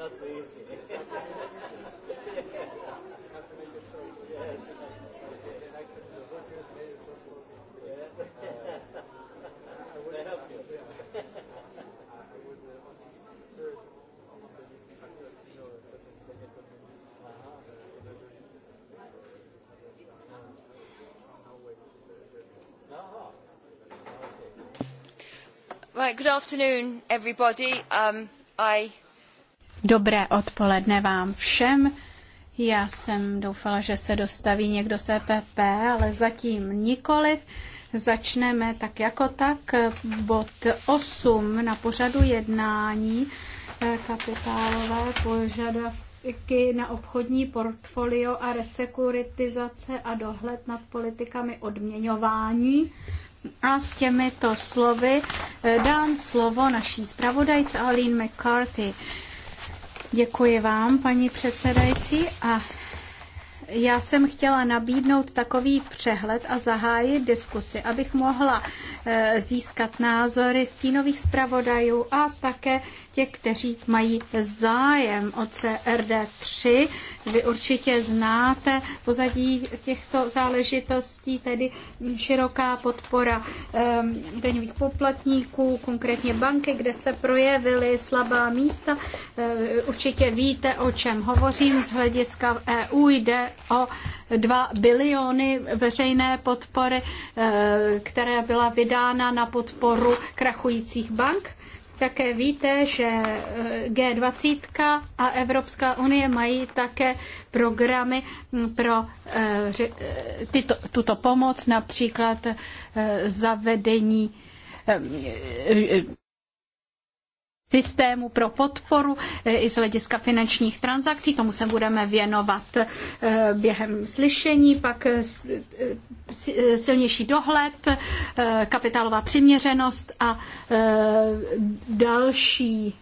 easy. Right, good afternoon, everybody. Um, I Dobré odpoledne vám všem. Já jsem doufala, že se dostaví někdo z EPP, ale zatím nikoliv. Začneme tak jako tak. Bod 8 na pořadu jednání eh, kapitálové požadavky na obchodní portfolio a resekuritizace a dohled nad politikami odměňování. A s těmito slovy eh, dám slovo naší zpravodajce Aline McCarthy. Děkuji vám, paní předsedající. A já jsem chtěla nabídnout takový přehled a zahájit diskusi, abych mohla eh, získat názory stínových zpravodajů a také těch, kteří mají zájem o CRD 3, vy určitě znáte pozadí těchto záležitostí, tedy široká podpora ehm, daňových poplatníků, konkrétně banky, kde se projevily slabá místa. Ehm, určitě víte, o čem hovořím. Z hlediska EU jde o 2 biliony veřejné podpory, ehm, která byla vydána na podporu krachujících bank. Také víte, že eh, G20 a Evropská unie mají také programy mm, pro eh, eh, tyto, tuto pomoc, například zavedení systému pro podporu eh, i z hlediska finančních transakcí. Tomu se budeme věnovat eh, během slyšení, pak eh, silnější dohled, kapitálová přiměřenost a další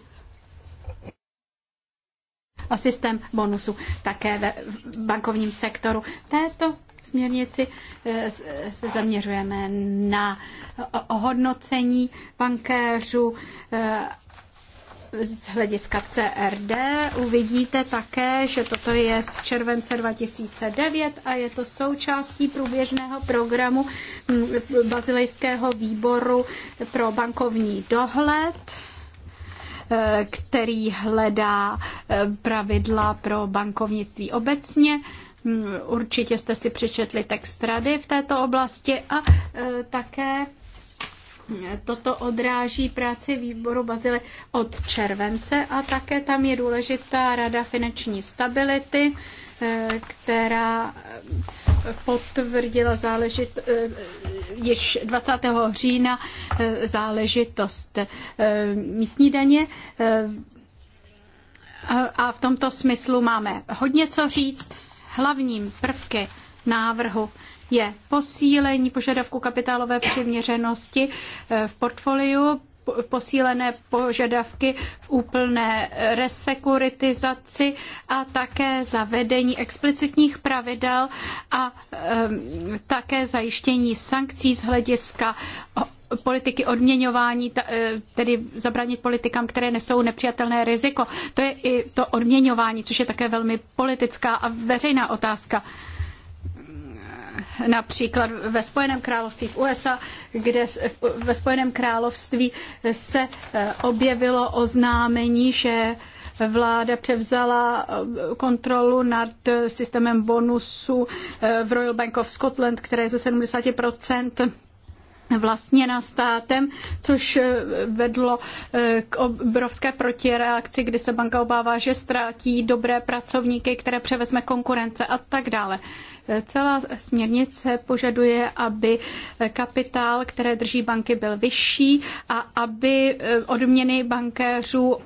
a systém bonusu také v bankovním sektoru. Této směrnici se zaměřujeme na ohodnocení bankéřů z hlediska CRD uvidíte také, že toto je z července 2009 a je to součástí průběžného programu mm, Bazilejského výboru pro bankovní dohled eh, který hledá eh, pravidla pro bankovnictví obecně. Mm, určitě jste si přečetli text rady v této oblasti a eh, také toto odráží práci výboru Bazily od července a také tam je důležitá rada finanční stability, eh, která potvrdila záležit, eh, již 20. října eh, záležitost místní daně. A v tomto smyslu máme hodně co říct. Hlavním prvky návrhu je posílení požadavku kapitálové přiměřenosti eh, v portfoliu, posílené požadavky v úplné resekuritizaci a také zavedení explicitních pravidel a eh, také zajištění sankcí z hlediska politiky odměňování, eh, tedy zabránit politikám, které nesou nepřijatelné riziko. To je i to odměňování, což je také velmi politická a veřejná otázka například ve Spojeném království, v USA, kde ve Spojeném království se eh, objevilo oznámení, že vláda převzala eh, kontrolu nad eh, systémem bonusu v Royal Bank of Scotland, které je ze 70 vlastněna státem, což vedlo k obrovské protireakci, kdy se banka obává, že ztrátí dobré pracovníky, které převezme konkurence a tak dále. Celá směrnice požaduje, aby kapitál, které drží banky, byl vyšší a aby eh, odměny bankéřů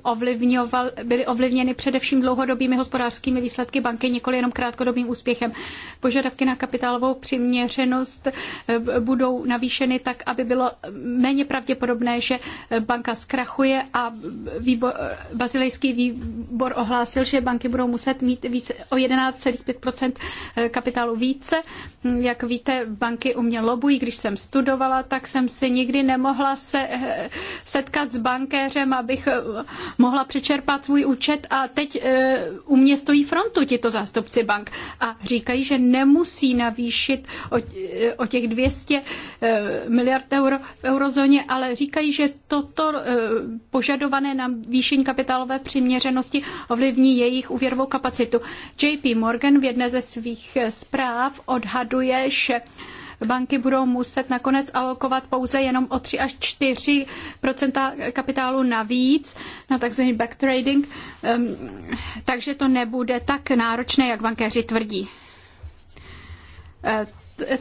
byly ovlivněny především dlouhodobými hospodářskými výsledky banky, nikoli jenom krátkodobým úspěchem. Požadavky na kapitálovou přiměřenost eh, budou navýšeny tak, aby bylo méně pravděpodobné, že eh, banka zkrachuje a výbor, bazilejský výbor ohlásil, že banky budou muset mít více o 11,5 kapitálu berou více. Jak víte, banky u mě lobují. Když jsem studovala, tak jsem si nikdy nemohla se setkat s bankéřem, abych mohla přečerpat svůj účet a teď eh, u mě stojí frontu tito zástupci bank a říkají, že nemusí navýšit o, eh, o těch 200 eh, miliard euro v eurozóně, ale říkají, že toto požadované navýšení kapitálové přiměřenosti ovlivní jejich úvěrovou kapacitu. JP Morgan v jedné ze svých zpráv zpráv odhaduje, že banky budou muset nakonec alokovat pouze jenom o 3 až 4 kapitálu navíc na takzvaný backtrading, ehm, takže to nebude tak náročné, jak bankéři tvrdí. Eh,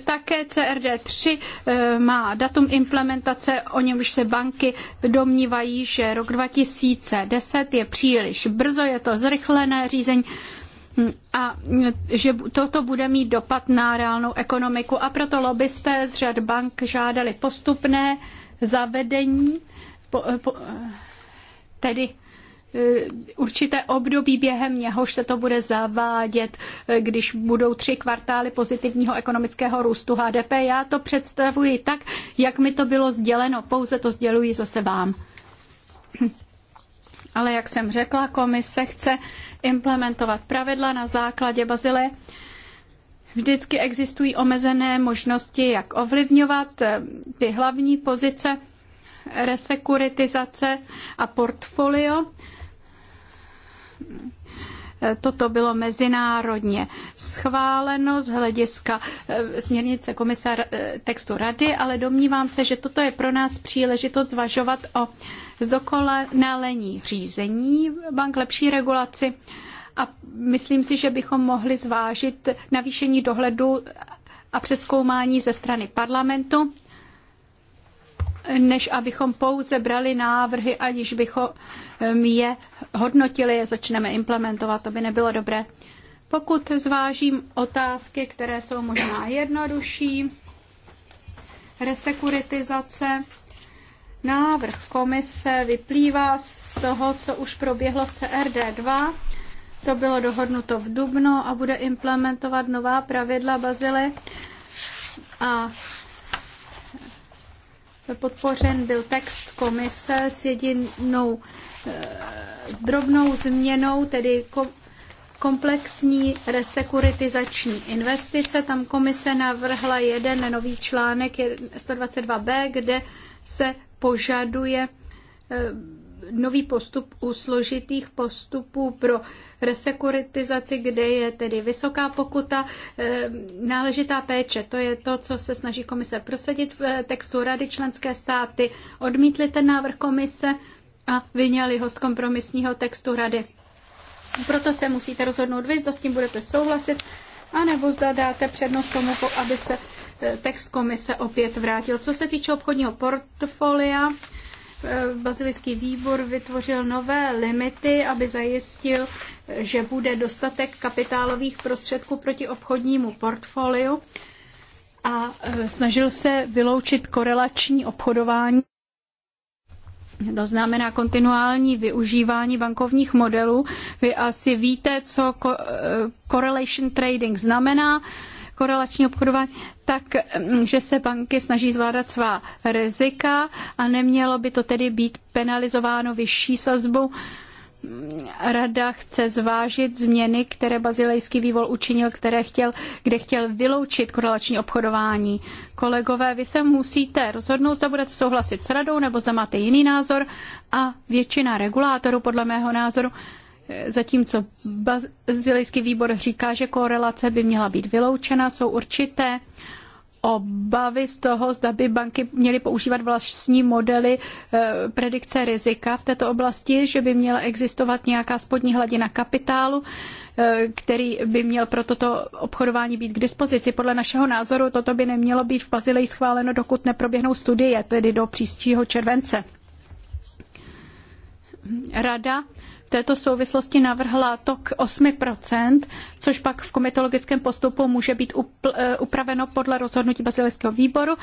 také CRD3 eh, má datum implementace, o němž se banky domnívají, že rok 2010 je příliš brzo, je to zrychlené řízení a že toto bude mít dopad na reálnou ekonomiku. A proto lobbysté z řad bank žádali postupné zavedení, po, po, tedy eh, určité období, během něhož se to bude zavádět, eh, když budou tři kvartály pozitivního ekonomického růstu HDP. Já to představuji tak, jak mi to bylo sděleno, pouze to sděluji zase vám. Ale jak jsem řekla, komise chce implementovat pravidla na základě Bazile. Vždycky existují omezené možnosti, jak ovlivňovat eh, ty hlavní pozice resekuritizace a portfolio. Eh, toto bylo mezinárodně schváleno z hlediska eh, směrnice komisa textu rady, ale domnívám se, že toto je pro nás příležitost zvažovat o zdokonalení řízení bank, lepší regulaci a myslím si, že bychom mohli zvážit navýšení dohledu a přeskoumání ze strany parlamentu, než abychom pouze brali návrhy, aniž bychom um, je hodnotili, a začneme implementovat, to by nebylo dobré. Pokud zvážím otázky, které jsou možná jednodušší, resekuritizace, Návrh komise vyplývá z toho, co už proběhlo v CRD2. To bylo dohodnuto v Dubnu a bude implementovat nová pravidla Bazily. A podpořen byl text komise s jedinou e, drobnou změnou, tedy komplexní resekuritizační investice. Tam komise navrhla jeden nový článek 122b, kde se požaduje eh, nový postup u složitých postupů pro resekuritizaci, kde je tedy vysoká pokuta, eh, náležitá péče. To je to, co se snaží komise prosadit v eh, textu Rady členské státy. Odmítli ten návrh komise a vyněli ho z kompromisního textu Rady. Proto se musíte rozhodnout vy, zda s tím budete souhlasit, anebo zda dáte přednost tomu, aby se text komise opět vrátil. Co se týče obchodního portfolia, eh, Bazilický výbor vytvořil nové limity, aby zajistil, že bude dostatek kapitálových prostředků proti obchodnímu portfoliu a eh, snažil se vyloučit korelační obchodování. To znamená kontinuální využívání bankovních modelů. Vy asi víte, co eh, correlation trading znamená, korelační obchodování tak mm, že se banky snaží zvládat svá rizika a nemělo by to tedy být penalizováno vyšší sazbou. Rada chce zvážit změny, které bazilejský vývol učinil, které chtěl, kde chtěl vyloučit korelační obchodování. Kolegové, vy se musíte rozhodnout, zda budete souhlasit s radou, nebo zda máte jiný názor a většina regulátorů, podle mého názoru, zatímco bazilejský výbor říká, že korelace by měla být vyloučena, jsou určité obavy z toho, zda by banky měly používat vlastní modely eh, predikce rizika v této oblasti, že by měla existovat nějaká spodní hladina kapitálu, eh, který by měl pro toto obchodování být k dispozici. Podle našeho názoru toto by nemělo být v Bazileji schváleno, dokud neproběhnou studie, tedy do příštího července. Rada této souvislosti navrhla tok 8%, což pak v komitologickém postupu může být eh, upraveno podle rozhodnutí bazilického výboru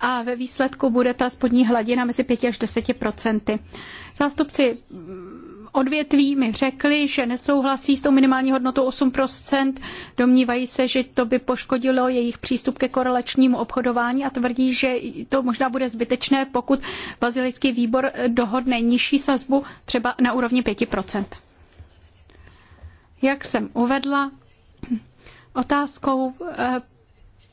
a ve výsledku bude ta spodní hladina mezi 5 až 10%. Zástupci odvětví mi řekli, že nesouhlasí s tou minimální hodnotou 8%, domnívají se, že to by poškodilo jejich přístup ke korelačnímu obchodování a tvrdí, že to možná bude zbytečné, pokud bazilický výbor dohodne nižší sazbu třeba na úrovni 5%. Jak jsem uvedla, otázkou eh,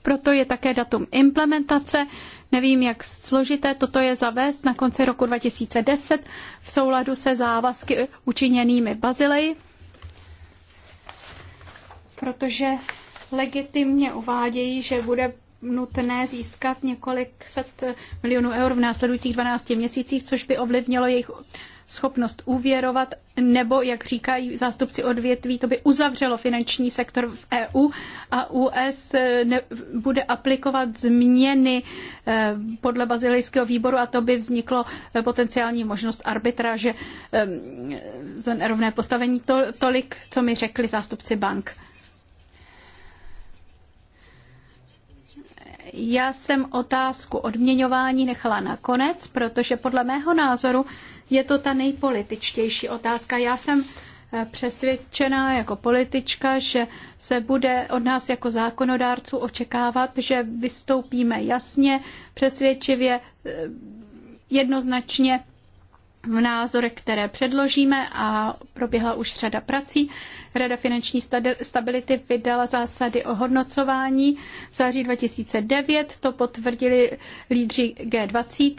proto je také datum implementace. Nevím, jak složité toto je zavést na konci roku 2010 v souladu se závazky učiněnými Bazileji, protože legitimně uvádějí, že bude nutné získat několik set milionů eur v následujících 12 měsících, což by ovlivnilo jejich schopnost úvěrovat, nebo, jak říkají zástupci odvětví, to by uzavřelo finanční sektor v EU a US eh, ne, bude aplikovat změny eh, podle bazilejského výboru a to by vzniklo eh, potenciální možnost arbitráže za nerovné postavení. To, tolik, co mi řekli zástupci bank. Já jsem otázku odměňování nechala na konec, protože podle mého názoru je to ta nejpolitičtější otázka. Já jsem eh, přesvědčená jako politička, že se bude od nás jako zákonodárců očekávat, že vystoupíme jasně, přesvědčivě, eh, jednoznačně v názorech, které předložíme a proběhla už řada prací. Rada finanční stability vydala zásady o hodnocování v září 2009, to potvrdili lídři G20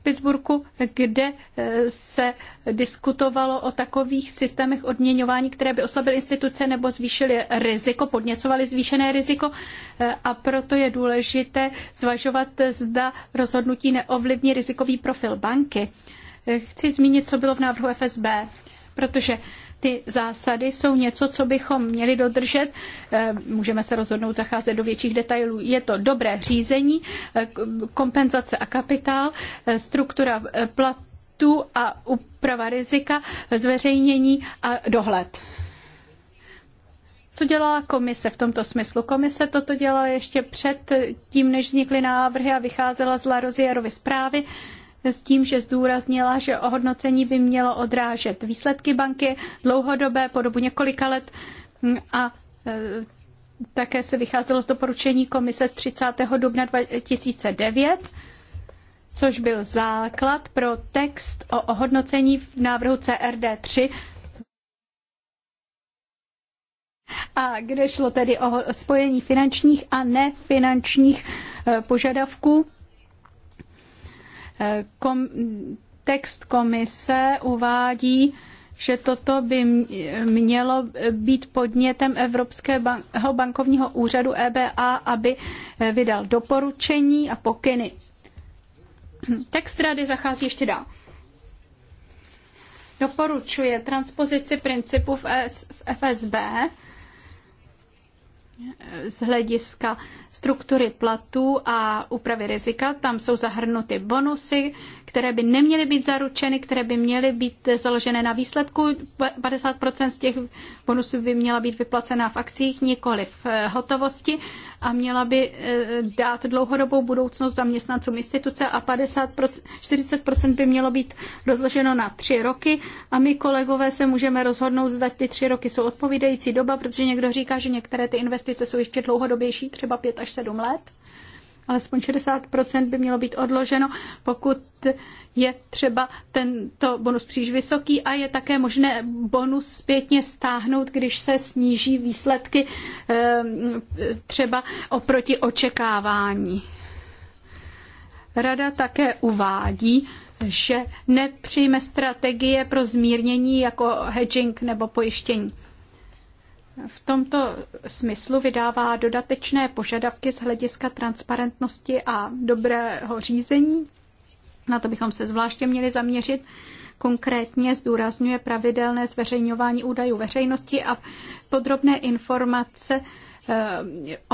v Pittsburghu, kde eh, se diskutovalo o takových systémech odměňování, které by oslabily instituce nebo zvýšily riziko, podněcovaly zvýšené riziko eh, a proto je důležité zvažovat, zda rozhodnutí neovlivní rizikový profil banky chci zmínit, co bylo v návrhu FSB, protože ty zásady jsou něco, co bychom měli dodržet. Eh, můžeme se rozhodnout zacházet do větších detailů. Je to dobré řízení, eh, kompenzace a kapitál, eh, struktura platu a úprava rizika, zveřejnění a dohled. Co dělala komise v tomto smyslu? Komise toto dělala ještě před tím, než vznikly návrhy a vycházela z Larozierovy zprávy. zprávy s tím, že zdůraznila, že ohodnocení by mělo odrážet výsledky banky dlouhodobé po dobu několika let a e, také se vycházelo z doporučení komise z 30. dubna 2009, což byl základ pro text o ohodnocení v návrhu CRD 3, a kde šlo tedy o spojení finančních a nefinančních e, požadavků Kom, text komise uvádí, že toto by mělo být podnětem Evropského bankovního úřadu EBA, aby eh, vydal doporučení a pokyny. Text rady zachází ještě dál. Doporučuje transpozici principů v FSB z hlediska struktury platů a úpravy rizika. Tam jsou zahrnuty bonusy, které by neměly být zaručeny, které by měly být založené na výsledku. 50% z těch bonusů by měla být vyplacena v akcích, nikoli v hotovosti a měla by eh, dát dlouhodobou budoucnost zaměstnancům instituce a 50%, 40% by mělo být rozloženo na tři roky a my kolegové se můžeme rozhodnout, zda ty tři roky jsou odpovídající doba, protože někdo říká, že některé ty investice jsou ještě dlouhodobější, třeba 5 až 7 let alespoň 60 by mělo být odloženo, pokud je třeba tento bonus příliš vysoký a je také možné bonus zpětně stáhnout, když se sníží výsledky ehm, třeba oproti očekávání. Rada také uvádí, že nepřijme strategie pro zmírnění jako hedging nebo pojištění. V tomto smyslu vydává dodatečné požadavky z hlediska transparentnosti a dobrého řízení na to bychom se zvláště měli zaměřit. Konkrétně zdůrazňuje pravidelné zveřejňování údajů veřejnosti a podrobné informace eh,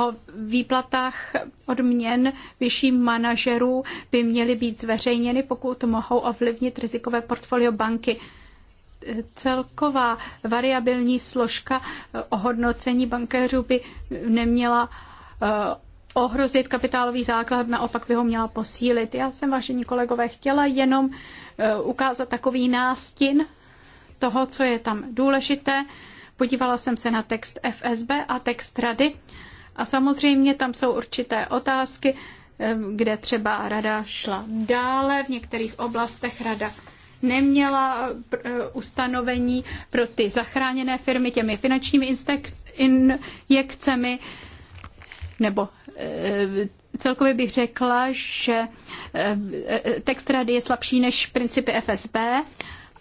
o výplatách odměn vyšším manažerů by měly být zveřejněny, pokud mohou ovlivnit rizikové portfolio banky. Celková variabilní složka eh, ohodnocení bankéřů by neměla eh, ohrozit kapitálový základ, naopak by ho měla posílit. Já jsem, vážení kolegové, chtěla jenom eh, ukázat takový nástin toho, co je tam důležité. Podívala jsem se na text FSB a text rady a samozřejmě tam jsou určité otázky, eh, kde třeba rada šla dále, v některých oblastech rada neměla eh, ustanovení pro ty zachráněné firmy těmi finančními injekcemi, nebo Eh, celkově bych řekla, že eh, text rady je slabší než principy FSB.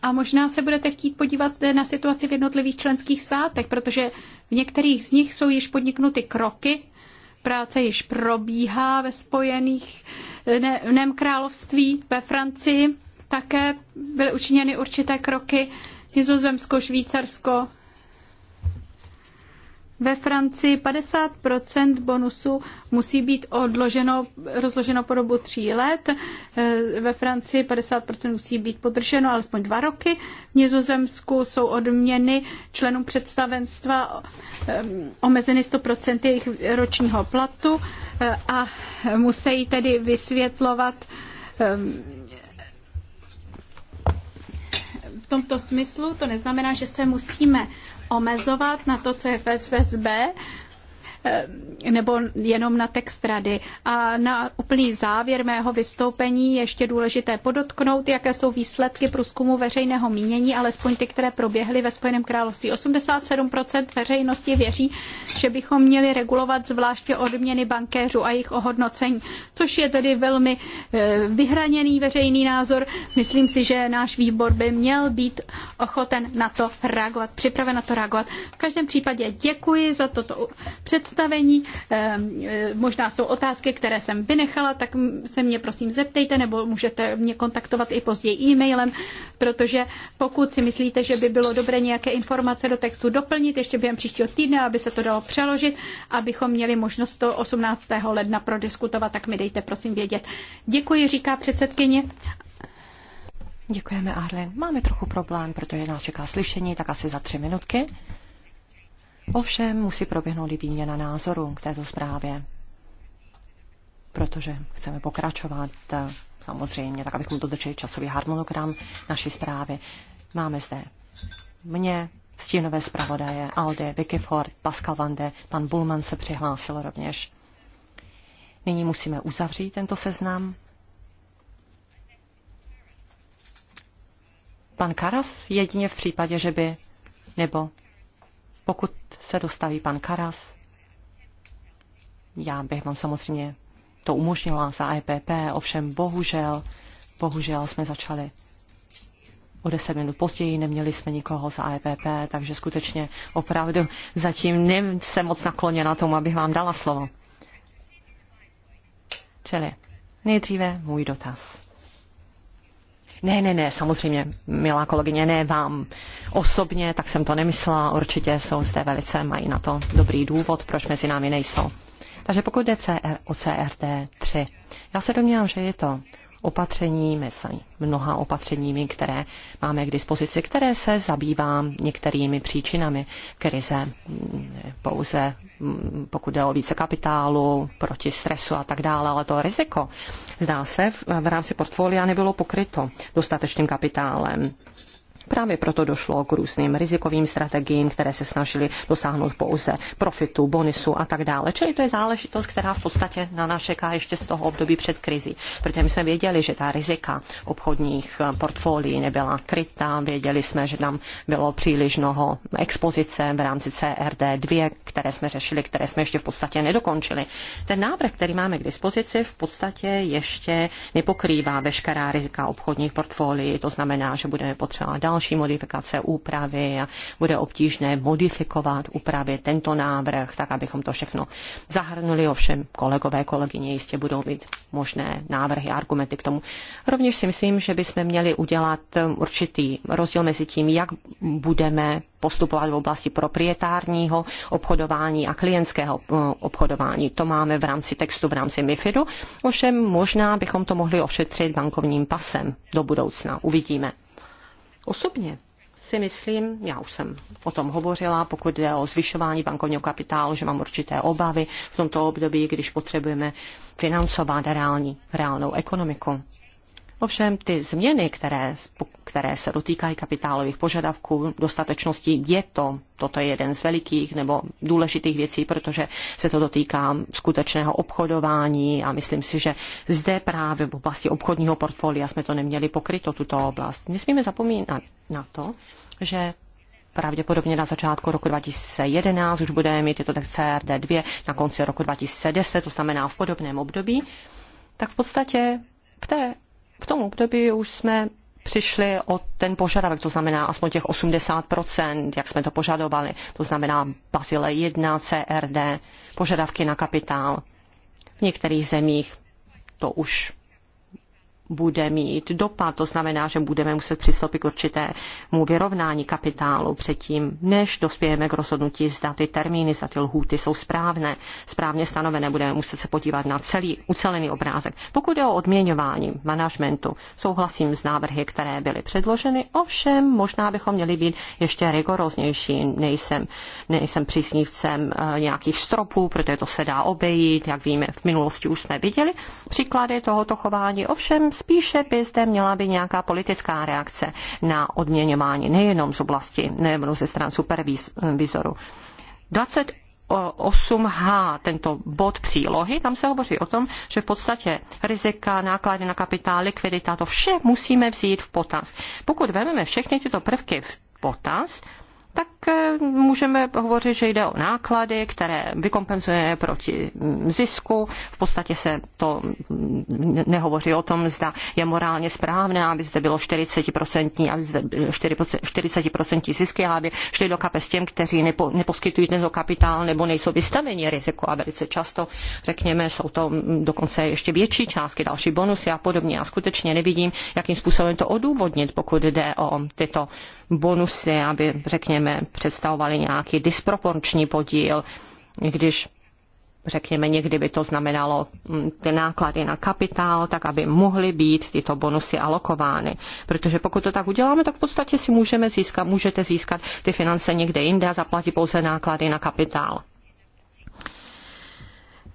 A možná se budete chtít podívat na situaci v jednotlivých členských státech, protože v některých z nich jsou již podniknuty kroky, práce již probíhá ve spojených eh, ne, království, ve Francii také byly učiněny určité kroky, Nizozemsko, Švýcarsko, ve Francii 50 bonusu musí být odloženo, rozloženo po dobu tří let. Eh, ve Francii 50 musí být podrženo alespoň dva roky. V Nizozemsku jsou odměny členů představenstva eh, omezeny 100 jejich ročního platu eh, a musí tedy vysvětlovat tomto smyslu to neznamená, že se musíme omezovat na to, co je v SFSB, Eh, nebo jenom na text rady. A na úplný závěr mého vystoupení je ještě důležité podotknout, jaké jsou výsledky průzkumu veřejného mínění, alespoň ty, které proběhly ve Spojeném království. 87% veřejnosti věří, že bychom měli regulovat zvláště odměny bankéřů a jejich ohodnocení, což je tedy velmi eh, vyhraněný veřejný názor. Myslím si, že náš výbor by měl být ochoten na to reagovat, připraven na to reagovat. V každém případě děkuji za toto představení představení. Ehm, eh, možná jsou otázky, které jsem vynechala, tak se mě prosím zeptejte, nebo můžete mě kontaktovat i později e-mailem, protože pokud si myslíte, že by bylo dobré nějaké informace do textu doplnit ještě během příštího týdne, aby se to dalo přeložit, abychom měli možnost to 18. ledna prodiskutovat, tak mi dejte prosím vědět. Děkuji, říká předsedkyně. Děkujeme, Arlen. Máme trochu problém, protože nás čeká slyšení, tak asi za tři minutky. Ovšem musí proběhnout i výměna názoru k této zprávě, protože chceme pokračovat eh, samozřejmě, tak abychom dodrželi časový harmonogram naší zprávy. Máme zde mě, stínové zpravodaje, Alde, Vicky Ford, Pascal Vande, pan Bulman se přihlásil rovněž. Nyní musíme uzavřít tento seznam. Pan Karas jedině v případě, že by, nebo pokud se dostaví pan Karas, já bych vám samozřejmě to umožnila za EPP, ovšem bohužel, bohužel jsme začali o deset minut později, neměli jsme nikoho za EPP, takže skutečně opravdu zatím jsem moc nakloněna tomu, abych vám dala slovo. Čili nejdříve můj dotaz. Ne, ne, ne, samozřejmě, milá kolegyně, ne vám osobně, tak jsem to nemyslela. Určitě jsou zde velice, mají na to dobrý důvod, proč mezi námi nejsou. Takže pokud jde CR, o CRT 3, já se domnívám, že je to opatřeními, mnoha opatřeními, které máme k dispozici, které se zabývá některými příčinami krize. Pouze mm, pokud jde o více kapitálu, proti stresu a tak dále, ale to riziko, zdá se, v rámci portfolia nebylo pokryto dostatečným kapitálem. Právě proto došlo k různým rizikovým strategiím, které se snažili dosáhnout pouze profitu, bonusu a tak dále. Čili to je záležitost, která v podstatě na nás čeká ještě z toho období před krizi. Protože my jsme věděli, že ta rizika obchodních portfolií nebyla krytá, věděli jsme, že tam bylo příliš mnoho expozice v rámci CRD2, které jsme řešili, které jsme ještě v podstatě nedokončili. Ten návrh, který máme k dispozici, v podstatě ještě nepokrývá veškerá rizika obchodních portfolií. To znamená, že budeme potřebovat další další modifikace úpravy a bude obtížné modifikovat, úpravy tento návrh, tak abychom to všechno zahrnuli. Ovšem kolegové, kolegyně jistě budou mít možné návrhy, argumenty k tomu. Rovněž si myslím, že bychom měli udělat určitý rozdíl mezi tím, jak budeme postupovat v oblasti proprietárního obchodování a klientského eh, obchodování. To máme v rámci textu, v rámci MIFIDu. Ovšem možná bychom to mohli ošetřit bankovním pasem do budoucna. Uvidíme. Osobně si myslím, já už jsem o tom hovořila, pokud jde o zvyšování bankovního kapitálu, že mám určité obavy v tomto období, když potřebujeme financovat reální, reálnou ekonomiku. Ovšem ty změny, které, které se dotýkají kapitálových požadavků, dostatečnosti, je to, toto je jeden z velikých nebo důležitých věcí, protože se to dotýká skutečného obchodování a myslím si, že zde právě v oblasti obchodního portfolia jsme to neměli pokryto, tuto oblast. Nesmíme zapomínat na to, že pravděpodobně na začátku roku 2011 už budeme mít tyto CRD2 na konci roku 2010, to znamená v podobném období, tak v podstatě v té v tom období už jsme přišli o ten požadavek, to znamená aspoň těch 80%, jak jsme to požadovali, to znamená Bazile 1, CRD, požadavky na kapitál. V některých zemích to už bude mít dopad. To znamená, že budeme muset přistoupit k určitému vyrovnání kapitálu předtím, než dospějeme k rozhodnutí, zda ty termíny, zda ty lhůty jsou správné, správně stanovené. Budeme muset se podívat na celý ucelený obrázek. Pokud je o odměňování managementu, souhlasím s návrhy, které byly předloženy, ovšem možná bychom měli být ještě rigoroznější. Nejsem, nejsem přísnivcem eh, nějakých stropů, protože to se dá obejít, jak víme, v minulosti už jsme viděli příklady tohoto chování. Ovšem spíše by zde měla být nějaká politická reakce na odměňování, nejenom z oblasti, nejenom ze stran supervizoru. 20 8H, tento bod přílohy, tam se hovoří o tom, že v podstatě rizika, náklady na kapitál, likvidita, to vše musíme vzít v potaz. Pokud vezmeme všechny tyto prvky v potaz, tak eh, můžeme hovořit, že jde o náklady, které vykompenzuje proti zisku. V podstatě se to nehovoří o tom, zda je morálně správné, aby zde bylo 40%, aby zde bylo 40% zisky, aby šli do kapes těm, kteří nepo, neposkytují tento kapitál nebo nejsou vystaveni riziku. A velice často, řekněme, jsou to dokonce ještě větší částky, další bonusy a podobně. Já skutečně nevidím, jakým způsobem to odůvodnit, pokud jde o tyto bonusy, aby, řekněme, představovaly nějaký disproporční podíl, když řekněme, někdy by to znamenalo mm, ty náklady na kapitál, tak aby mohly být tyto bonusy alokovány. Protože pokud to tak uděláme, tak v podstatě si můžeme získat, můžete získat ty finance někde jinde a zaplatit pouze náklady na kapitál.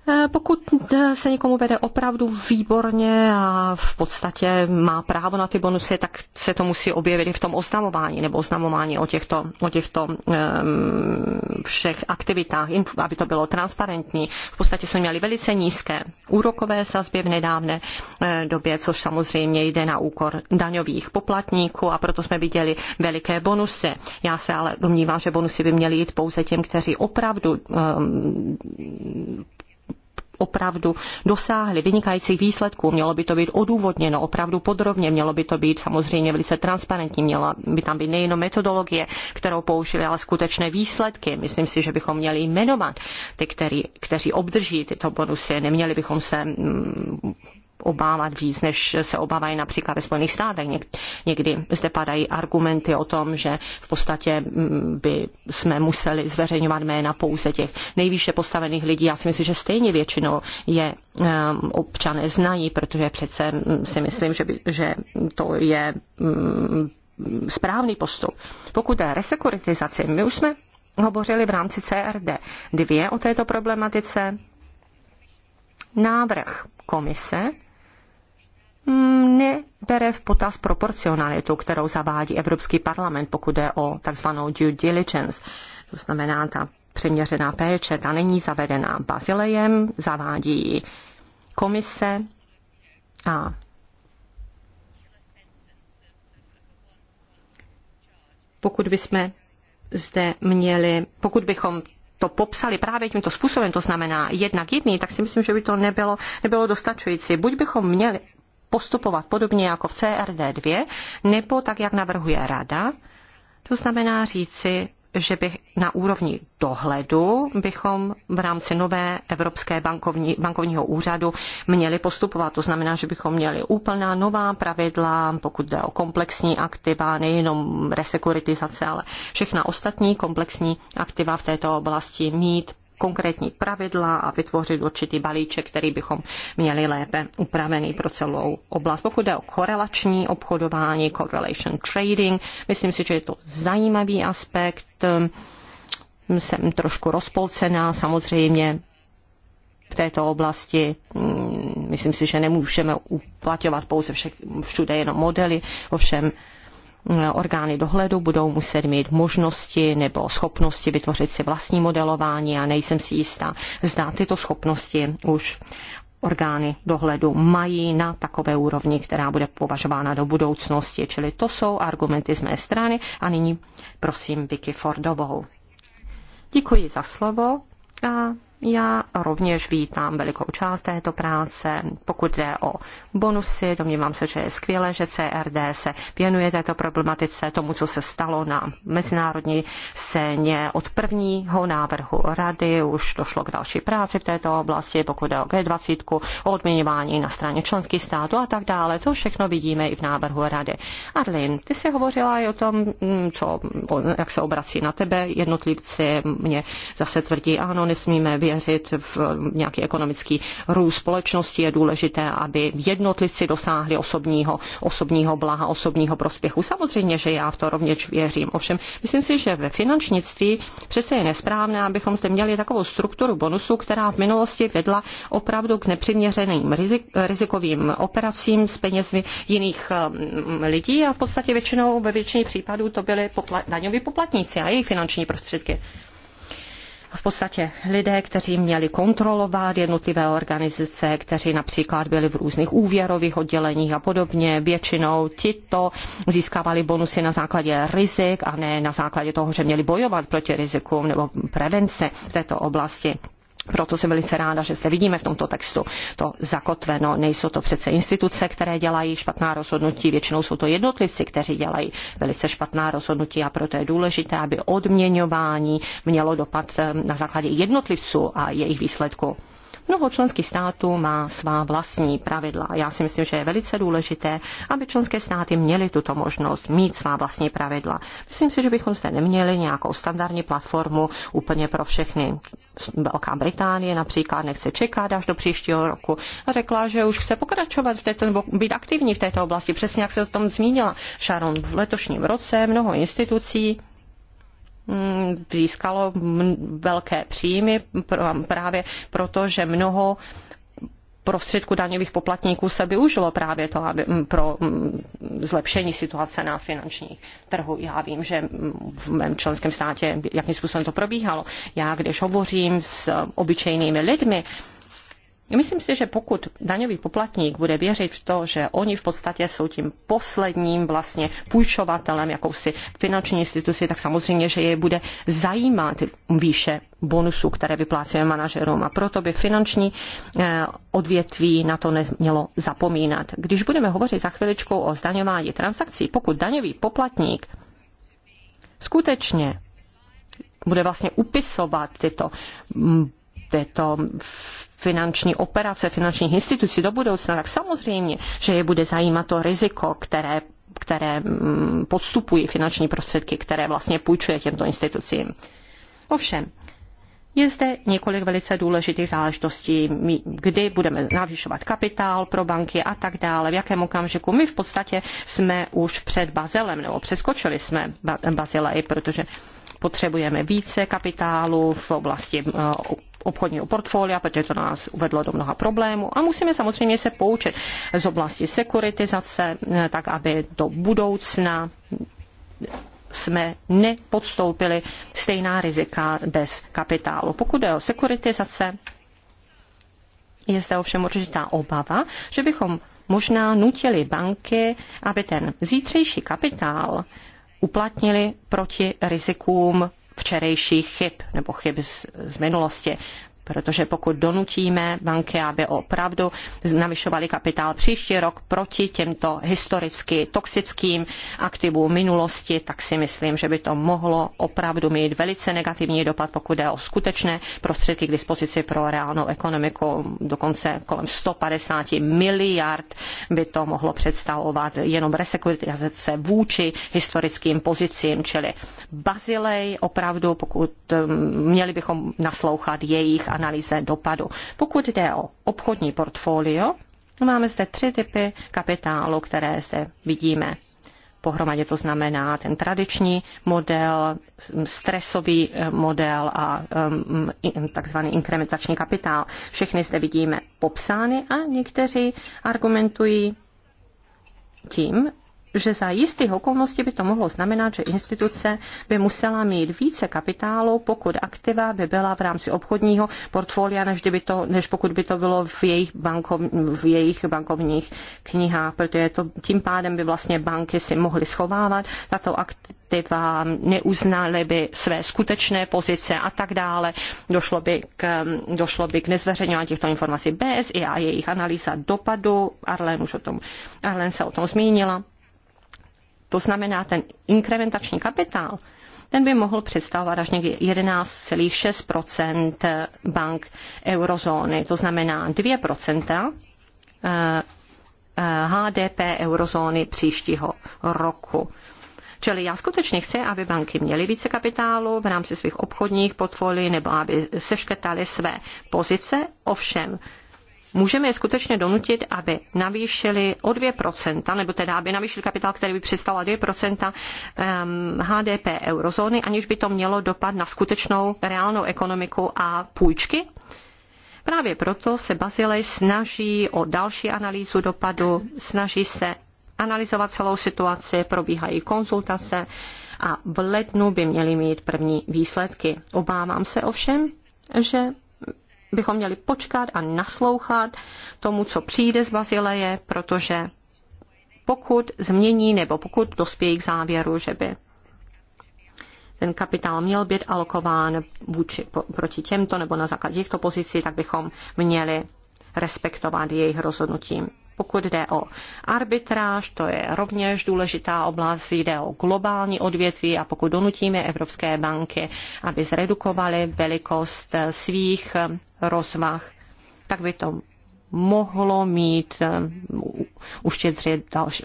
Eh, pokud eh, se někomu vede opravdu výborně a v podstatě má právo na ty bonusy, tak se to musí objevit i v tom oznamování nebo oznamování o těchto, o těchto ehm, všech aktivitách, aby to bylo transparentní. V podstatě jsme měli velice nízké úrokové sazby v nedávné eh, době, což samozřejmě jde na úkor daňových poplatníků a proto jsme viděli veliké bonusy. Já se ale domnívám, že bonusy by měly jít pouze těm, kteří opravdu ehm, opravdu dosáhli vynikajících výsledků. Mělo by to být odůvodněno opravdu podrobně, mělo by to být samozřejmě velice transparentní, měla by tam být nejenom metodologie, kterou použili, ale skutečné výsledky. Myslím si, že bychom měli jmenovat ty, který, kteří obdrží tyto bonusy. Neměli bychom se mm, obávat víc, než se obávají například ve Spojených státech. Někdy zde padají argumenty o tom, že v podstatě by jsme museli zveřejňovat jména pouze těch nejvýše postavených lidí. Já si myslím, že stejně většinou je um, občané znají, protože přece si myslím, že, by, že to je správný postup. Pokud je resekuritizaci, my už jsme hovořili v rámci CRD Dvě o této problematice. Návrh komise Mm, nebere v potaz proporcionalitu, kterou zavádí Evropský parlament, pokud jde o takzvanou due diligence. To znamená, ta přiměřená péče, ta není zavedená Bazilejem, zavádí komise a pokud bychom zde měli, pokud bychom to popsali právě tímto způsobem, to znamená jednak jedný, tak si myslím, že by to nebylo, nebylo dostačující. Buď bychom měli postupovat podobně jako v CRD2, nebo tak, jak navrhuje rada, to znamená říci, že by na úrovni dohledu bychom v rámci nové Evropské bankovní, bankovního úřadu měli postupovat. To znamená, že bychom měli úplná nová pravidla, pokud jde o komplexní aktiva, nejenom resekuritizace, ale všechna ostatní komplexní aktiva v této oblasti mít konkrétní pravidla a vytvořit určitý balíček, který bychom měli lépe upravený pro celou oblast. Pokud jde o korelační obchodování, correlation trading, myslím si, že je to zajímavý aspekt. Jsem trošku rozpolcená, samozřejmě v této oblasti. Myslím si, že nemůžeme uplatňovat pouze všude jenom modely, ovšem orgány dohledu budou muset mít možnosti nebo schopnosti vytvořit si vlastní modelování a nejsem si jistá, zda tyto schopnosti už orgány dohledu mají na takové úrovni, která bude považována do budoucnosti. Čili to jsou argumenty z mé strany a nyní prosím Vicky Fordovou. Děkuji za slovo a já rovněž vítám velikou část této práce. Pokud jde o bonusy, domnívám se, že je skvělé, že CRD se věnuje této problematice, tomu, co se stalo na mezinárodní scéně od prvního návrhu rady. Už došlo k další práci v této oblasti, pokud jde o G20, o odměňování na straně členských států a tak dále. To všechno vidíme i v návrhu rady. Arlin, ty jsi hovořila i o tom, mm, co, jak se obrací na tebe jednotlivci. Mě zase tvrdí, ano, nesmíme věřit v nějaký ekonomický růst společnosti. Je důležité, aby jednotlivci dosáhli osobního, osobního blaha, osobního prospěchu. Samozřejmě, že já v to rovněž věřím. Ovšem, myslím si, že ve finančnictví přece je nesprávné, abychom zde měli takovou strukturu bonusu, která v minulosti vedla opravdu k nepřiměřeným rizik, rizikovým operacím s penězmi jiných mm, lidí a v podstatě většinou ve většině případů to byly popla- daňoví poplatníci a jejich finanční prostředky v podstatě lidé, kteří měli kontrolovat jednotlivé organizace, kteří například byli v různých úvěrových odděleních a podobně. Většinou tito získávali bonusy na základě rizik a ne na základě toho, že měli bojovat proti rizikům nebo prevence v této oblasti. Proto jsem velice ráda, že se vidíme v tomto textu to zakotveno. Nejsou to přece instituce, které dělají špatná rozhodnutí, většinou jsou to jednotlivci, kteří dělají velice špatná rozhodnutí a proto je důležité, aby odměňování mělo dopad eh, na základě jednotlivců a jejich výsledků. Mnoho členských států má svá vlastní pravidla. Já si myslím, že je velice důležité, aby členské státy měly tuto možnost mít svá vlastní pravidla. Myslím si, že bychom zde neměli nějakou standardní platformu úplně pro všechny. Velká Británie například nechce čekat až do příštího roku a řekla, že už chce pokračovat v této, nebo být aktivní v této oblasti, přesně jak se o tom zmínila Sharon v letošním roce mnoho institucí Mm, získalo velké příjmy právě proto, že mnoho prostředků daňových poplatníků se využilo právě to aby, pro zlepšení situace na finančních trhu. Já vím, že v mém členském státě, jakým způsobem to probíhalo. Já, když hovořím s obyčejnými lidmi, Myslím si, že pokud daňový poplatník bude věřit v to, že oni v podstatě jsou tím posledním vlastně půjčovatelem jakousi finanční instituci, tak samozřejmě, že je bude zajímat výše bonusů, které vyplácíme manažerům. A proto by finanční eh, odvětví na to nemělo zapomínat. Když budeme hovořit za chviličku o zdaňování transakcí, pokud daňový poplatník skutečně bude vlastně upisovat tyto, tyto finanční operace finančních institucí do budoucna, tak samozřejmě, že je bude zajímat to riziko, které které mm, podstupují finanční prostředky, které vlastně půjčuje těmto institucím. Ovšem, je zde několik velice důležitých záležitostí, kdy budeme navyšovat kapitál pro banky a tak dále, v jakém okamžiku. My v podstatě jsme už před Bazelem, nebo přeskočili jsme i protože potřebujeme více kapitálu v oblasti eh, obchodního portfolia, protože to nás uvedlo do mnoha problémů. A musíme samozřejmě se poučit z oblasti sekuritizace, eh, tak aby do budoucna jsme nepodstoupili stejná rizika bez kapitálu. Pokud je o sekuritizace, je zde ovšem určitá obava, že bychom možná nutili banky, aby ten zítřejší kapitál uplatnili proti rizikům včerejších chyb nebo chyb z, z minulosti. Protože pokud donutíme banky, aby opravdu navyšovali kapitál příští rok proti těmto historicky toxickým aktivům minulosti, tak si myslím, že by to mohlo opravdu mít velice negativní dopad, pokud jde o skutečné prostředky k dispozici pro reálnou ekonomiku. Dokonce kolem 150 miliard by to mohlo představovat jenom resekuritizace vůči historickým pozicím, čili Bazilej opravdu, pokud ehm, měli bychom naslouchat jejich analýze dopadu. Pokud jde o obchodní portfolio, máme zde tři typy kapitálu, které zde vidíme pohromadě, to znamená ten tradiční model, stresový eh, model a eh, takzvaný inkrementační kapitál. Všechny zde vidíme popsány a někteří argumentují tím, že za jistých okolností by to mohlo znamenat, že instituce by musela mít více kapitálu, pokud aktiva by byla v rámci obchodního portfolia, než, by to, než pokud by to bylo v jejich, bankov, v jejich bankovních knihách, protože to, tím pádem by vlastně banky si mohly schovávat tato aktiva, neuznali by své skutečné pozice a tak dále. Došlo by k, došlo by k nezveřejňování těchto informací BSI a jejich analýza dopadu. Arlen už o tom, Arlen se o tom zmínila. To znamená, ten inkrementační kapitál, ten by mohl představovat až někdy 11,6 bank eurozóny, to znamená 2 eh, eh, HDP eurozóny příštího roku. Čili já skutečně chci, aby banky měly více kapitálu v rámci svých obchodních portfolií nebo aby seškrtaly své pozice. Ovšem, můžeme je skutečně donutit, aby navýšili o 2%, nebo teda aby navýšili kapitál, který by přistala 2% ehm, HDP eurozóny, aniž by to mělo dopad na skutečnou reálnou ekonomiku a půjčky? Právě proto se Bazilej snaží o další analýzu dopadu, snaží se analyzovat celou situaci, probíhají konzultace a v lednu by měly mít první výsledky. Obávám se ovšem, že bychom měli počkat a naslouchat tomu, co přijde z Bazileje, protože pokud změní nebo pokud dospějí k závěru, že by ten kapitál měl být alokován vůči, proti těmto nebo na základě těchto pozicí, tak bychom měli respektovat jejich rozhodnutí. Pokud jde o arbitráž, to je rovněž důležitá oblast, jde o globální odvětví a pokud donutíme evropské banky, aby zredukovaly velikost svých eh, rozmach, tak by to mohlo mít, eh, uštědřit další,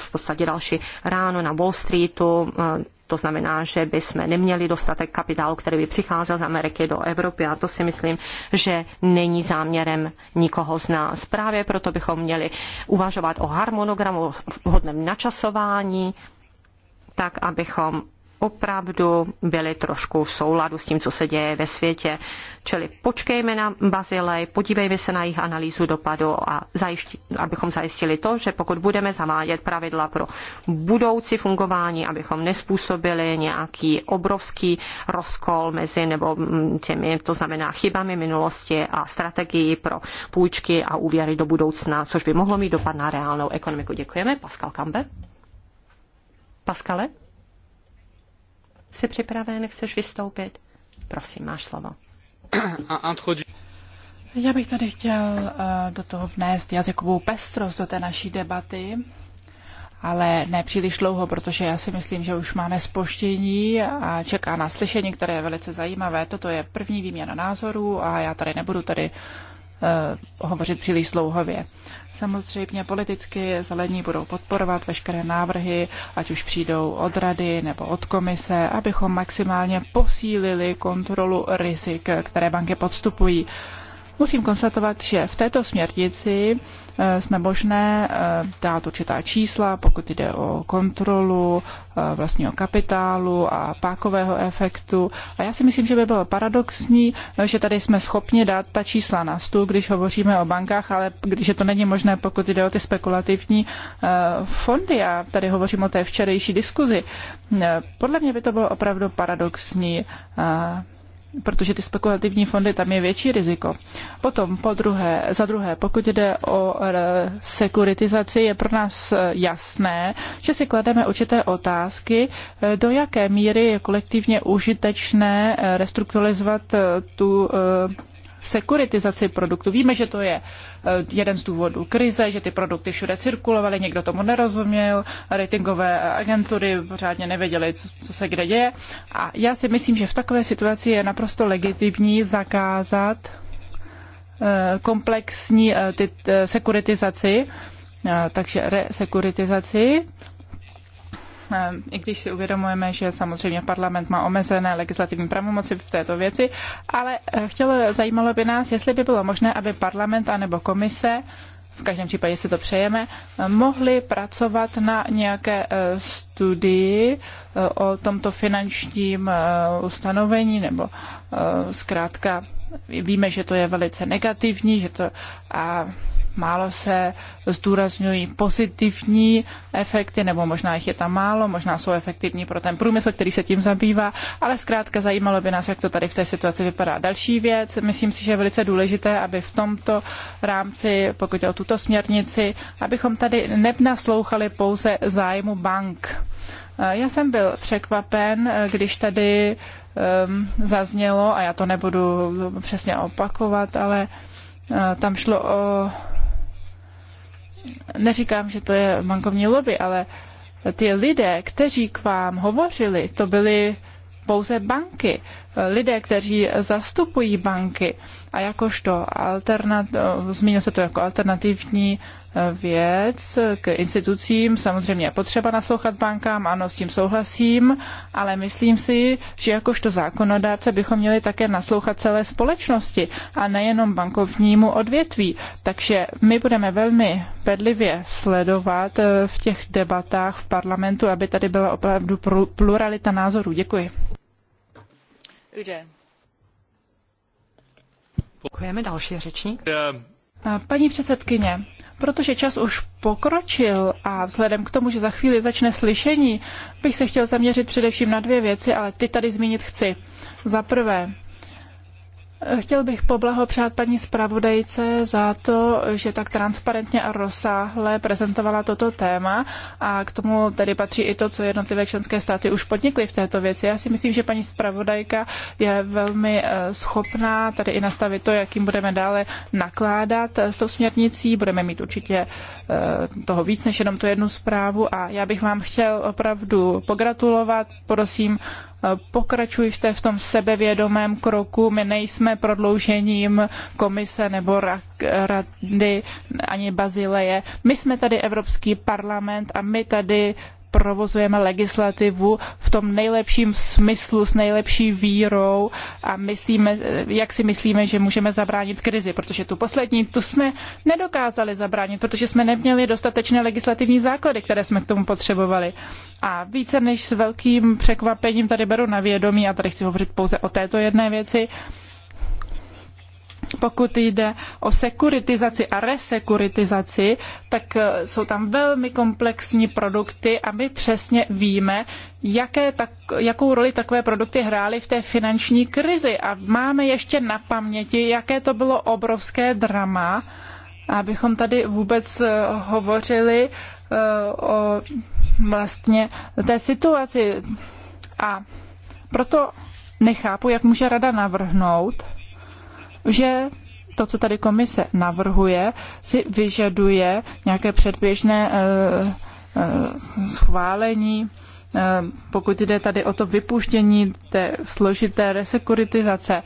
v podstatě další ráno na Wall Streetu, eh, to znamená, že by jsme neměli dostatek kapitálu, který by přicházel z Ameriky do Evropy a to si myslím, že není záměrem nikoho z nás. Právě proto bychom měli uvažovat o harmonogramu, vhodném načasování, tak abychom opravdu byly trošku v souladu s tím, co se děje ve světě. Čili počkejme na Bazilej, podívejme se na jejich analýzu dopadu a zajišti, abychom zajistili to, že pokud budeme zavádět pravidla pro budoucí fungování, abychom nespůsobili nějaký obrovský rozkol mezi nebo mm, těmi, to znamená chybami minulosti a strategii pro půjčky a úvěry do budoucna, což by mohlo mít dopad na reálnou ekonomiku. Děkujeme. Pascal Kambe. Pascale? Jsi připraven? Chceš vystoupit? Prosím, máš slovo. Já bych tady chtěl eh, do toho vnést jazykovou pestrost do té naší debaty, ale ne příliš dlouho, protože já si myslím, že už máme spoštění a čeká nás slyšení, které je velice zajímavé. Toto je první výměna názorů a já tady nebudu tady eh, hovořit příliš dlouhově. Samozřejmě politicky zelení budou podporovat veškeré návrhy, ať už přijdou od rady nebo od komise, abychom maximálně posílili kontrolu rizik, které banky podstupují. Musím konstatovat, že v této směrnici eh, jsme možné eh, dát určitá čísla, pokud jde o kontrolu eh, vlastního kapitálu a pákového efektu. A já si myslím, že by bylo paradoxní, že tady jsme schopni dát ta čísla na stůl, když hovoříme o bankách, ale když to není možné, pokud jde o ty spekulativní fondy. Já tady hovořím o té včerejší diskuzi. Podle mě by to bylo opravdu paradoxní protože ty spekulativní fondy, tam je větší riziko. Potom, po druhé, za druhé, pokud jde o sekuritizaci, je pro nás jasné, že si klademe určité otázky, eh, do jaké míry je kolektivně užitečné eh, restrukturalizovat eh, tu sekuritizaci produktu. Víme, že to je eh, jeden z důvodů krize, že ty produkty všude cirkulovaly, někdo tomu nerozuměl, ratingové agentury pořádně nevěděly, co se kde děje. A já si myslím, že v takové situaci je naprosto legitimní zakázat eh, komplexní eh, sekuritizaci, takže resekuritizaci, Eh, i když si uvědomujeme, že samozřejmě parlament má omezené legislativní pravomoci v této věci, ale eh, chtělo, zajímalo by nás, jestli by bylo možné, aby parlament anebo komise v každém případě si to přejeme, eh, mohli pracovat na nějaké studii o tomto finančním ustanovení, nebo zkrátka víme, že to je velice negativní, že to a málo se zdůrazňují pozitivní efekty, nebo možná jich je tam málo, možná jsou efektivní pro ten průmysl, který se tím zabývá, ale zkrátka zajímalo by nás, jak to tady v té situaci vypadá. Další věc, myslím si, že je velice důležité, aby v tomto rámci, pokud je o tuto směrnici, abychom tady nenaslouchali pouze zájmu bank. Eh, já jsem byl překvapen, eh, když tady um, zaznělo, a já to nebudu přesně opakovat, ale uh, tam šlo o neříkám, že to je bankovní lobby, ale ty lidé, kteří k vám hovořili, to byly pouze banky, lidé, kteří zastupují banky a jakožto alternat, zmínil se to jako alternativní věc k institucím. Samozřejmě je potřeba naslouchat bankám, ano, s tím souhlasím, ale myslím si, že jakožto zákonodáce bychom měli také naslouchat celé společnosti a nejenom bankovnímu odvětví. Takže my budeme velmi bedlivě sledovat eh, v těch debatách v parlamentu, aby tady byla opravdu pluralita názorů. Děkuji. Ude. Děkujeme další řečník. Eh, Paní předsedkyně, protože čas už pokročil a vzhledem k tomu, že za chvíli začne slyšení, bych se chtěl zaměřit především na dvě věci, ale ty tady zmínit chci. Za prvé, Chtěl bych poblahopřát paní zpravodajce za to, že tak transparentně a rozsáhle prezentovala toto téma a k tomu tedy patří i to, co jednotlivé členské státy už podnikly v této věci. Já si myslím, že paní zpravodajka je velmi eh, schopná tady i nastavit to, jakým budeme dále nakládat eh, s tou směrnicí. Budeme mít určitě eh, toho víc než jenom tu jednu zprávu a já bych vám chtěl opravdu pogratulovat. Prosím pokračují v, té, v tom sebevědomém kroku. My nejsme prodloužením komise nebo rady ani Bazileje. My jsme tady Evropský parlament a my tady provozujeme legislativu v tom nejlepším smyslu, s nejlepší vírou a myslíme, jak si myslíme, že můžeme zabránit krizi, protože tu poslední, tu jsme nedokázali zabránit, protože jsme neměli dostatečné legislativní základy, které jsme k tomu potřebovali. A více než s velkým překvapením tady beru na vědomí, a tady chci hovořit pouze o této jedné věci, pokud jde o sekuritizaci a resekuritizaci, tak eh, jsou tam velmi komplexní produkty a my přesně víme, jaké tak, jakou roli takové produkty hrály v té finanční krizi. A máme ještě na paměti, jaké to bylo obrovské drama, abychom tady vůbec eh, hovořili eh, o vlastně té situaci. A proto nechápu, jak může rada navrhnout, že to, co tady komise navrhuje, si vyžaduje nějaké předběžné eh, eh, schválení, eh, pokud jde tady o to vypuštění té složité resekuritizace.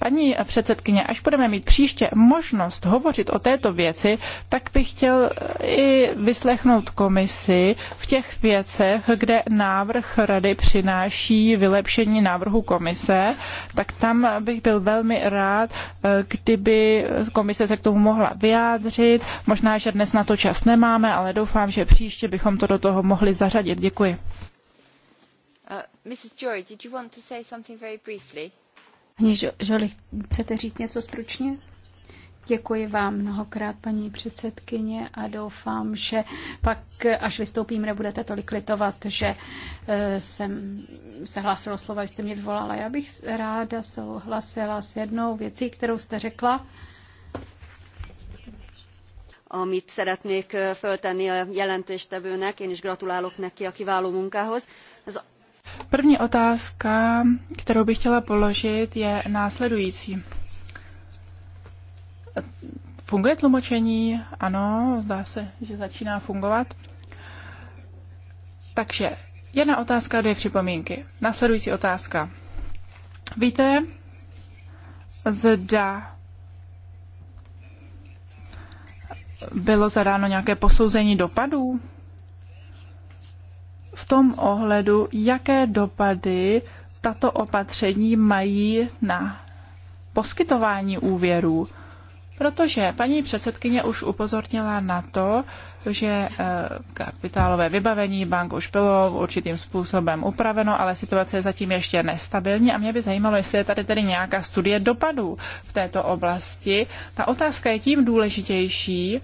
Paní předsedkyně, až budeme mít příště možnost hovořit o této věci, tak bych chtěl eh, i vyslechnout komisi v těch věcech, kde návrh rady přináší vylepšení návrhu komise, tak tam bych byl velmi rád, eh, kdyby komise se k tomu mohla vyjádřit. Možná, že dnes na to čas nemáme, ale doufám, že příště bychom to do toho mohli zařadit. Děkuji. Uh, Mrs. Jory, did you want to say something very briefly? Paní Žoli, chcete říct něco stručně? Děkuji vám mnohokrát, paní předsedkyně, a doufám, že pak, až vystoupím, nebudete tolik litovat, že e, jsem se hlásila slova, jste mě vyvolala. Já bych ráda souhlasila s jednou věcí, kterou jste řekla. Amit szeretnék e, föltenni a jelentéstevőnek, én is gratulálok neki a kiváló munkához. Az První otázka, kterou bych chtěla položit, je následující. Funguje tlumočení? Ano, zdá se, že začíná fungovat. Takže jedna otázka, dvě připomínky. Následující otázka. Víte, zda bylo zadáno nějaké posouzení dopadů v tom ohledu, jaké dopady tato opatření mají na poskytování úvěrů. Protože paní předsedkyně už upozornila na to, že eh, kapitálové vybavení bank už bylo určitým způsobem upraveno, ale situace je zatím ještě nestabilní a mě by zajímalo, jestli je tady tedy nějaká studie dopadů v této oblasti. Ta otázka je tím důležitější,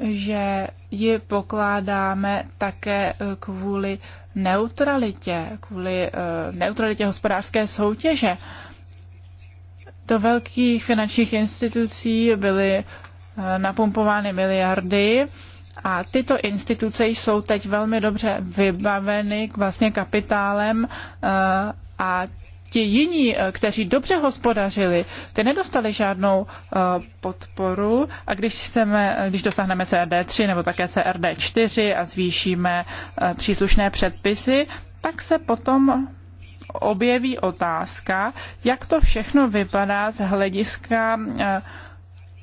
že ji pokládáme také eh, kvůli neutralitě, kvůli eh, neutralitě hospodářské soutěže. Do velkých finančních institucí byly eh, napumpovány miliardy a tyto instituce jsou teď velmi dobře vybaveny k vlastně kapitálem a ti jiní, eh, kteří dobře hospodařili, ty nedostali žádnou eh, podporu a když, chceme, když dosáhneme CRD3 nebo také CRD4 a zvýšíme eh, příslušné předpisy, tak se potom objeví otázka, jak to všechno vypadá z hlediska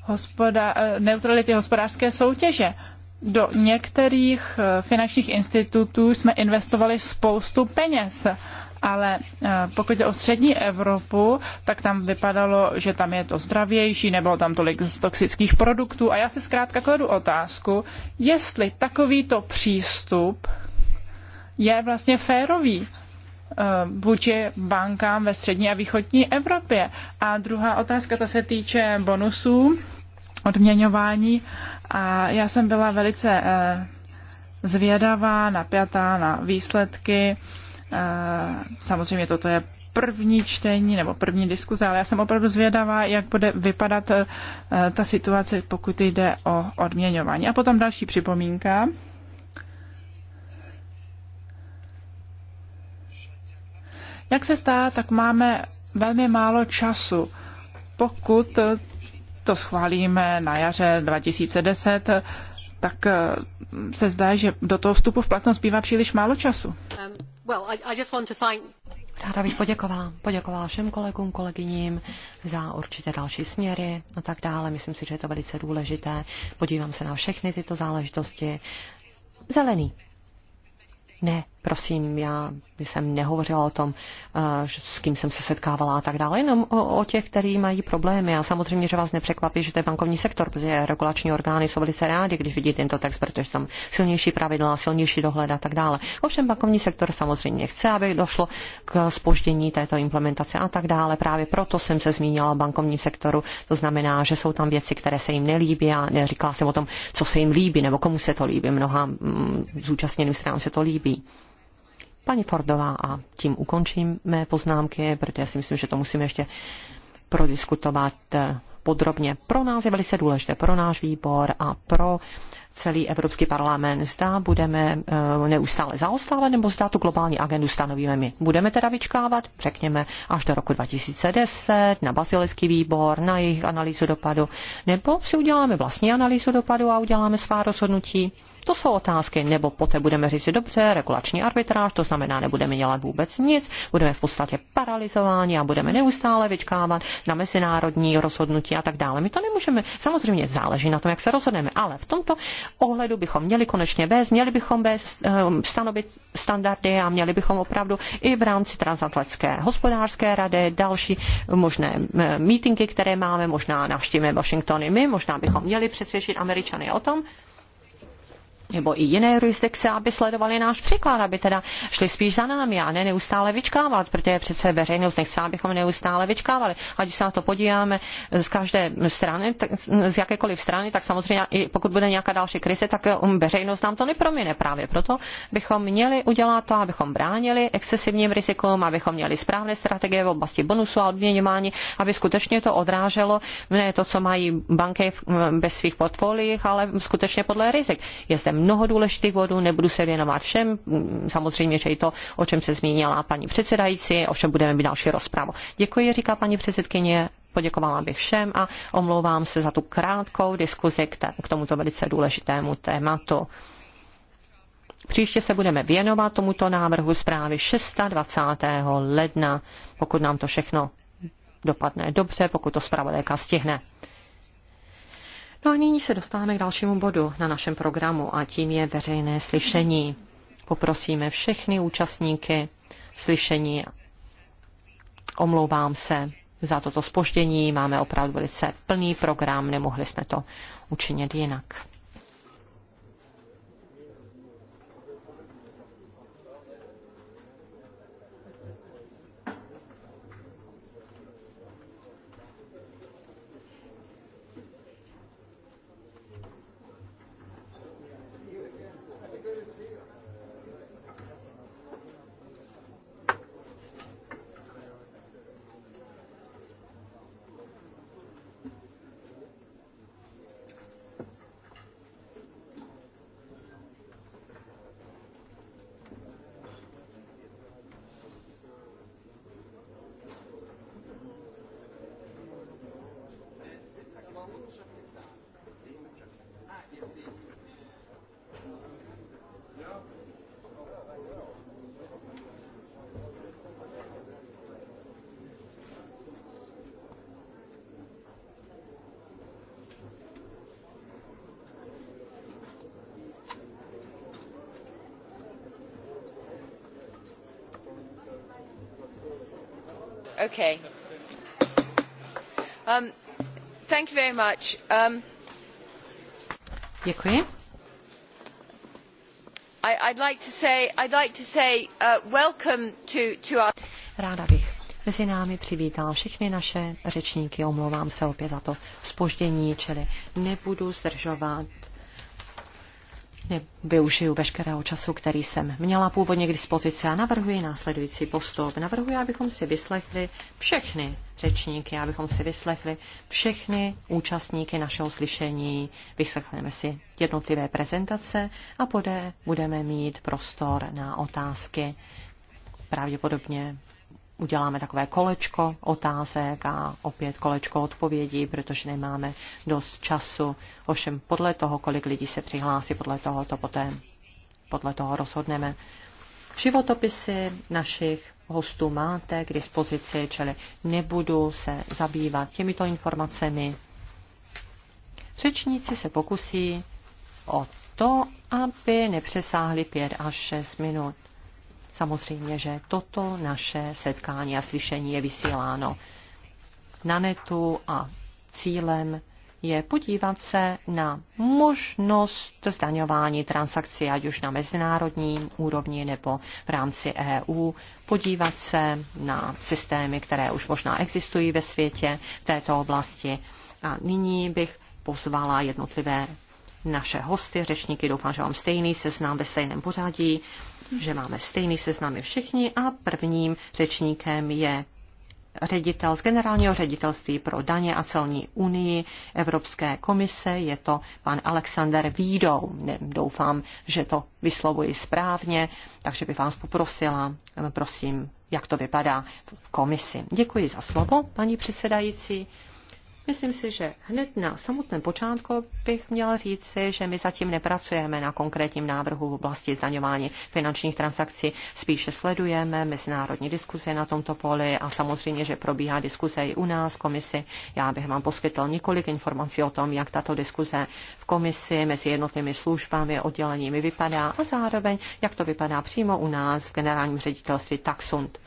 hospoda- neutrality hospodářské soutěže. Do některých finančních institutů jsme investovali spoustu peněz ale eh, pokud jde o střední Evropu, tak tam vypadalo, že tam je to zdravější, nebylo tam tolik toxických produktů. A já si zkrátka kladu otázku, jestli takovýto přístup je vlastně férový eh, vůči bankám ve střední a východní Evropě. A druhá otázka, ta se týče bonusů, odměňování. A já jsem byla velice eh, zvědavá, napjatá na výsledky Eh, samozřejmě toto je první čtení nebo první diskuze, ale já jsem opravdu zvědavá, jak bude vypadat eh, ta situace, pokud jde o odměňování. A potom další připomínka. Jak se stá, tak máme velmi málo času. Pokud to schválíme na jaře 2010, tak eh, se zdá, že do toho vstupu v platnost bývá příliš málo času. Um. Ráda bych poděkovala, poděkovala všem kolegům, kolegyním za určité další směry a tak dále. Myslím si, že je to velice důležité. Podívám se na všechny tyto záležitosti. Zelený. Ne, prosím, já jsem nehovořila o tom, eh, s kým jsem se setkávala a tak dále, jenom o, o těch, kteří mají problémy. A samozřejmě, že vás nepřekvapí, že to je bankovní sektor, protože regulační orgány jsou velice rádi, když vidí tento text, protože tam silnější pravidla, silnější dohled a tak dále. Ovšem bankovní sektor samozřejmě chce, aby došlo k spoždění této implementace a tak dále. Právě proto jsem se zmínila o bankovním sektoru. To znamená, že jsou tam věci, které se jim nelíbí a neříkala jsem o tom, co se jim líbí nebo komu se to líbí. Mnoha mm, zúčastněným stranám se to líbí. Pani Fordová, a tím ukončím mé poznámky, protože si myslím, že to musíme ještě prodiskutovat eh, podrobně. Pro nás je velice důležité, pro náš výbor a pro celý Evropský parlament, zda budeme eh, neustále zaostávat, nebo zda tu globální agendu stanovíme my. Budeme teda vyčkávat, řekněme, až do roku 2010 na bazilický výbor, na jejich analýzu dopadu, nebo si uděláme vlastní analýzu dopadu a uděláme svá rozhodnutí to jsou otázky. Nebo poté budeme říct, dobře, regulační arbitráž, to znamená, nebudeme dělat vůbec nic, budeme v podstatě paralizováni a budeme neustále vyčkávat na mezinárodní rozhodnutí a tak dále. My to nemůžeme, samozřejmě záleží na tom, jak se rozhodneme, ale v tomto ohledu bychom měli konečně bez, měli bychom bez eh, stanovit standardy a měli bychom opravdu i v rámci transatlantské hospodářské rady další možné eh, mítinky, které máme, možná navštívíme Washingtony my, možná bychom měli přesvědčit Američany o tom, nebo i jiné jurisdikce, aby sledovali náš příklad, aby teda šli spíš za námi a ne neustále vyčkávat, protože přece veřejnost nechce, abychom neustále vyčkávali. když se na to podíváme z každé strany, tak, z jakékoliv strany, tak samozřejmě i pokud bude nějaká další krize, tak um, veřejnost nám to nepromine. Právě proto bychom měli udělat to, abychom bránili excesivním rizikům, abychom měli správné strategie v oblasti bonusu a odměňování, aby skutečně to odráželo ne to, co mají banky ve svých portfoliích, ale skutečně podle rizik. Je zde mnoho důležitých bodů, nebudu se věnovat všem, mm, samozřejmě, že i to, o čem se zmínila paní předsedající, čem budeme mít další rozpravu. Děkuji, říká paní předsedkyně, poděkovala bych všem a omlouvám se za tu krátkou diskuzi k, te, k tomuto velice důležitému tématu. Příště se budeme věnovat tomuto návrhu zprávy 26. ledna, pokud nám to všechno dopadne dobře, pokud to zpravodajka stihne. No a nyní se dostáváme k dalšímu bodu na našem programu a tím je veřejné slyšení. Poprosíme všechny účastníky slyšení. Omlouvám se za toto spoždění, máme opravdu velice plný program, nemohli jsme to učinit jinak. Okay. Um, thank you very much. Um, Děkuji. I'd like to say, I'd like to say uh, welcome to, to our... Ráda bych mezi námi přivítala všechny naše řečníky. Omlouvám se opět za to spoždění, čili nebudu zdržovat Vlastně využiju veškerého času, který jsem měla původně k dispozici a navrhuji následující postup. Navrhuji, abychom si vyslechli všechny řečníky, abychom si vyslechli všechny účastníky našeho slyšení, vyslechneme si jednotlivé prezentace a poté budeme mít prostor na otázky. Pravděpodobně uděláme takové kolečko otázek a opět kolečko odpovědí, protože nemáme dost času. Ovšem podle toho, kolik lidí se přihlásí, podle toho to poté podle toho rozhodneme. Životopisy našich hostů máte k dispozici, čili nebudu se zabývat těmito informacemi. Řečníci se pokusí o to, aby nepřesáhli pět až šest minut. Samozřejmě, že toto naše setkání a slyšení je vysíláno na netu a cílem je podívat se na možnost zdaňování transakcí, ať už na mezinárodním úrovni nebo v rámci EU, podívat se na systémy, které už možná existují ve světě v této oblasti. A nyní bych pozvala jednotlivé naše hosty, řečníky, doufám, že mám stejný seznam ve stejném pořadí že máme stejný seznam všichni a prvním řečníkem je ředitel z generálního ředitelství pro daně a celní unii Evropské komise. Je to pan Alexander Vídou. Doufám, že to vyslovuji správně, takže bych vás poprosila, prosím, jak to vypadá v komisi. Děkuji za slovo, paní předsedající. Myslím si, že hned na samotném počátku bych měla říci, že my zatím nepracujeme na konkrétním návrhu v oblasti zdaňování finančních transakcí. Spíše sledujeme mezinárodní diskuze na tomto poli a samozřejmě, že probíhá diskuze i u nás v komisi. Já bych vám poskytl několik informací o tom, jak tato diskuze v komisi mezi jednotlivými službami, odděleními vypadá a zároveň, jak to vypadá přímo u nás v generálním ředitelství Taxund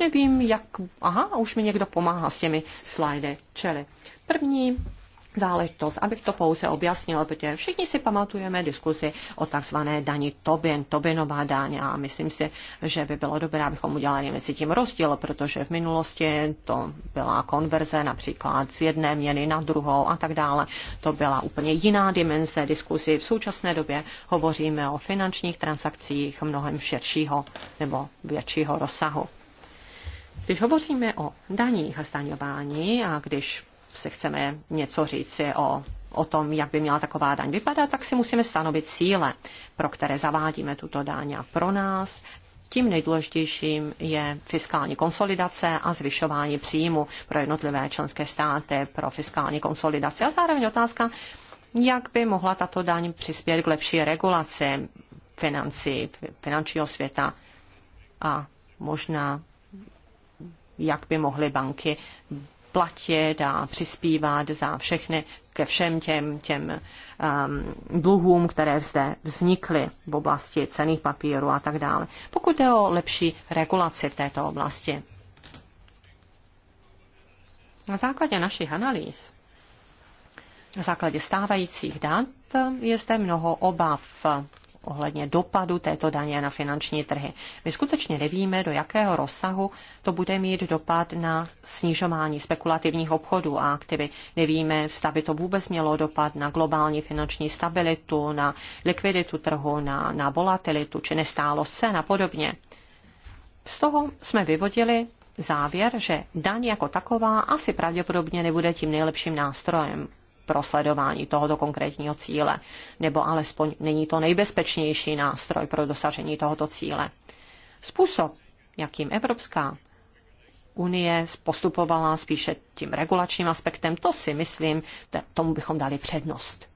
nevím, jak... Aha, už mi někdo pomáhá s těmi slajdy. Čili První záležitost, abych to pouze objasnil, protože všichni si pamatujeme diskusi o takzvané dani Tobin, Tobinová daň a myslím si, že by bylo dobré, abychom udělali mezi tím rozdíl, protože v minulosti to byla konverze například z jedné měny na druhou a tak dále. To byla úplně jiná dimenze diskusy. V současné době hovoříme o finančních transakcích mnohem širšího nebo většího rozsahu. Když hovoříme o daních a zdaňování a když se chceme něco říci o, o tom, jak by měla taková daň vypadat, tak si musíme stanovit cíle, pro které zavádíme tuto daň. A pro nás tím nejdůležitějším je fiskální konsolidace a zvyšování příjmu pro jednotlivé členské státy, pro fiskální konsolidaci. A zároveň otázka, jak by mohla tato daň přispět k lepší regulaci financí, finančního světa a možná jak by mohly banky platit a přispívat za všechny, ke všem těm, těm um, dluhům, které zde vznikly v oblasti cených papíru a tak dále. Pokud jde o lepší regulaci v této oblasti. Na základě našich analýz, na základě stávajících dat, je zde mnoho obav ohledně dopadu této daně na finanční trhy. My skutečně nevíme, do jakého rozsahu to bude mít dopad na snižování spekulativních obchodů a aktivy. Nevíme, zda by to vůbec mělo dopad na globální finanční stabilitu, na likviditu trhu, na, na volatilitu či nestálo se a podobně. Z toho jsme vyvodili závěr, že daň jako taková asi pravděpodobně nebude tím nejlepším nástrojem pro sledování tohoto konkrétního cíle, nebo alespoň není to nejbezpečnější nástroj pro dosažení tohoto cíle. Způsob, jakým Evropská unie postupovala spíše tím regulačním aspektem, to si myslím, tomu bychom dali přednost.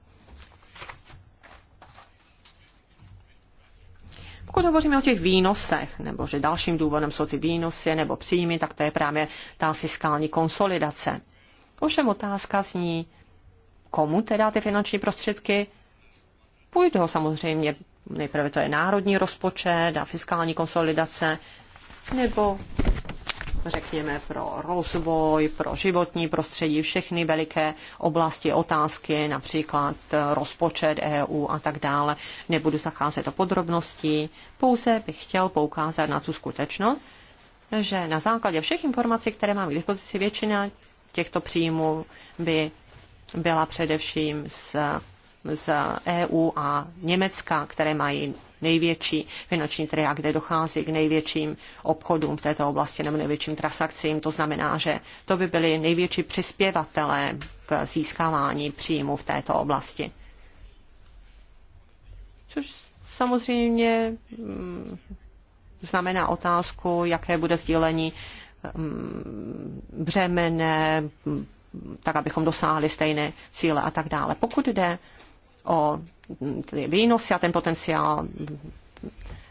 Pokud hovoříme o těch výnosech, nebo že dalším důvodem jsou ty výnosy nebo příjmy, tak to je právě ta fiskální konsolidace. Ovšem otázka zní, komu teda ty finanční prostředky půjdou. Samozřejmě nejprve to je národní rozpočet a fiskální konsolidace, nebo řekněme pro rozvoj, pro životní prostředí, všechny veliké oblasti, otázky, například rozpočet EU a tak dále. Nebudu zacházet do podrobností, pouze bych chtěl poukázat na tu skutečnost, že na základě všech informací, které mám k dispozici, většina těchto příjmů by byla především z, z EU a Německa, které mají největší finanční trhy a kde dochází k největším obchodům v této oblasti nebo největším transakcím. To znamená, že to by byly největší přispěvatelé k získávání příjmu v této oblasti. Což samozřejmě mm, znamená otázku, jaké bude sdílení mm, břemene, tak abychom dosáhli stejné cíle a tak dále. Pokud jde o ty výnosy a ten potenciál,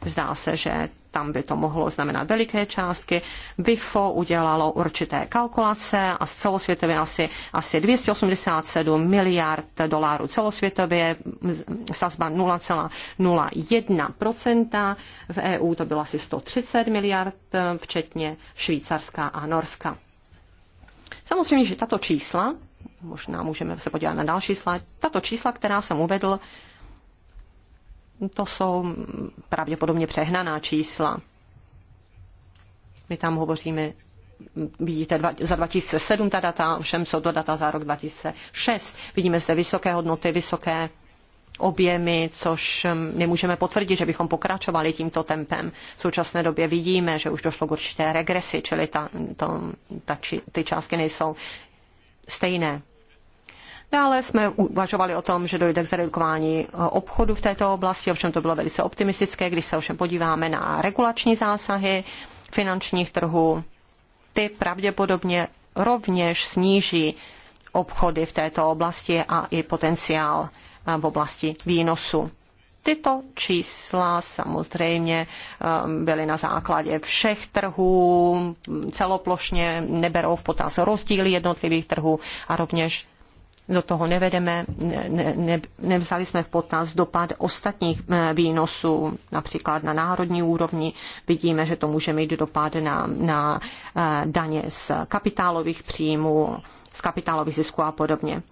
zdá se, že tam by to mohlo znamenat veliké částky. WIFO udělalo určité kalkulace a celosvětově asi, asi 287 miliard dolarů celosvětově, sazba 0,01%, v EU to bylo asi 130 miliard, včetně Švýcarska a Norska. Samozřejmě, že tato čísla, možná můžeme se podívat na další slide, tato čísla, která jsem uvedl, to jsou pravděpodobně přehnaná čísla. My tam hovoříme, vidíte, dva, za 2007 ta data, všem jsou to data za rok 2006. Vidíme zde vysoké hodnoty, vysoké objemy, což mm, nemůžeme potvrdit, že bychom pokračovali tímto tempem. V současné době vidíme, že už došlo k určité regresi, čili ta, to, ta, či, ty částky nejsou stejné. Dále jsme uvažovali o tom, že dojde k zredukování obchodu v této oblasti, ovšem to bylo velice optimistické, když se ovšem podíváme na regulační zásahy finančních trhů, ty pravděpodobně rovněž sníží obchody v této oblasti a i potenciál v oblasti výnosu. Tyto čísla samozřejmě um, byly na základě všech trhů, celoplošně neberou v potaz rozdíly jednotlivých trhů a rovněž do toho nevedeme, ne, ne, nevzali jsme v potaz dopad ostatních eh, výnosů, například na národní úrovni. Vidíme, že to může mít dopad na, na eh, daně z kapitálových příjmů, z kapitálových zisků a podobně.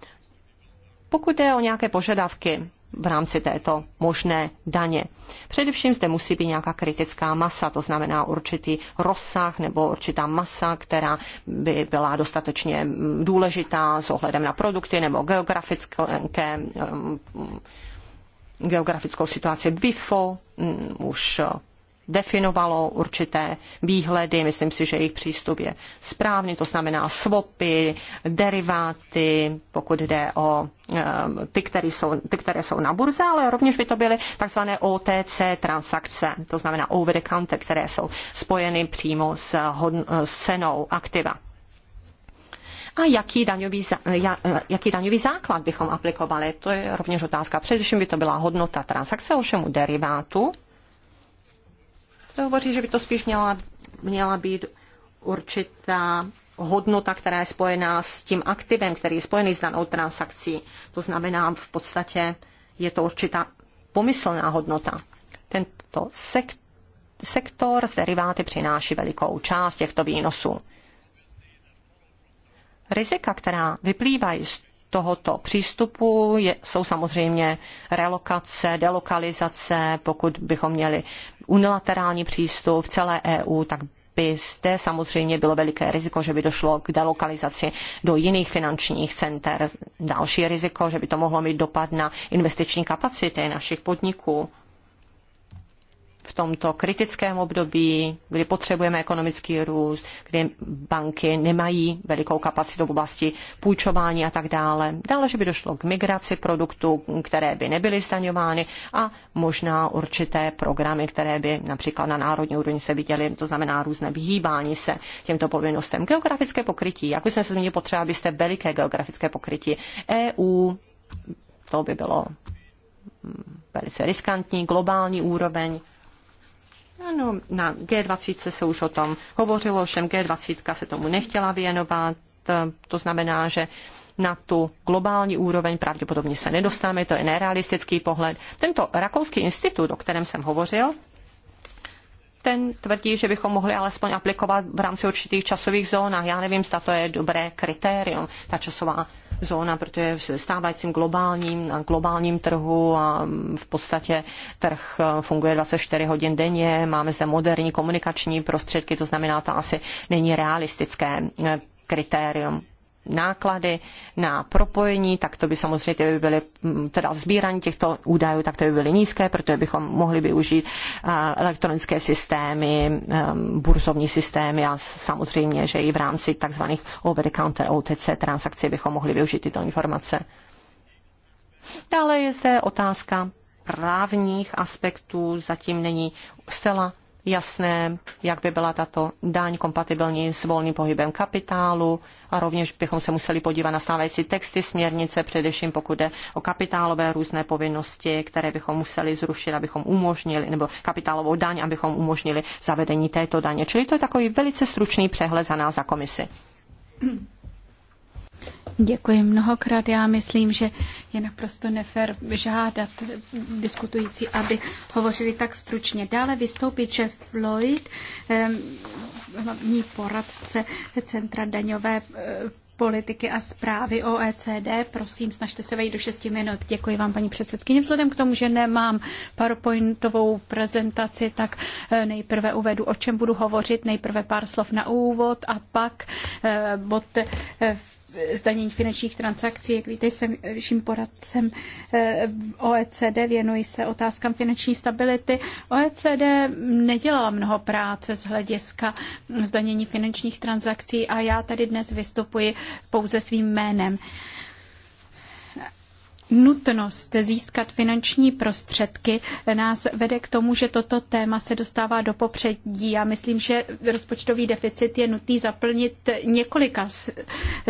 Pokud jde o nějaké požadavky v rámci této možné daně. Především zde musí být nějaká kritická masa, to znamená určitý rozsah nebo určitá masa, která by byla dostatečně mm, důležitá s ohledem na produkty nebo geografické mm, geografickou situaci BIFO, mm, už definovalo určité výhledy. Myslím si, že jejich přístup je správný, to znamená swapy, deriváty, pokud jde o ehm, ty, které jsou, ty, které jsou na burze, ale rovněž by to byly takzvané OTC transakce, to znamená over the counter, které jsou spojeny přímo s, hod, s cenou aktiva. A jaký daňový, jaký daňový základ bychom aplikovali? To je rovněž otázka. Především by to byla hodnota transakce, ovšem u derivátu, to hovoří, že by to spíš měla, měla být určitá hodnota, která je spojená s tím aktivem, který je spojený s danou transakcí. To znamená, v podstatě je to určitá pomyslná hodnota. Tento sekt, sektor z deriváty přináší velikou část těchto výnosů. Rizika, která vyplývají z tohoto přístupu je, jsou samozřejmě relokace, delokalizace, pokud bychom měli unilaterální přístup v celé EU, tak by zde samozřejmě bylo veliké riziko, že by došlo k delokalizaci do jiných finančních center. Další riziko, že by to mohlo mít dopad na investiční kapacity našich podniků v tomto kritickém období, kdy potřebujeme ekonomický růst, kdy banky nemají velikou kapacitu v oblasti půjčování a tak dále. Dále, že by došlo k migraci produktů, které by nebyly zdaňovány a možná určité programy, které by například na národní úrovni se viděly, to znamená různé vyhýbání se těmto povinnostem. Geografické pokrytí, jak už jsem se zmínil, potřeba byste veliké geografické pokrytí. EU, to by bylo mm, velice riskantní, globální úroveň, ano, na G20 se už o tom hovořilo, všem G20 se tomu nechtěla věnovat, to znamená, že na tu globální úroveň pravděpodobně se nedostáme, to je nerealistický pohled. Tento Rakouský institut, o kterém jsem hovořil, ten tvrdí, že bychom mohli alespoň aplikovat v rámci určitých časových zón a já nevím, zda to je dobré kritérium, ta časová zóna, protože v stávajícím globálním, globálním trhu a v podstatě trh eh, funguje 24 hodin denně, máme zde moderní komunikační prostředky, to znamená, to asi není realistické eh, kritérium náklady na propojení, tak to by samozřejmě ty by byly, mm, teda sbírání těchto údajů, tak to by byly nízké, protože bychom mohli využít elektronické systémy, burzovní systémy a samozřejmě, že i v rámci tzv. over-the-counter OTC transakcí bychom mohli využít tyto informace. Dále je zde otázka právních aspektů, zatím není zcela jasné, jak by byla tato daň kompatibilní s volným pohybem kapitálu a rovněž bychom se museli podívat na stávající texty směrnice, především pokud jde o kapitálové různé povinnosti, které bychom museli zrušit, abychom umožnili, nebo kapitálovou daň, abychom umožnili zavedení této daně. Čili to je takový velice stručný přehled za nás za komisi. Děkuji mnohokrát. Já myslím, že je naprosto nefér žádat diskutující, aby hovořili tak stručně. Dále vystoupí Jeff Floyd, hlavní poradce Centra daňové eh, politiky a zprávy OECD. Prosím, snažte se vejít do 6 minut. Děkuji vám, paní předsedkyně. Vzhledem k tomu, že nemám PowerPointovou prezentaci, tak eh, nejprve uvedu, o čem budu hovořit. Nejprve pár slov na úvod a pak eh, bod zdanění finančních transakcí. Jak víte, jsem vyšším poradcem eh, OECD, věnuji se otázkám finanční stability. OECD nedělala mnoho práce z hlediska zdanění finančních transakcí a já tady dnes vystupuji pouze svým jménem nutnost získat finanční prostředky nás vede k tomu, že toto téma se dostává do popředí. Já myslím, že rozpočtový deficit je nutný zaplnit několika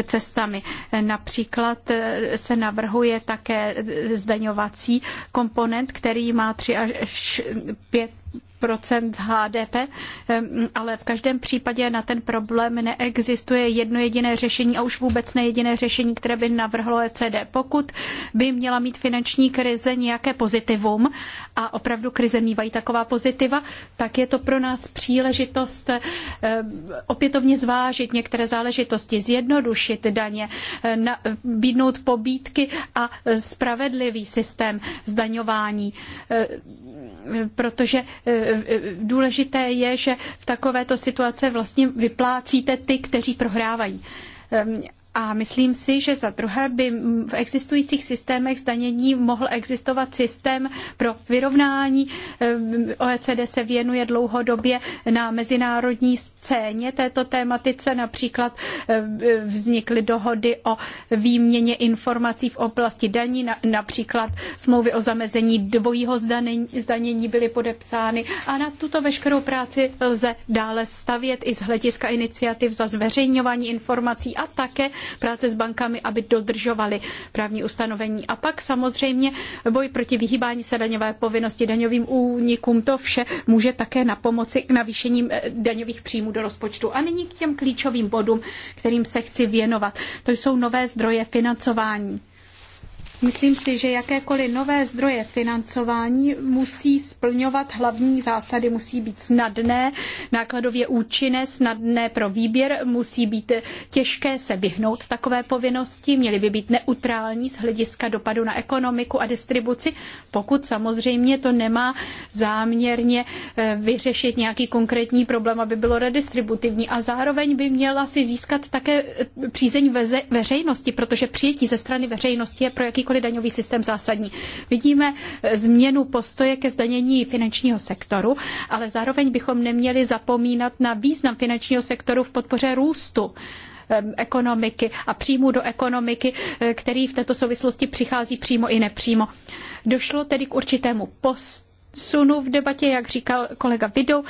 cestami. Například eh, se navrhuje také eh, zdaňovací komponent, který má 3 až 5 procent HDP, ale v každém případě na ten problém neexistuje jedno jediné řešení a už vůbec ne jediné řešení, které by navrhlo ECD. Pokud by měla mít finanční krize nějaké pozitivum a opravdu krize mývají taková pozitiva, tak je to pro nás příležitost opětovně zvážit některé záležitosti, zjednodušit daně, bídnout pobídky a spravedlivý systém zdaňování, protože důležité je, že v takovéto situace vlastně vyplácíte ty, kteří prohrávají. Ehm, a myslím si, že za druhé by v existujících systémech zdanění mohl existovat systém pro vyrovnání. Ehm, OECD se věnuje dlouhodobě na mezinárodní scéně této tématice. Například ehm, vznikly dohody o výměně informací v oblasti daní, například smlouvy o zamezení dvojího zdanění byly podepsány. A na tuto veškerou práci lze dále stavět i z hlediska iniciativ za zveřejňování informací a také práce s bankami, aby dodržovali právní ustanovení. A pak samozřejmě boj proti vyhýbání se daňové povinnosti, daňovým únikům, to vše může také na pomoci k navýšení eh, daňových příjmů do rozpočtu. A nyní k těm klíčovým bodům, kterým se chci věnovat. To jsou nové zdroje financování Myslím si, že jakékoliv nové zdroje financování musí splňovat hlavní zásady, musí být snadné, nákladově účinné, snadné pro výběr, musí být těžké se vyhnout takové povinnosti, měly by být neutrální z hlediska dopadu na ekonomiku a distribuci, pokud samozřejmě to nemá záměrně eh, vyřešit nějaký konkrétní problém, aby bylo redistributivní a zároveň by měla si získat také eh, přízeň veřejnosti, protože přijetí ze strany veřejnosti je pro jakýkoliv jakýkoliv daňový systém zásadní. Vidíme eh, změnu postoje ke zdanění finančního sektoru, ale zároveň bychom neměli zapomínat na význam finančního sektoru v podpoře růstu ekonomiky a příjmu do ekonomiky, eh, který v této souvislosti přichází přímo i nepřímo. Došlo tedy k určitému postu sunu v debatě, jak říkal kolega Vidou.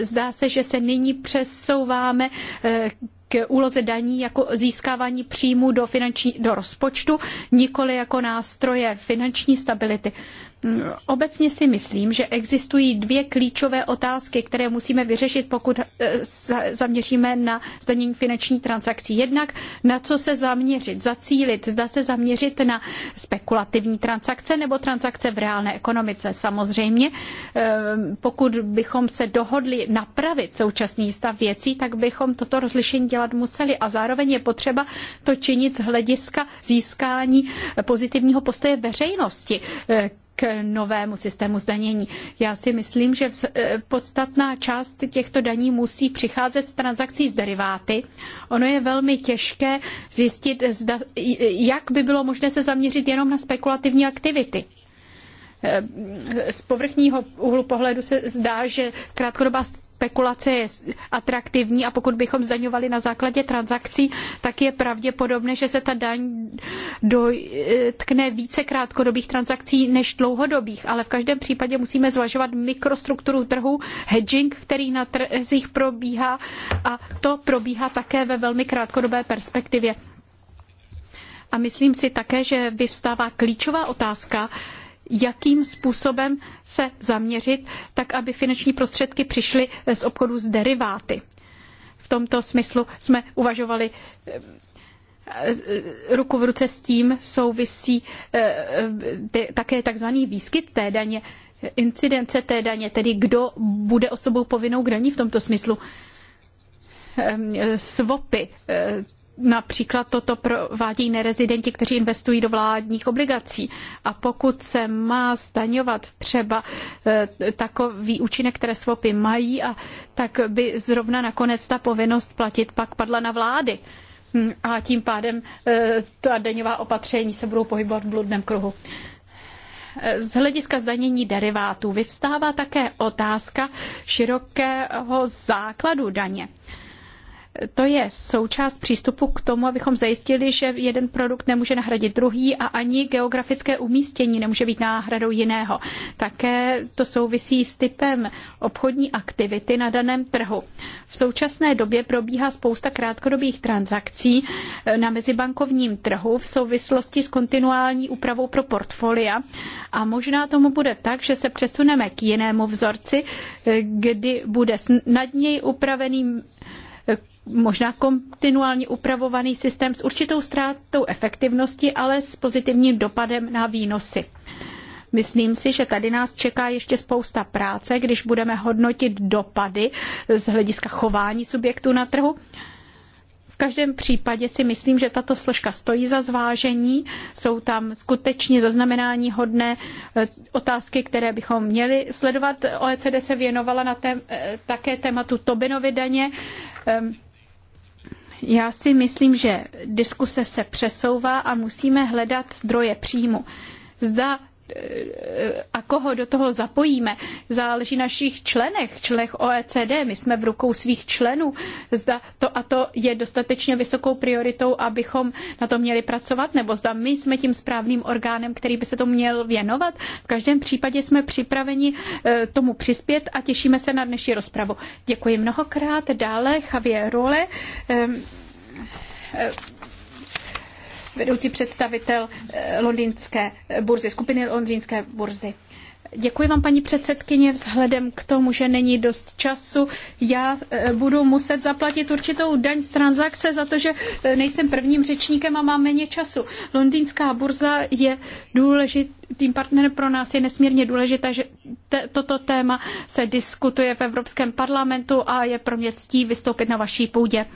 Zdá se, že se nyní přesouváme eh, k úloze daní jako získávání příjmů do, finanční, do rozpočtu, nikoli jako nástroje finanční stability. Obecně si myslím, že existují dvě klíčové otázky, které musíme vyřešit, pokud eh, zaměříme na zdanění finanční transakcí. Jednak na co se zaměřit, zacílit, zda se zaměřit na spekulativní transakce nebo transakce v reálné ekonomice. Samozřejmě, eh, pokud bychom se dohodli napravit současný stav věcí, tak bychom toto rozlišení dělat museli a zároveň je potřeba to činit z hlediska získání eh, pozitivního postoje veřejnosti k novému systému zdanění. Já si myslím, že e, podstatná část těchto daní musí přicházet z transakcí s deriváty. Ono je velmi těžké zjistit, jak by bylo možné se zaměřit jenom na spekulativní aktivity e, z povrchního úhlu pohledu se zdá, že krátkodobá spekulace je atraktivní a pokud bychom zdaňovali na základě transakcí, tak je pravděpodobné, že se ta daň dotkne více krátkodobých transakcí než dlouhodobých, ale v každém případě musíme zvažovat mikrostrukturu trhu, hedging, který na trzích probíhá a to probíhá také ve velmi krátkodobé perspektivě. A myslím si také, že vyvstává klíčová otázka, jakým způsobem se zaměřit, tak aby finanční prostředky přišly eh, z obchodu s deriváty. V tomto smyslu jsme uvažovali eh, eh, ruku v ruce s tím souvisí také takzvaný výskyt té daně, incidence té daně, tedy kdo bude osobou povinnou k daní v tomto smyslu. Ehm, Svopy, Například toto provádí nerezidenti, kteří investují do vládních obligací. A pokud se má zdaňovat třeba eh, takový účinek, které svopy mají, a tak by zrovna nakonec ta povinnost platit pak padla na vlády. Hm, a tím pádem eh, ta daňová opatření se budou pohybovat v bludném kruhu. Eh, z hlediska zdanění derivátů vyvstává také otázka širokého základu daně to je součást přístupu k tomu, abychom zajistili, že jeden produkt nemůže nahradit druhý a ani geografické umístění nemůže být náhradou jiného. Také to souvisí s typem obchodní aktivity na daném trhu. V současné době probíhá spousta krátkodobých transakcí eh, na mezibankovním trhu v souvislosti s kontinuální úpravou pro portfolia a možná tomu bude tak, že se přesuneme k jinému vzorci, eh, kdy bude snadněji upraveným možná kontinuálně upravovaný systém s určitou ztrátou efektivnosti, ale s pozitivním dopadem na výnosy. Myslím si, že tady nás čeká ještě spousta práce, když budeme hodnotit dopady z hlediska chování subjektů na trhu. V každém případě si myslím, že tato složka stojí za zvážení. Jsou tam skutečně zaznamenání hodné eh, otázky, které bychom měli sledovat. OECD se věnovala na eh, také tématu Tobinovy daně. Ehm, já si myslím, že diskuse se přesouvá a musíme hledat zdroje příjmu. Zda a koho do toho zapojíme, záleží na našich členech, členech OECD. My jsme v rukou svých členů. Zda to a to je dostatečně vysokou prioritou, abychom na to měli pracovat, nebo zda my jsme tím správným orgánem, který by se to měl věnovat. V každém případě jsme připraveni eh, tomu přispět a těšíme se na dnešní rozpravu. Děkuji mnohokrát. Dále Javier Role eh, eh, vedoucí představitel eh, londýnské burzy, skupiny londýnské burzy. Děkuji vám, paní předsedkyně. Vzhledem k tomu, že není dost času, já eh, budu muset zaplatit určitou daň z transakce za to, že eh, nejsem prvním řečníkem a mám méně času. Londýnská burza je důležitým partnerem pro nás, je nesmírně důležité, že te, toto téma se diskutuje v Evropském parlamentu a je pro mě ctí vystoupit na vaší půdě.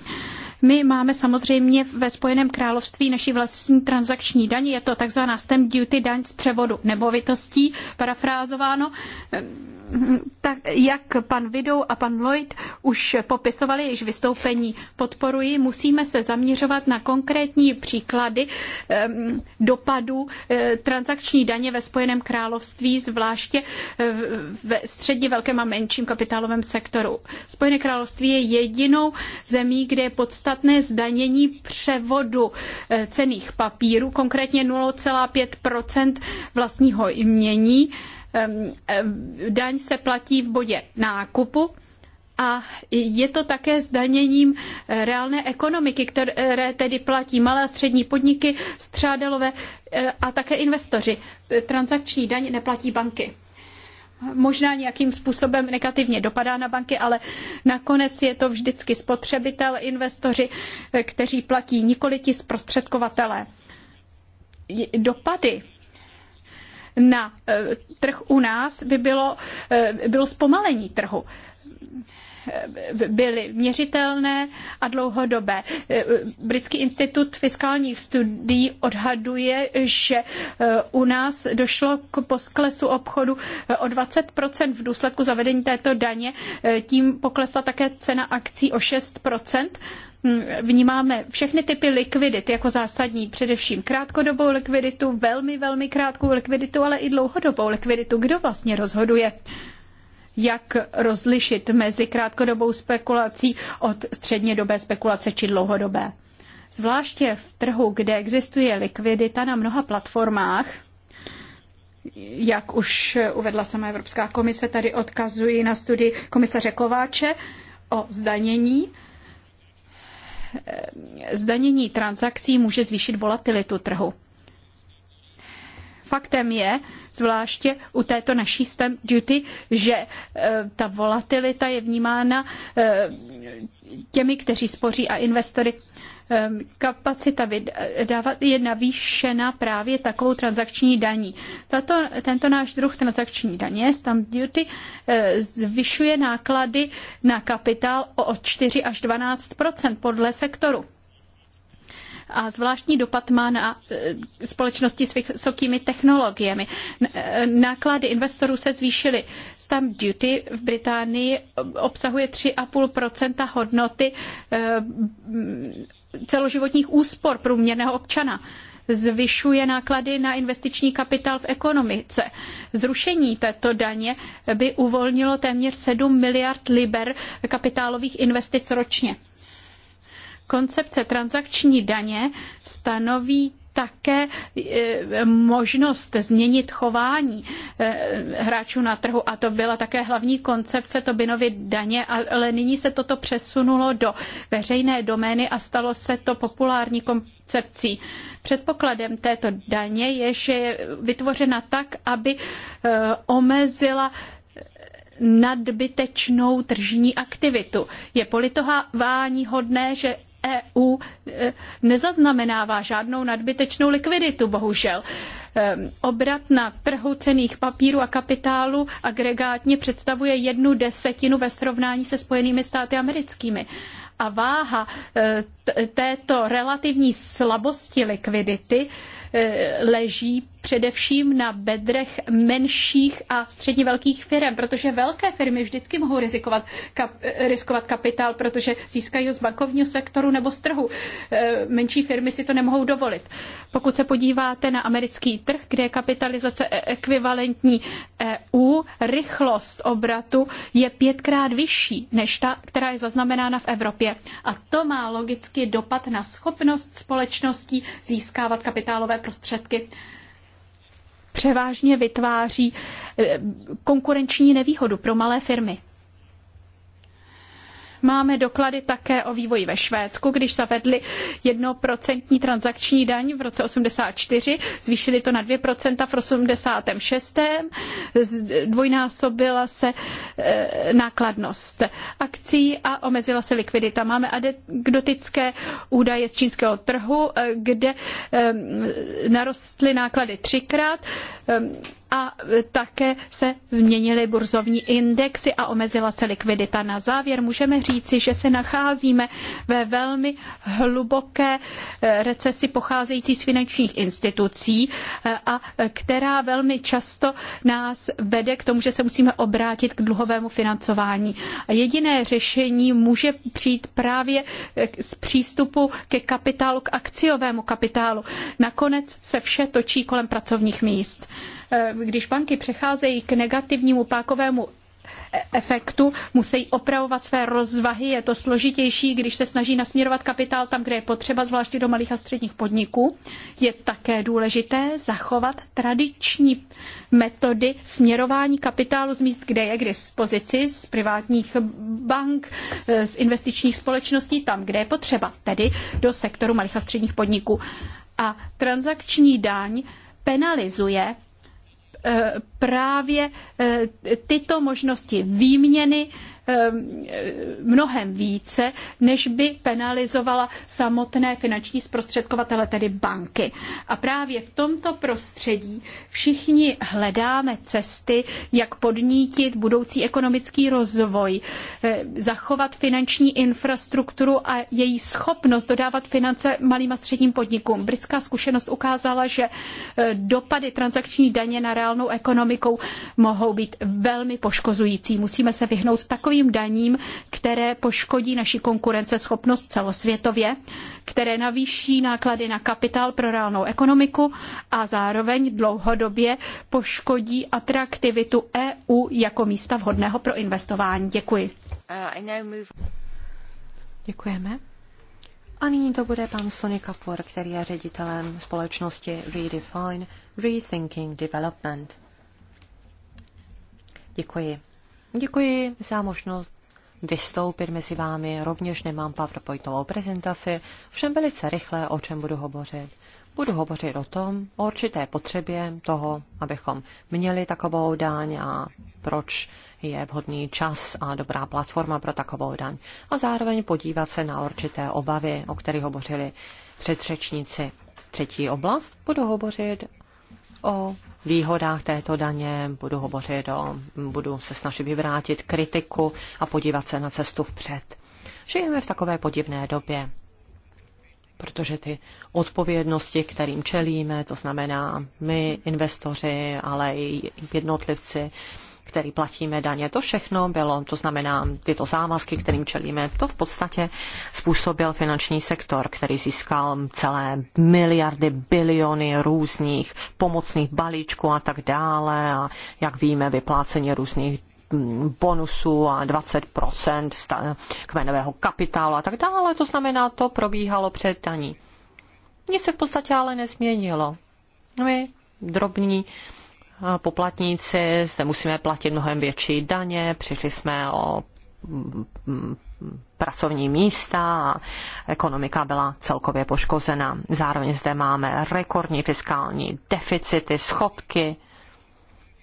My máme samozřejmě ve Spojeném království naší vlastní transakční daň, je to takzvaná stamp duty daň z převodu nemovitostí, parafrázováno tak jak pan Vidou a pan Lloyd už popisovali již vystoupení, podporuji, musíme se zaměřovat na konkrétní příklady dopadů eh, transakční daně ve Spojeném království, zvláště eh, ve středně velkém a menším kapitálovém sektoru. Spojené království je jedinou zemí, kde je podstatné zdanění převodu eh, cených papírů, konkrétně 0,5 vlastního jmění daň se platí v bodě nákupu a je to také zdaněním eh, reálné ekonomiky, které tedy platí malé a střední podniky, střádelové eh, a také investoři. Eh, transakční daň neplatí banky možná nějakým způsobem negativně dopadá na banky, ale nakonec je to vždycky spotřebitel, investoři, kteří platí nikoli ti zprostředkovatelé. Dopady na eh, trh u nás by bylo, eh, bylo zpomalení trhu eh, byly měřitelné a dlouhodobé. Britský institut fiskálních studií odhaduje, že u nás došlo k posklesu obchodu o 20% v důsledku zavedení této daně. Tím poklesla také cena akcí o 6% Hm, vnímáme všechny typy likvidit jako zásadní, především krátkodobou likviditu, velmi, velmi krátkou likviditu, ale i dlouhodobou likviditu. Kdo vlastně rozhoduje? jak rozlišit mezi krátkodobou spekulací od střednědobé spekulace či dlouhodobé. Zvláště v trhu, kde existuje likvidita na mnoha platformách, jak už uvedla sama Evropská komise, tady odkazuji na studii komisaře Kováče o zdanění, Eh, zdanění transakcí může zvýšit volatilitu trhu. Faktem je, zvláště u této naší stamp duty, že eh, ta volatilita je vnímána eh, těmi, kteří spoří a investory Ehm, kapacita vydávat je navýšena právě takovou transakční daní. Tato, tento náš druh transakční daně, stamp duty, eh, zvyšuje náklady na kapitál o 4 až 12 podle sektoru a zvláštní dopad má na eh, společnosti s vysokými technologiemi. Eh, náklady investorů se zvýšily. Stamp duty v Británii eh, obsahuje 3,5 hodnoty celoživotních úspor průměrného občana zvyšuje náklady na investiční kapitál v ekonomice. Zrušení této daně by uvolnilo téměř 7 miliard liber kapitálových investic ročně. Koncepce transakční daně stanoví také e, možnost změnit chování e, hráčů na trhu a to byla také hlavní koncepce Tobinovy daně, ale nyní se toto přesunulo do veřejné domény a stalo se to populární koncepcí. Předpokladem této daně je, že je vytvořena tak, aby e, omezila nadbytečnou tržní aktivitu. Je politování hodné, že EU e, nezaznamenává žádnou nadbytečnou likviditu, bohužel. Ehm, obrat na trhu cených papírů a kapitálu agregátně představuje jednu desetinu ve srovnání se Spojenými státy americkými a váha e, této relativní slabosti likvidity eh, leží především na bedrech menších a středně velkých firm, protože velké firmy vždycky mohou rizikovat, kap, riskovat kapitál, protože získají ho z bankovního sektoru nebo z trhu. Eh, menší firmy si to nemohou dovolit. Pokud se podíváte na americký trh, kde je kapitalizace e- ekvivalentní EU, rychlost obratu je pětkrát vyšší než ta, která je zaznamenána v Evropě. A to má logicky otázky dopad na schopnost společností získávat kapitálové prostředky. Převážně vytváří eh, konkurenční nevýhodu pro malé firmy. Máme doklady také o vývoji ve Švédsku, když zavedli jednoprocentní transakční daň v roce 84, zvýšili to na 2% v 86. Dvojnásobila se eh, nákladnost akcí a omezila se likvidita. Máme anekdotické údaje z čínského trhu, eh, kde eh, narostly náklady třikrát a také se změnily burzovní indexy a omezila se likvidita. Na závěr můžeme říci, že se nacházíme ve velmi hluboké eh, recesi pocházející z finančních institucí eh, a která velmi často nás vede k tomu, že se musíme obrátit k dluhovému financování. Jediné řešení může přijít právě eh, z přístupu ke kapitálu, k akciovému kapitálu. Nakonec se vše točí kolem pracovních míst. Eh, když banky přecházejí k negativnímu pákovému efektu, musí opravovat své rozvahy, je to složitější, když se snaží nasměrovat kapitál tam, kde je potřeba, zvláště do malých a středních podniků. Je také důležité zachovat tradiční metody směrování kapitálu z míst, kde je k dispozici, z privátních bank, eh, z investičních společností, tam, kde je potřeba, tedy do sektoru malých a středních podniků. A transakční daň penalizuje Eh, právě eh, tyto možnosti výměny Ehm, mnohem více, než by penalizovala samotné finanční zprostředkovatele, tedy banky. A právě v tomto prostředí všichni hledáme cesty, jak podnítit budoucí ekonomický rozvoj, ehm, zachovat finanční infrastrukturu a její schopnost dodávat finance malým a středním podnikům. Britská zkušenost ukázala, že ehm, dopady transakční daně na reálnou ekonomiku mohou být velmi poškozující. Musíme se vyhnout takovým takovým daním, které poškodí naši konkurenceschopnost celosvětově, které navýší náklady na kapitál pro reálnou ekonomiku a zároveň dlouhodobě poškodí atraktivitu EU jako místa vhodného pro investování. Děkuji. Uh, Děkujeme. A nyní to bude pan Sonny Kapur, který je ředitelem společnosti Redefine Rethinking Development. Děkuji. Děkuji za možnost vystoupit mezi vámi. Rovněž nemám PowerPointovou prezentaci, všem velice rychle, o čem budu hovořit. Budu hovořit o tom, o určité potřebě toho, abychom měli takovou daň a proč je vhodný čas a dobrá platforma pro takovou daň. A zároveň podívat se na určité obavy, o kterých hovořili předřečníci. Třetí oblast budu hovořit o výhodách této daně, budu hovořit o, budu se snažit vyvrátit kritiku a podívat se na cestu vpřed. Žijeme v takové podivné době, protože ty odpovědnosti, kterým čelíme, to znamená my, investoři, ale i jednotlivci, který platíme daně. To všechno bylo, to znamená tyto závazky, kterým čelíme, to v podstatě způsobil finanční sektor, který získal celé miliardy, biliony různých pomocných balíčků a tak dále a jak víme, vyplácení různých bonusu a 20% kmenového kapitálu a tak dále. To znamená, to probíhalo před daní. Nic se v podstatě ale nezměnilo. My, drobní poplatníci, zde musíme platit mnohem větší daně, přišli jsme o mm, mm, pracovní místa a ekonomika byla celkově poškozena. Zároveň zde máme rekordní fiskální deficity, schodky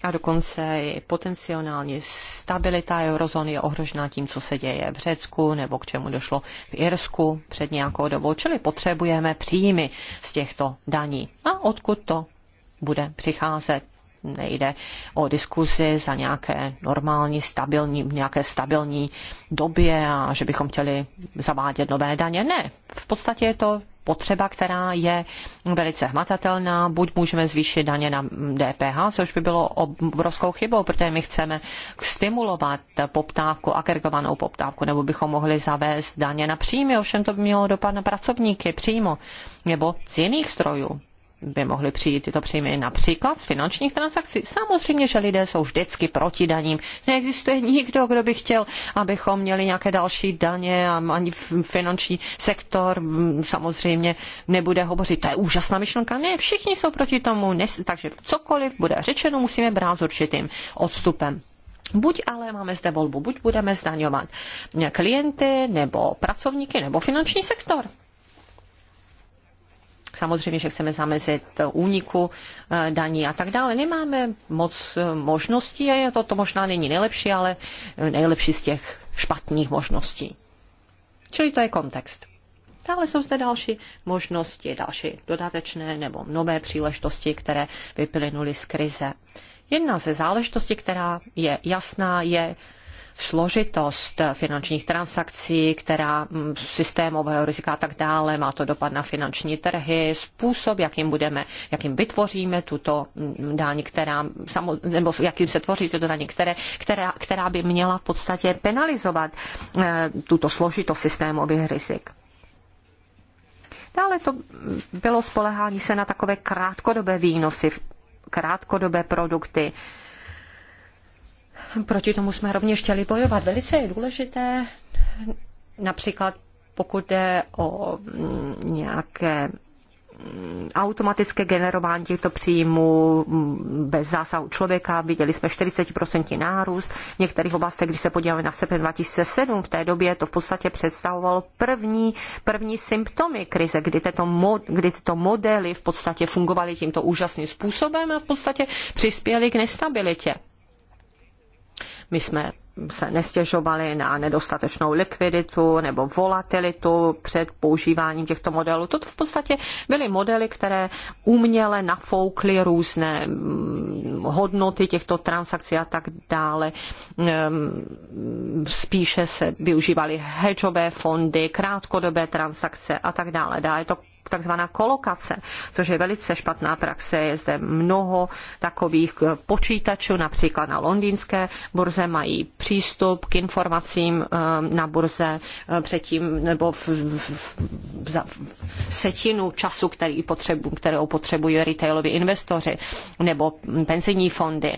a dokonce i potenciální stabilita eurozóny je ohrožena tím, co se děje v Řecku nebo k čemu došlo v Irsku před nějakou dobou. Čili potřebujeme příjmy z těchto daní. A odkud to bude přicházet? nejde o diskuzi za nějaké normální, stabilní, nějaké stabilní době a že bychom chtěli zavádět nové daně. Ne, v podstatě je to potřeba, která je velice hmatatelná. Buď můžeme zvýšit daně na DPH, což by bylo obrovskou chybou, protože my chceme stimulovat poptávku, agregovanou poptávku, nebo bychom mohli zavést daně na příjmy, ovšem to by mělo dopad na pracovníky přímo, nebo z jiných strojů by mohly přijít tyto příjmy například z finančních transakcí. Samozřejmě, že lidé jsou vždycky proti daním. Neexistuje nikdo, kdo by chtěl, abychom měli nějaké další daně a ani finanční sektor mm, samozřejmě nebude hovořit. To je úžasná myšlenka. Ne, všichni jsou proti tomu. takže cokoliv bude řečeno, musíme brát s určitým odstupem. Buď ale máme zde volbu, buď budeme zdaňovat klienty, nebo pracovníky, nebo finanční sektor samozřejmě, že chceme zamezit úniku eh, daní a tak dále. Nemáme moc eh, možností a to, to možná není nejlepší, ale eh, nejlepší z těch špatných možností. Čili to je kontext. Dále jsou zde další možnosti, další dodatečné nebo nové příležitosti, které vyplynuly z krize. Jedna ze záležitostí, která je jasná, je složitost finančních transakcí, která mm, systémového rizika a tak dále, má to dopad na finanční trhy, způsob, jakým budeme, jakým vytvoříme tuto mm, daň, která, nebo jakým se tvoří tuto daň, které, která, která by měla v podstatě penalizovat eh, tuto složitost systémových rizik. Dále to bylo spolehání se na takové krátkodobé výnosy, krátkodobé produkty, proti tomu jsme rovněž chtěli bojovat. Velice je důležité například pokud jde o mm, nějaké mm, automatické generování těchto příjmů mm, bez zásahu člověka. Viděli jsme 40% nárůst. V některých oblastech, když se podíváme na sebe 2007, v té době to v podstatě představovalo první, první symptomy krize, kdy tyto, mod, kdy tyto modely v podstatě fungovaly tímto úžasným způsobem a v podstatě přispěly k nestabilitě my jsme se nestěžovali na nedostatečnou likviditu nebo volatilitu před používáním těchto modelů. Toto v podstatě byly modely, které uměle nafoukly různé mm, hodnoty těchto transakcí a tak dále. Ehm, spíše se využívaly hedžové fondy, krátkodobé transakce a tak dále. dále je to takzvaná kolokace, což je velice špatná praxe. Je zde mnoho takových eh, počítačů, například na londýnské burze mají přístup k informacím eh, na burze eh, předtím nebo v, v, v, v setinu času, který potřebu, kterou potřebují retailoví investoři nebo penzijní fondy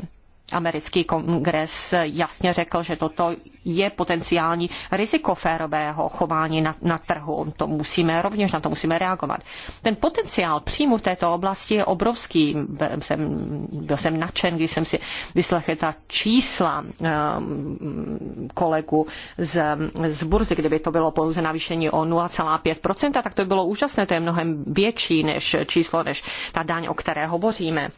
americký kongres jasně řekl, že toto je potenciální riziko férového chování na, na trhu. To musíme rovněž na to musíme reagovat. Ten potenciál příjmu v této oblasti je obrovský. Byl jsem, byl jsem nadšen, když jsem si vyslechl ta čísla um, kolegu z, z burzy, kdyby to bylo pouze navýšení o 0,5%, tak to by bylo úžasné, to je mnohem větší než číslo, než ta daň, o které hovoříme.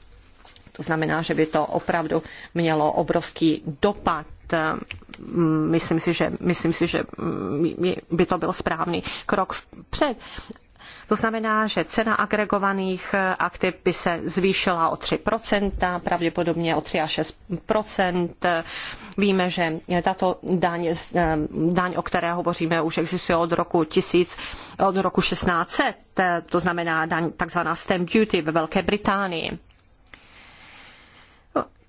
To znamená, že by to opravdu mělo obrovský dopad mm, myslím si, že, myslím si, že mm, by to byl správný krok vpřed. To znamená, že cena agregovaných eh, aktiv by se zvýšila o 3%, pravděpodobně o 3 až 6%. Víme, že tato daň, eh, daň, o které hovoříme, už existuje od roku 1000, od roku 1600, to znamená daň takzvaná stamp duty ve Velké Británii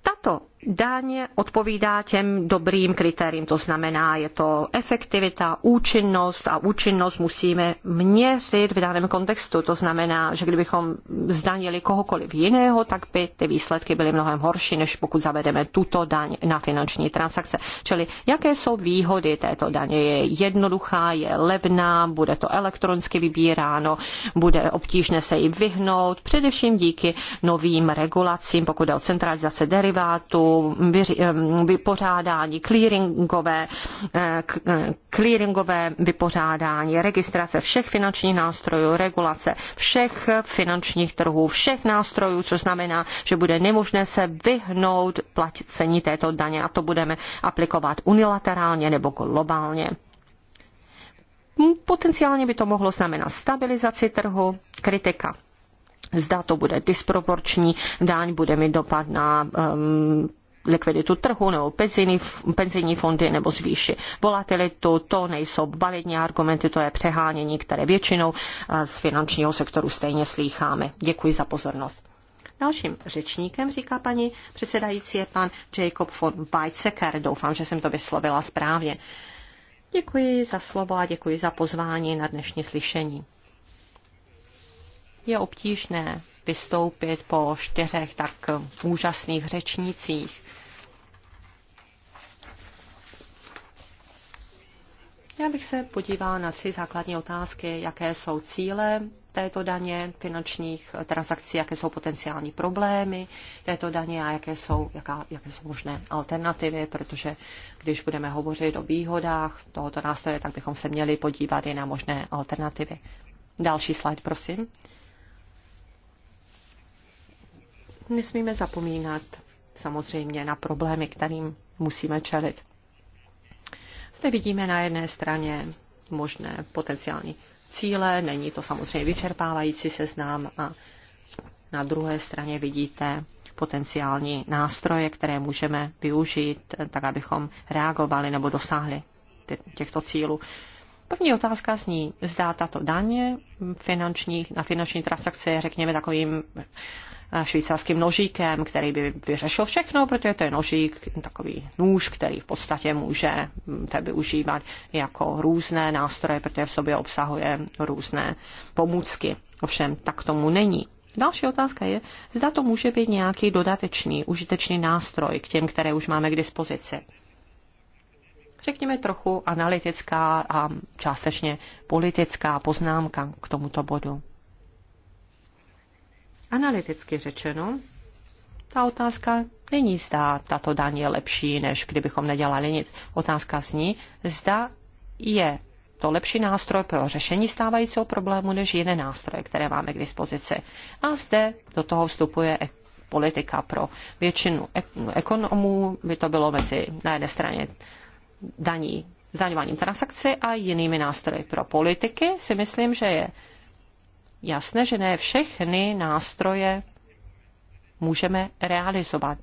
tato Daň odpovídá těm dobrým kritériím, to znamená, je to efektivita, účinnost a účinnost musíme měřit v daném kontextu. To znamená, že kdybychom zdanili kohokoliv jiného, tak by ty výsledky byly mnohem horší, než pokud zavedeme tuto daň na finanční transakce. Čili jaké jsou výhody této daně? Je jednoduchá, je levná, bude to elektronicky vybíráno, bude obtížné se jí vyhnout, především díky novým regulacím, pokud je o centralizace derivátů, Eh, vypořádání, clearingové, eh, eh, clearingové vypořádání, registrace všech finančních nástrojů, regulace všech finančních trhů, všech nástrojů, což znamená, že bude nemožné se vyhnout placení této daně a to budeme aplikovat unilaterálně nebo globálně. Hmm, potenciálně by to mohlo znamenat stabilizaci trhu, kritika zda to bude disproporční daň, bude mít dopad na um, likviditu trhu nebo penzijní, penzijní fondy nebo zvýši volatilitu. To nejsou validní argumenty, to je přehánění, které většinou eh, z finančního sektoru stejně slýcháme. Děkuji za pozornost. Dalším řečníkem, říká paní předsedající, je pan Jacob von Weizsäcker. Doufám, že jsem to vyslovila správně. Děkuji za slovo a děkuji za pozvání na dnešní slyšení. Je obtížné vystoupit po čtyřech tak úžasných řečnících. Já bych se podívala na tři základní otázky, jaké jsou cíle této daně finančních transakcí, jaké jsou potenciální problémy této daně a jaké jsou, jaká, jaké jsou možné alternativy, protože když budeme hovořit o výhodách tohoto nástroje, tak bychom se měli podívat i na možné alternativy. Další slide, prosím. Nesmíme zapomínat samozřejmě na problémy, kterým musíme čelit. Zde vidíme na jedné straně možné potenciální cíle, není to samozřejmě vyčerpávající seznam a na druhé straně vidíte potenciální nástroje, které můžeme využít, tak abychom reagovali nebo dosáhli těchto cílů. První otázka zní, zdá tato daně finanční, na finanční transakce je, řekněme, takovým Eh, švýcarským nožíkem, který by vyřešil všechno, protože to je nožík, takový nůž, který v podstatě může mm, využívat jako různé nástroje, protože v sobě obsahuje různé pomůcky. Ovšem, tak tomu není. Další otázka je, zda to může být nějaký dodatečný, užitečný nástroj k těm, které už máme k dispozici. Řekněme trochu analytická a částečně politická poznámka k tomuto bodu. Analyticky řečeno, ta otázka není zda tato daň je lepší, než kdybychom nedělali nic. Otázka zní, zda je to lepší nástroj pro řešení stávajícího problému než jiné nástroje, které máme k dispozici. A zde do toho vstupuje e- politika pro většinu ekonomů. By to bylo mezi na jedné straně daní, zdaňováním transakce a jinými nástroji pro politiky. Si myslím, že je jasné, že ne všechny nástroje můžeme realizovat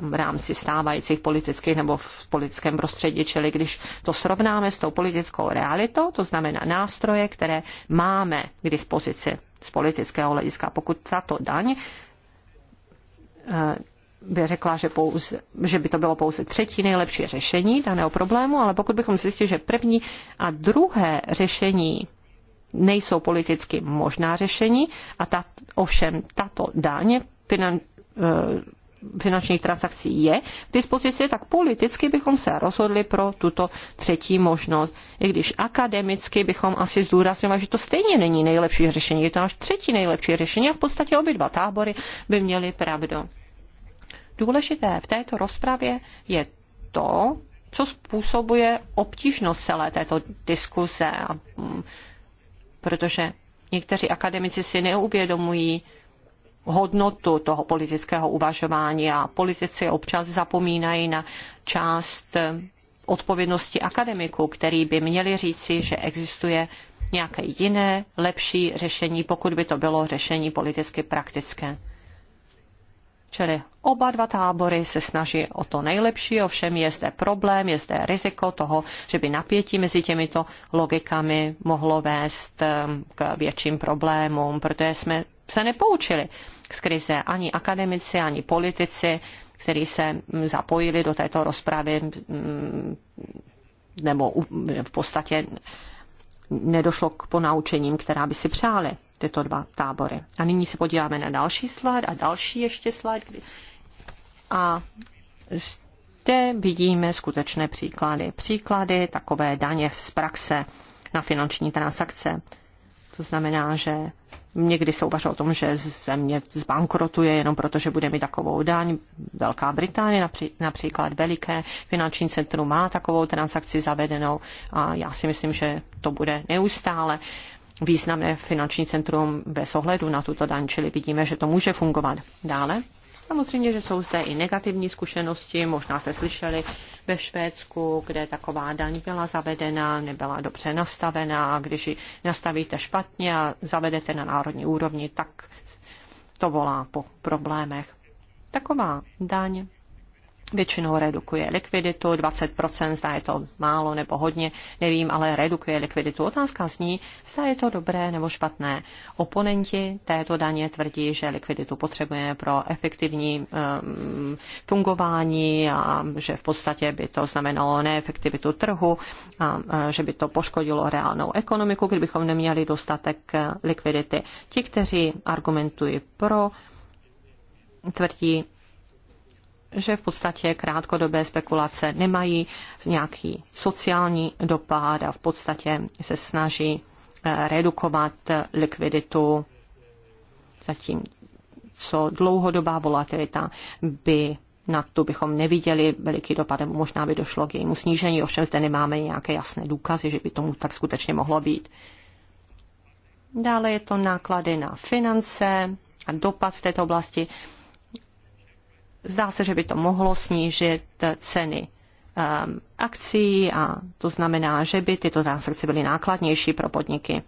v rámci stávajících politických nebo v politickém prostředí. Čili když to srovnáme s tou politickou realitou, to znamená nástroje, které máme k dispozici z politického hlediska, pokud tato daň eh, by řekla, že, pouze, že by to bylo pouze třetí nejlepší řešení daného problému, ale pokud bychom zjistili, že první a druhé řešení nejsou politicky možná řešení a ta, ovšem tato dáně finan, eh, finančních transakcí je k dispozici, tak politicky bychom se rozhodli pro tuto třetí možnost. I když akademicky bychom asi zdůrazňovali, že to stejně není nejlepší řešení, je to až třetí nejlepší řešení a v podstatě obě dva tábory by měly pravdu. Důležité v této rozpravě je to, co způsobuje obtížnost celé této diskuse a mm, protože někteří akademici si neuvědomují hodnotu toho politického uvažování a politici občas zapomínají na část eh, odpovědnosti akademiků, který by měli říci, že existuje nějaké jiné, lepší řešení, pokud by to bylo řešení politicky praktické. Čili oba dva tábory se snaží o to nejlepší, ovšem je zde problém, je zde riziko toho, že by napětí mezi těmito logikami mohlo vést ehm, k větším problémům, protože jsme se nepoučili z krize ani akademici, ani politici, kteří se hm, zapojili do této rozpravy, hm, nebo v podstatě nedošlo k ponaučením, která by si přáli tyto dva tábory. A nyní se podíváme na další slide a další ještě slide. A zde vidíme skutečné příklady. Příklady takové daně z praxe na finanční transakce. To znamená, že Někdy se uvažuje o tom, že země zbankrotuje jenom proto, že bude mít takovou daň. Velká Británie například veliké finanční centrum má takovou transakci zavedenou a já si myslím, že to bude neustále významné finanční centrum bez ohledu na tuto daň, čili vidíme, že to může fungovat dále. Samozřejmě, že jsou zde i negativní zkušenosti, možná jste slyšeli ve Švédsku, kde taková daň byla zavedena, nebyla dobře nastavená, když ji nastavíte špatně a zavedete na národní úrovni, tak to volá po problémech. Taková daň většinou redukuje likviditu, 20%, zda je to málo nebo hodně, nevím, ale redukuje likviditu. Otázka zní, zda je to dobré nebo špatné. Oponenti této daně tvrdí, že likviditu potřebujeme pro efektivní um, fungování a že v podstatě by to znamenalo neefektivitu trhu a, a že by to poškodilo reálnou ekonomiku, kdybychom neměli dostatek eh, likvidity. Ti, kteří argumentují pro, tvrdí, že v podstatě krátkodobé spekulace nemají nějaký sociální dopad a v podstatě se snaží eh, redukovat likviditu, co dlouhodobá volatilita by na to bychom neviděli veliký dopad, možná by došlo k jejímu snížení, ovšem zde nemáme nějaké jasné důkazy, že by tomu tak skutečně mohlo být. Dále je to náklady na finance a dopad v této oblasti. Zdá se, že by to mohlo snížit ceny um, akcí a to znamená, že by tyto transakce byly nákladnější pro podniky.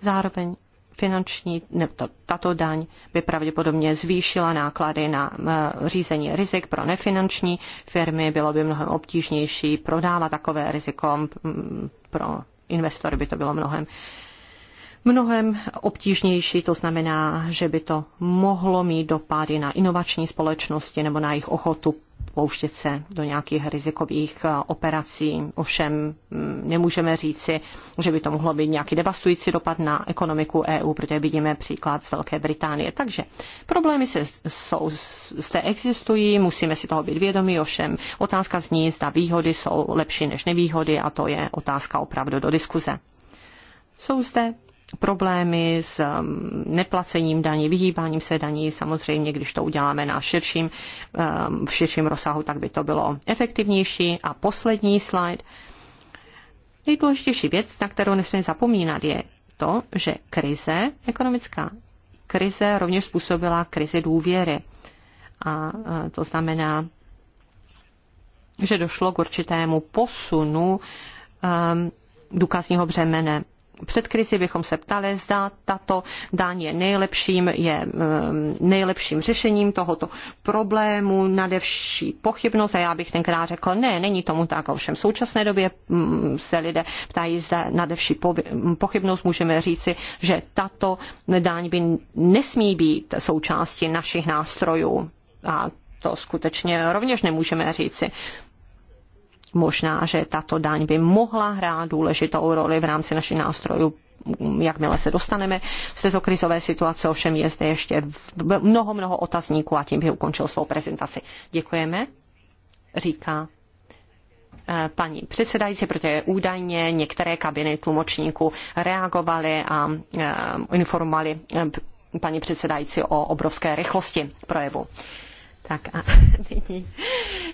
Zároveň finanční, nebo tato daň by pravděpodobně zvýšila náklady na uh, řízení rizik pro nefinanční firmy, bylo by mnohem obtížnější prodávat takové riziko mm, pro investory by to bylo mnohem mnohem obtížnější, to znamená, že by to mohlo mít dopady na inovační společnosti nebo na jejich ochotu pouštět se do nějakých rizikových eh, operací. Ovšem mm, nemůžeme říci, že by to mohlo být nějaký devastující dopad na ekonomiku EU, protože vidíme příklad z Velké Británie. Takže problémy se, jsou, se existují, musíme si toho být vědomi, ovšem otázka zní, zda výhody jsou lepší než nevýhody a to je otázka opravdu do diskuze. Jsou zde problémy s um, neplacením daní, vyhýbáním se daní. Samozřejmě, když to uděláme na širším, um, v širším rozsahu, tak by to bylo efektivnější. A poslední slide. Nejdůležitější věc, na kterou nesmíme zapomínat, je to, že krize, ekonomická krize, rovněž způsobila krizi důvěry. A to znamená, že došlo k určitému posunu um, důkazního břemene před krizi bychom se ptali, zda tato daň je nejlepším, je um, nejlepším řešením tohoto problému, nadevší pochybnost a já bych tenkrát řekl, ne, není tomu tak, ovšem v současné době mm, se lidé ptají, zda nadevší pochybnost můžeme říci, že tato daň by nesmí být součástí našich nástrojů a to skutečně rovněž nemůžeme říci. Možná, že tato daň by mohla hrát důležitou roli v rámci našich nástrojů jakmile se dostaneme z této krizové situace, ovšem je zde ještě mnoho, mnoho otazníků a tím bych ukončil svou prezentaci. Děkujeme, říká eh, paní předsedající, protože údajně některé kabiny tlumočníků reagovaly a eh, informovali eh, paní předsedající o obrovské rychlosti projevu. Tak a nyní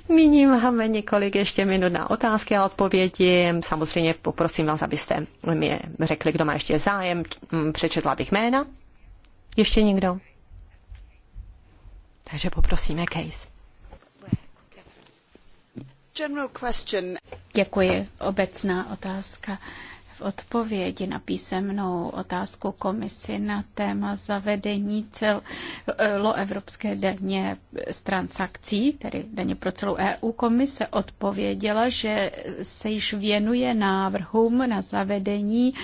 Nyní máme několik ještě minut na otázky a odpovědi. Samozřejmě poprosím vás, abyste mi řekli, kdo má ještě zájem. Mm, přečetla bych jména. Ještě někdo? Takže poprosíme Case. Děkuji. Obecná otázka odpovědi na písemnou otázku komisi na téma zavedení celoevropské daně z transakcí, tedy daně pro celou EU, komise odpověděla, že se již věnuje návrhům na zavedení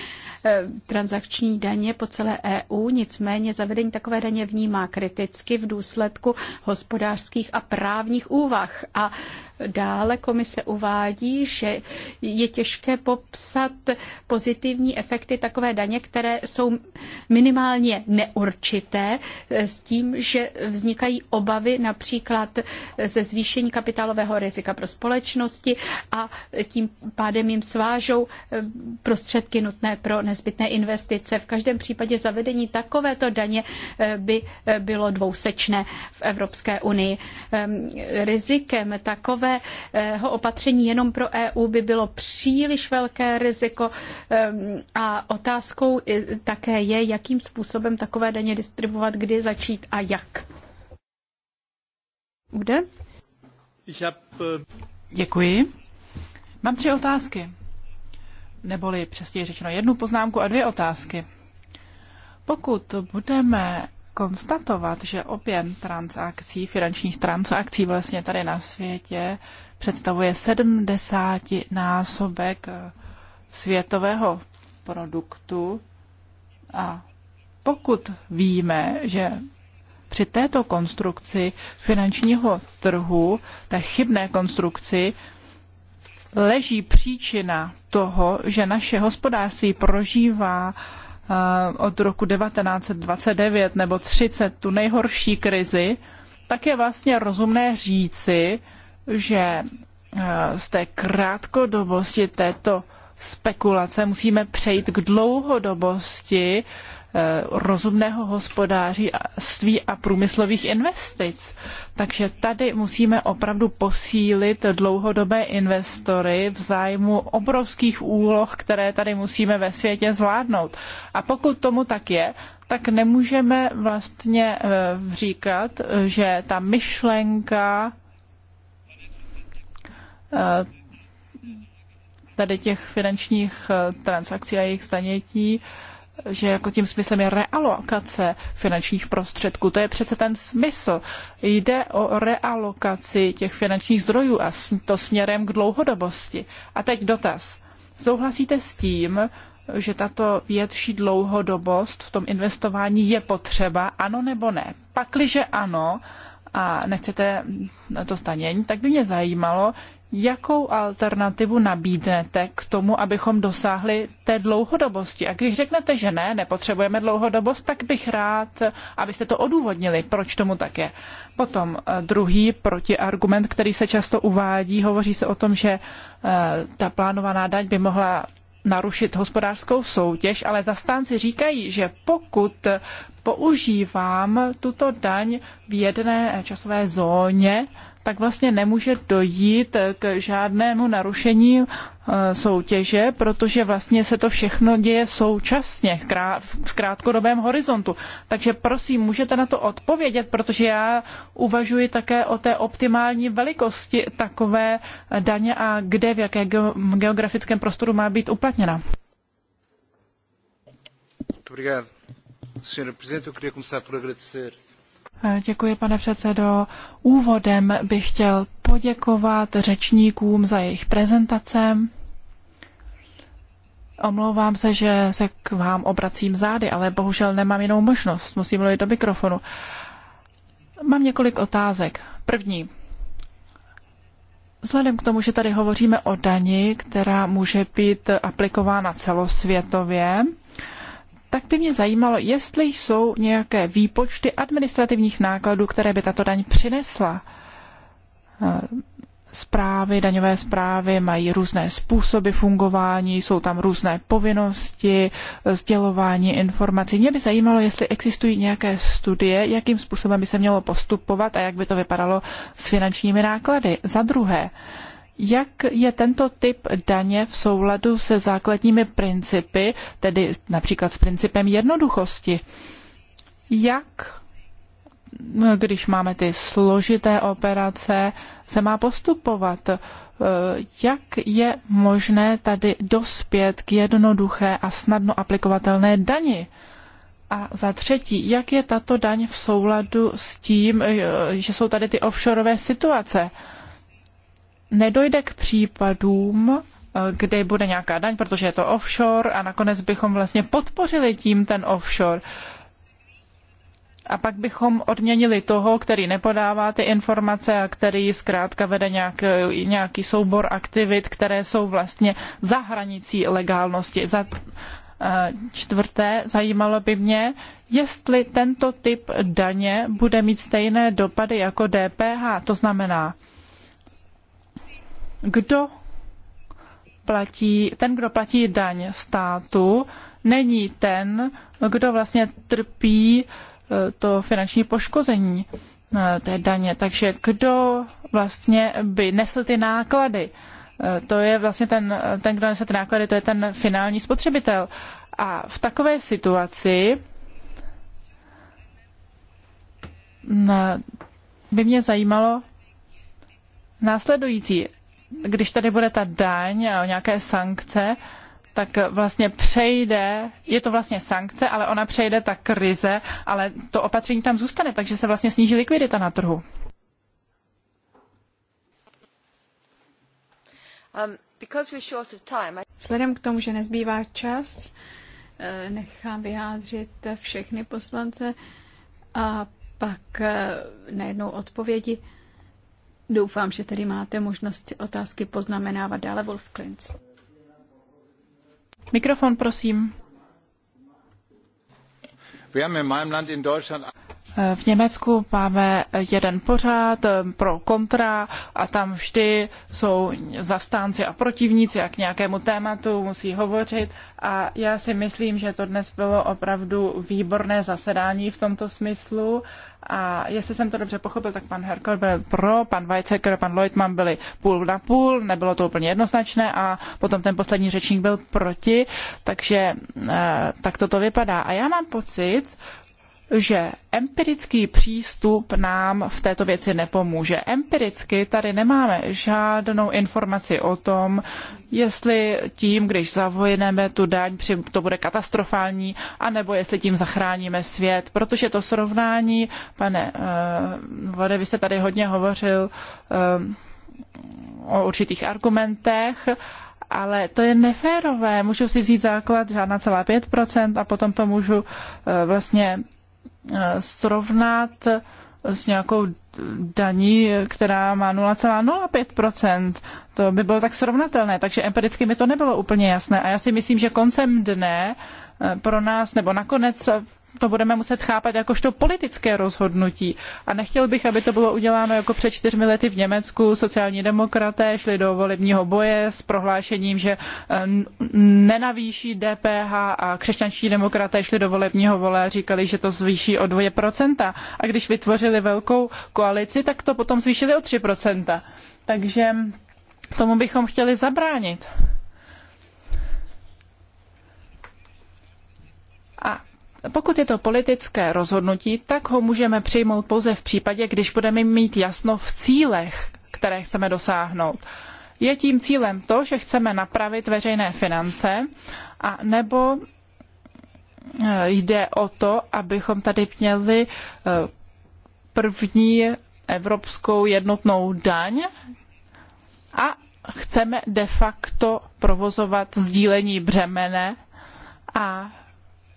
Eh, transakční daně po celé EU, nicméně zavedení takové daně vnímá kriticky v důsledku hospodářských a právních úvah. A Dále komise uvádí, že je těžké popsat pozitivní efekty takové daně, které jsou minimálně neurčité, eh, s tím, že vznikají obavy například ze zvýšení kapitálového rizika pro společnosti a tím pádem jim svážou eh, prostředky nutné pro nezbytné nezbytné investice. V každém případě zavedení takovéto daně eh, by eh, bylo dvousečné v Evropské unii. Ehm, rizikem takového opatření jenom pro EU by bylo příliš velké riziko ehm, a otázkou také je, jakým způsobem takové daně distribuovat, kdy začít a jak. Ude? Eh, Děkuji. Mám tři otázky neboli přesně, řečeno jednu poznámku a dvě otázky. Pokud budeme konstatovat, že objem transakcí, finančních transakcí vlastně tady na světě představuje 70 násobek eh, světového produktu a pokud víme, že při této konstrukci finančního trhu, té chybné konstrukci, leží příčina toho, že naše hospodářství prožívá eh, od roku 1929 nebo 30 tu nejhorší krizi, tak je vlastně rozumné říci, že eh, z té krátkodobosti této spekulace musíme přejít k dlouhodobosti Eh, rozumného hospodářství a průmyslových investic. Takže tady musíme opravdu posílit dlouhodobé investory v zájmu obrovských úloh, které tady musíme ve světě zvládnout. A pokud tomu tak je, tak nemůžeme vlastně eh, říkat, že ta myšlenka eh, tady těch finančních transakcí a jejich stanětí že jako tím smyslem je realokace finančních prostředků. To je přece ten smysl. Jde o realokaci těch finančních zdrojů a to směrem k dlouhodobosti. A teď dotaz. Souhlasíte s tím, že tato větší dlouhodobost v tom investování je potřeba, ano nebo ne? Pakliže ano, a nechcete to stanění, tak by mě zajímalo, jakou alternativu nabídnete k tomu, abychom dosáhli té dlouhodobosti. A když řeknete, že ne, nepotřebujeme dlouhodobost, tak bych rád, abyste to odůvodnili, proč tomu tak je. Potom eh, druhý protiargument, který se často uvádí, hovoří se o tom, že eh, ta plánovaná daň by mohla narušit hospodářskou soutěž, ale zastánci říkají, že pokud používám tuto daň v jedné časové zóně, tak vlastně nemůže dojít k žádnému narušení eh, soutěže, protože vlastně se to všechno děje současně v krátkodobém horizontu. Takže prosím, můžete na to odpovědět, protože já uvažuji také o té optimální velikosti takové daně a kde, v jaké geografickém prostoru má být uplatněna. Obrigado. Senhora Presidente, eu queria começar por agradecer Eh, děkuji, pane předsedo. Úvodem bych chtěl poděkovat řečníkům za jejich prezentace. Omlouvám se, že se k vám obracím zády, ale bohužel nemám jinou možnost. Musím mluvit do mikrofonu. Mám několik otázek. První. Vzhledem k tomu, že tady hovoříme o dani, která může být aplikována celosvětově, tak by mě zajímalo, jestli jsou nějaké výpočty administrativních nákladů, které by tato daň přinesla. Zprávy, eh, daňové zprávy mají různé způsoby fungování, jsou tam různé povinnosti, sdělování informací. Mě by zajímalo, jestli existují nějaké studie, jakým způsobem by se mělo postupovat a jak by to vypadalo s finančními náklady. Za druhé, jak je tento typ daně v souladu se základními principy, tedy například s principem jednoduchosti? Jak, když máme ty složité operace, se má postupovat? Eh, jak je možné tady dospět k jednoduché a snadno aplikovatelné dani? A za třetí, jak je tato daň v souladu s tím, eh, že jsou tady ty offshoreové situace? nedojde k případům, eh, kdy bude nějaká daň, protože je to offshore a nakonec bychom vlastně podpořili tím ten offshore. A pak bychom odměnili toho, který nepodává ty informace a který zkrátka vede nějaký, nějaký soubor aktivit, které jsou vlastně za hranicí legálnosti. Za eh, čtvrté, zajímalo by mě, jestli tento typ daně bude mít stejné dopady jako DPH. To znamená, kdo platí, ten, kdo platí daň státu, není ten, kdo vlastně trpí eh, to finanční poškození eh, té daně. Takže kdo vlastně by nesl ty náklady? Eh, to je vlastně ten, ten kdo nese ty náklady, to je ten finální spotřebitel. A v takové situaci by mě zajímalo následující když tady bude ta daň a nějaké sankce, tak vlastně přejde, je to vlastně sankce, ale ona přejde ta krize, ale to opatření tam zůstane, takže se vlastně sníží likvidita na trhu. Um, Vzhledem k tomu, že nezbývá čas, eh, nechám vyjádřit všechny poslance a pak eh, najednou odpovědi. Doufám, že tedy máte možnost si otázky poznamenávat dále Wolf Klinc. Mikrofon, prosím. V Německu máme jeden pořád eh, pro kontra a tam vždy jsou zastánci a protivníci a k nějakému tématu musí hovořit a já si myslím, že to dnes bylo opravdu výborné zasedání v tomto smyslu a jestli jsem to dobře pochopil, tak pan Herkel byl pro, pan Weizsäcker, pan Leutmann byli půl na půl, nebylo to úplně jednoznačné a potom ten poslední řečník byl proti, takže eh, tak toto vypadá. A já mám pocit, že empirický přístup nám v této věci nepomůže. Empiricky tady nemáme žádnou informaci o tom, jestli tím, když zavojeneme tu daň, to bude katastrofální, anebo jestli tím zachráníme svět. Protože to srovnání, pane uh, Vode, vy jste tady hodně hovořil uh, o určitých argumentech, ale to je neférové. Můžu si vzít základ žádná celá 5% a potom to můžu uh, vlastně Eh, srovnat s nějakou daní, která má 0,05%. To by bylo tak srovnatelné, takže empiricky mi to nebylo úplně jasné. A já si myslím, že koncem dne eh, pro nás, nebo nakonec to budeme muset chápat jakožto politické rozhodnutí. A nechtěl bych, aby to bylo uděláno jako před čtyřmi lety v Německu. Sociální demokraté šli do volebního boje s prohlášením, že eh, nenavýší DPH a křesťanští demokraté šli do volebního vole a říkali, že to zvýší o 2%. A když vytvořili velkou koalici, tak to potom zvýšili o 3%. Takže tomu bychom chtěli zabránit. A pokud je to politické rozhodnutí, tak ho můžeme přijmout pouze v případě, když budeme mít jasno v cílech, které chceme dosáhnout. Je tím cílem to, že chceme napravit veřejné finance, a nebo e, jde o to, abychom tady měli e, první evropskou jednotnou daň a chceme de facto provozovat sdílení břemene a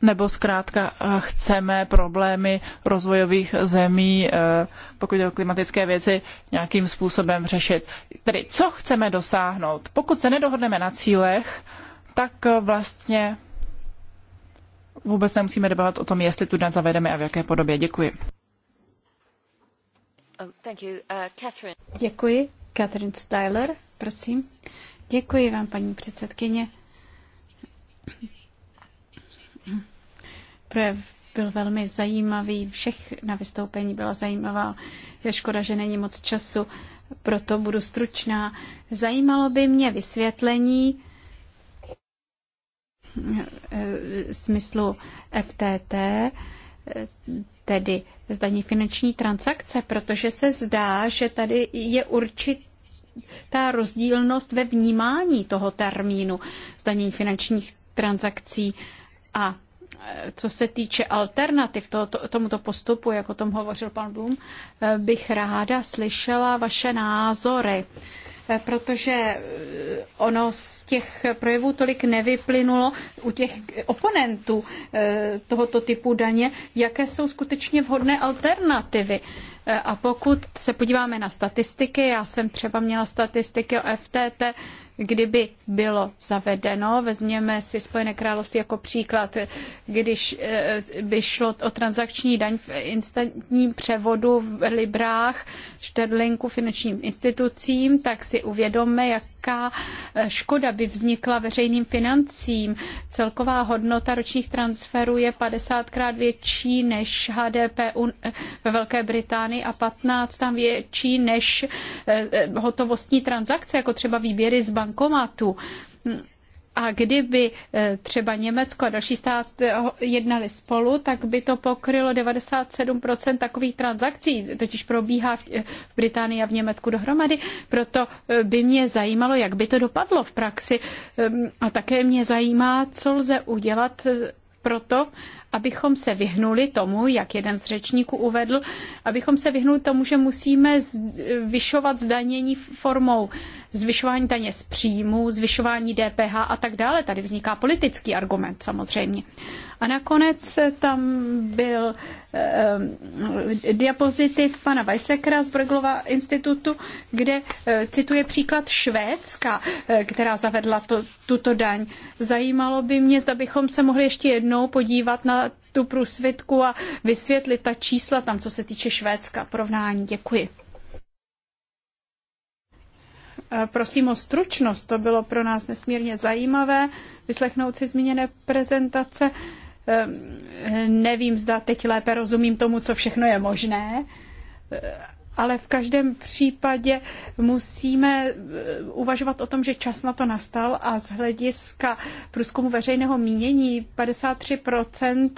nebo zkrátka eh, chceme problémy rozvojových zemí, eh, pokud jde o klimatické věci, nějakým způsobem řešit. Tedy co chceme dosáhnout? Pokud se nedohodneme na cílech, tak eh, vlastně vůbec nemusíme debatovat o tom, jestli tu den zavedeme a v jaké podobě. Děkuji. Oh, uh, Děkuji. Catherine Styler, prosím. Děkuji vám, paní předsedkyně. Projev byl velmi zajímavý, všech na vystoupení byla zajímavá. Je škoda, že není moc času, proto budu stručná. Zajímalo by mě vysvětlení eh, smyslu FTT, tedy zdaní finanční transakce, protože se zdá, že tady je určitý ta rozdílnost ve vnímání toho termínu zdanění finančních transakcí a co se týče alternativ to, to, tomuto postupu, jak o tom hovořil pan Blum, eh, bych ráda slyšela vaše názory, eh, protože eh, ono z těch projevů tolik nevyplynulo u těch oponentů tohoto typu daně, jaké jsou skutečně vhodné alternativy. A pokud se podíváme na statistiky, já jsem třeba měla statistiky o FTT, kdyby bylo zavedeno, vezměme si Spojené království jako příklad, když eh, by šlo o transakční daň v instantním převodu v librách, šterlinku finančním institucím, tak si uvědomme, jak jaká škoda by vznikla veřejným financím. Celková hodnota ročních transferů je 50 krát větší než HDP ve Velké Británii a 15 tam větší než eh, eh, hotovostní transakce, jako třeba výběry z bankomatu a kdyby eh, třeba Německo a další stát eh, jednali spolu, tak by to pokrylo 97% takových transakcí, totiž probíhá eh, v Británii a v Německu dohromady. Proto by mě zajímalo, jak by to dopadlo v praxi. Ehm, a také mě zajímá, co lze udělat proto, abychom se vyhnuli tomu, jak jeden z řečníků uvedl, abychom se vyhnuli tomu, že musíme zvyšovat zdanění formou zvyšování daně z příjmu, zvyšování DPH a tak dále. Tady vzniká politický argument samozřejmě. A nakonec tam byl eh, diapozitiv pana Weissekera z Brglova institutu, kde eh, cituje příklad Švédska, eh, která zavedla to, tuto daň. Zajímalo by mě, zda bychom se mohli ještě jednou podívat na tu průsvitku a vysvětlit ta čísla tam, co se týče Švédska. Porovnání. Děkuji. Eh, prosím o stručnost, to bylo pro nás nesmírně zajímavé vyslechnout si zmíněné prezentace. Ehm, nevím, zda teď lépe rozumím tomu, co všechno je možné, ale v každém případě musíme eh, uvažovat o tom, že čas na to nastal a z hlediska průzkumu veřejného mínění 53%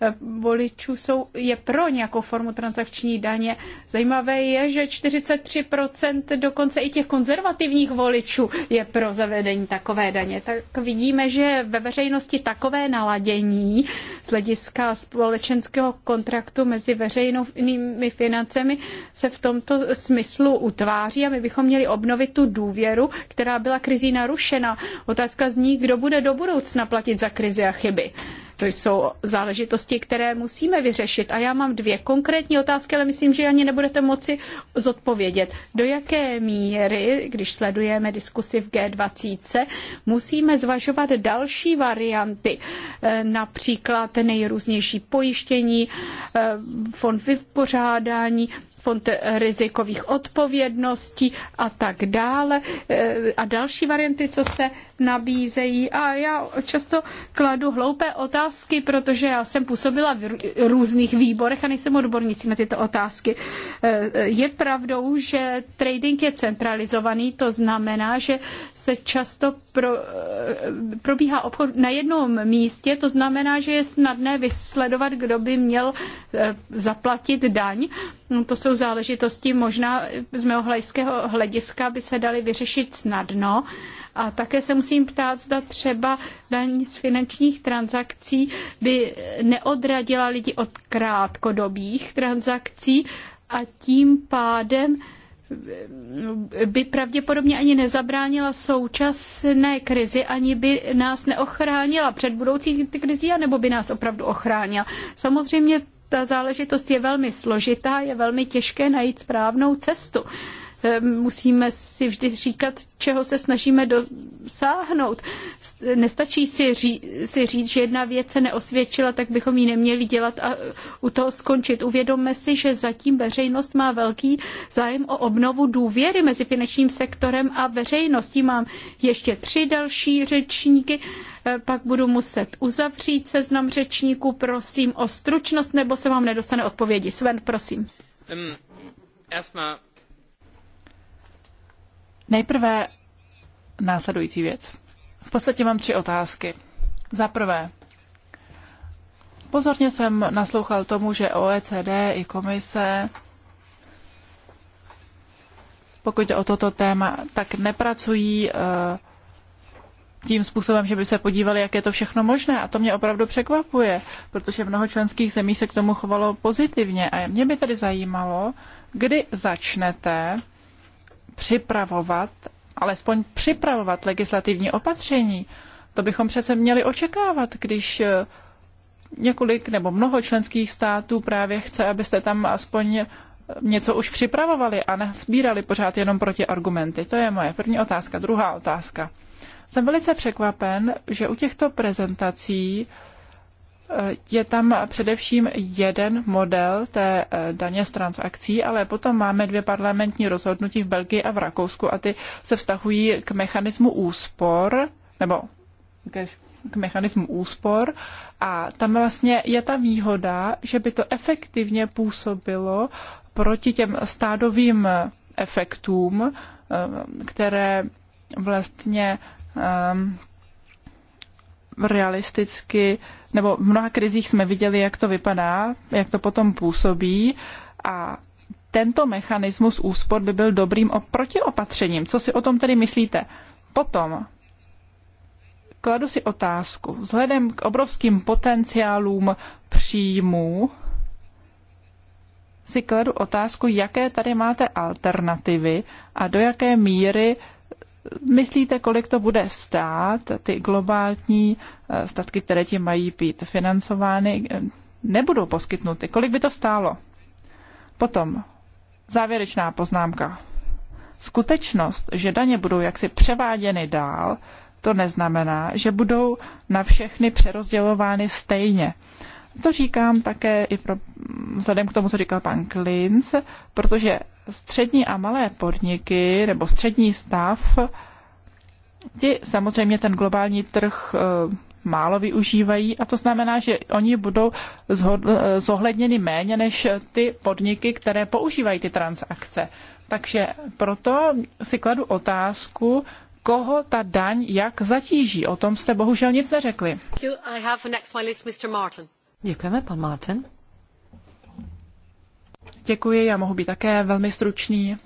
eh, voličů jsou, je pro nějakou formu transakční daně. Zajímavé je, že 43% dokonce i těch konzervativních voličů je pro zavedení takové daně. Tak vidíme, že ve veřejnosti takové naladění z hlediska společenského kontraktu mezi veřejnými financemi se v tomto smyslu utváří a my bychom měli obnovit tu důvěru, která byla krizí narušena. Otázka zní, kdo bude do budoucna platit za krizi a chyby. To jsou záležitosti, které musíme vyřešit. A já mám dvě konkrétní otázky, ale myslím, že ani nebudete moci zodpovědět. Do jaké míry, když sledujeme diskusi v G20, musíme zvažovat další varianty, eh, například nejrůznější pojištění, eh, fond vypořádání, fond rizikových odpovědností a tak dále. E, a další varianty, co se nabízejí. A já často kladu hloupé otázky, protože já jsem působila v různých výborech a nejsem odbornicí na tyto otázky. Eh, je pravdou, že trading je centralizovaný, to znamená, že se často pro, eh, probíhá obchod na jednom místě, to znamená, že je snadné vysledovat, kdo by měl eh, zaplatit daň. No, to jsou záležitosti možná z mého hlediska by se daly vyřešit snadno, a také se musím ptát, zda třeba daň z finančních transakcí by neodradila lidi od krátkodobých transakcí a tím pádem by pravděpodobně ani nezabránila současné krizi, ani by nás neochránila před budoucí krizi, anebo by nás opravdu ochránila. Samozřejmě ta záležitost je velmi složitá, je velmi těžké najít správnou cestu. Eh, musíme si vždy říkat, čeho se snažíme dosáhnout. Nestačí si, ří, si říct, že jedna věc se neosvědčila, tak bychom ji neměli dělat a u toho skončit. Uvědomme si, že zatím veřejnost má velký zájem o obnovu důvěry mezi finančním sektorem a veřejností. Mám ještě tři další řečníky eh, pak budu muset uzavřít seznam řečníků. Prosím o stručnost, nebo se vám nedostane odpovědi. Sven, prosím. Um, erstmal Nejprve následující věc. V podstatě mám tři otázky. Za prvé, pozorně jsem naslouchal tomu, že OECD i komise pokud jde o toto téma, tak nepracují eh, tím způsobem, že by se podívali, jak je to všechno možné. A to mě opravdu překvapuje, protože mnoho členských zemí se k tomu chovalo pozitivně. A mě by tedy zajímalo, kdy začnete připravovat, alespoň připravovat legislativní opatření. To bychom přece měli očekávat, když eh, několik nebo mnoho členských států právě chce, abyste tam aspoň eh, něco už připravovali a nesbírali pořád jenom proti argumenty. To je moje první otázka. Druhá otázka. Jsem velice překvapen, že u těchto prezentací je tam především jeden model té eh, daně z transakcí, ale potom máme dvě parlamentní rozhodnutí v Belgii a v Rakousku a ty se vztahují k mechanismu úspor, nebo k mechanismu úspor a tam vlastně je ta výhoda, že by to efektivně působilo proti těm stádovým efektům, eh, které vlastně ehm, realisticky, nebo v mnoha krizích jsme viděli, jak to vypadá, jak to potom působí a tento mechanismus úspor by byl dobrým protiopatřením. Co si o tom tedy myslíte? Potom kladu si otázku. Vzhledem k obrovským potenciálům příjmů si kladu otázku, jaké tady máte alternativy a do jaké míry myslíte, kolik to bude stát, ty globální eh, statky, které tím mají být financovány, nebudou poskytnuty? Kolik by to stálo? Potom závěrečná poznámka. Skutečnost, že daně budou jaksi převáděny dál, to neznamená, že budou na všechny přerozdělovány stejně. To říkám také i pro, vzhledem k tomu, co říkal pan Klinc, protože střední a malé podniky nebo střední stav, ti samozřejmě ten globální trh eh, málo využívají a to znamená, že oni budou eh, zohledněni méně než ty podniky, které používají ty transakce. Takže proto si kladu otázku, koho ta daň jak zatíží. O tom jste bohužel nic neřekli. Děkujeme, pan Martin. Děkuji, já mohu být také velmi stručný.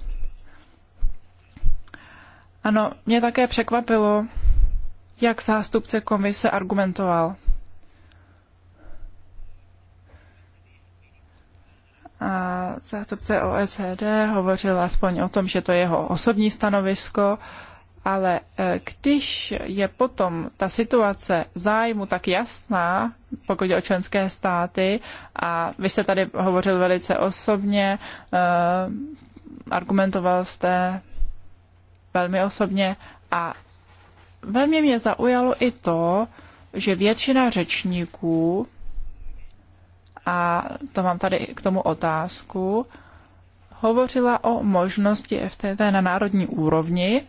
Ano, mě také překvapilo, jak zástupce komise argumentoval. A zástupce OECD hovořil aspoň o tom, že to je jeho osobní stanovisko ale e, když je potom ta situace zájmu tak jasná, pokud je o členské státy, a vy jste tady hovořil velice osobně, e, argumentoval jste velmi osobně a velmi mě zaujalo i to, že většina řečníků, a to mám tady k tomu otázku, hovořila o možnosti FTT na národní úrovni,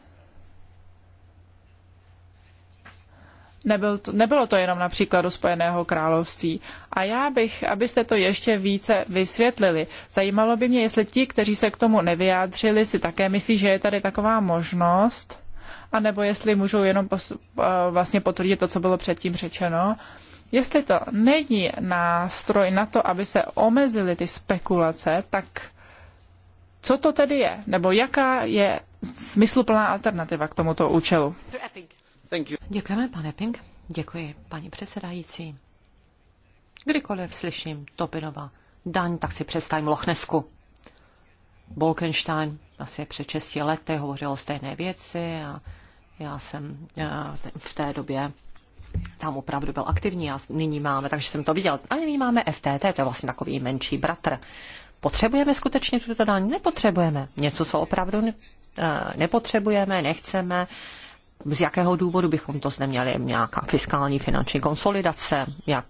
Nebyl to, nebylo to jenom například do Spojeného království. A já bych, abyste to ještě více vysvětlili, zajímalo by mě, jestli ti, kteří se k tomu nevyjádřili, si také myslí, že je tady taková možnost, anebo jestli můžou jenom pos, eh, vlastně potvrdit to, co bylo předtím řečeno. Jestli to není nástroj na to, aby se omezily ty spekulace, tak co to tedy je? Nebo jaká je smysluplná alternativa k tomuto účelu? Epic. Děkujeme, pane Pink. Děkuji, paní předsedající. Kdykoliv slyším Topinova daň, tak si představím Lochnesku. Bolkenstein asi před 6 lety hovořil o stejné věci a já jsem já v té době tam opravdu byl aktivní a nyní máme, takže jsem to viděl. A nyní máme FTT, to je vlastně takový menší bratr. Potřebujeme skutečně tuto daň? Nepotřebujeme. Něco, co opravdu eh, nepotřebujeme, nechceme, z jakého důvodu bychom to zde měli, nějaká fiskální finanční konsolidace, jak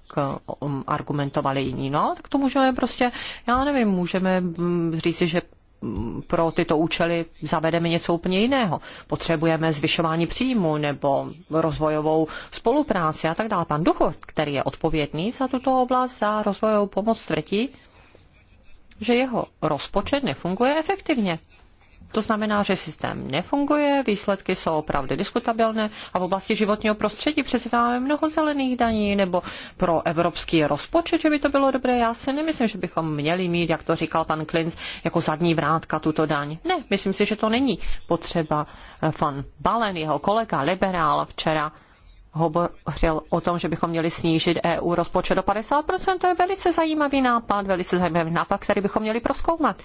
um, argumentovali jiní. No, tak to můžeme prostě, já nevím, můžeme mm, říct, že mm, pro tyto účely zavedeme něco úplně jiného. Potřebujeme zvyšování příjmu nebo rozvojovou spolupráci a tak dále. Pan Duchov, který je odpovědný za tuto oblast, za rozvojovou pomoc, tvrdí, že jeho rozpočet nefunguje efektivně. To znamená, že systém nefunguje, výsledky jsou opravdu diskutabilné a v oblasti životního prostředí přece tam máme mnoho zelených daní nebo pro evropský rozpočet, že by to bylo dobré. Já si nemyslím, že bychom měli mít, jak to říkal pan Klinc, jako zadní vrátka tuto daň. Ne, myslím si, že to není potřeba. Van Balen, jeho kolega, liberál včera hovořil o tom, že bychom měli snížit EU rozpočet do 50%. To je velice zajímavý nápad, velice zajímavý nápad, který bychom měli proskoumat.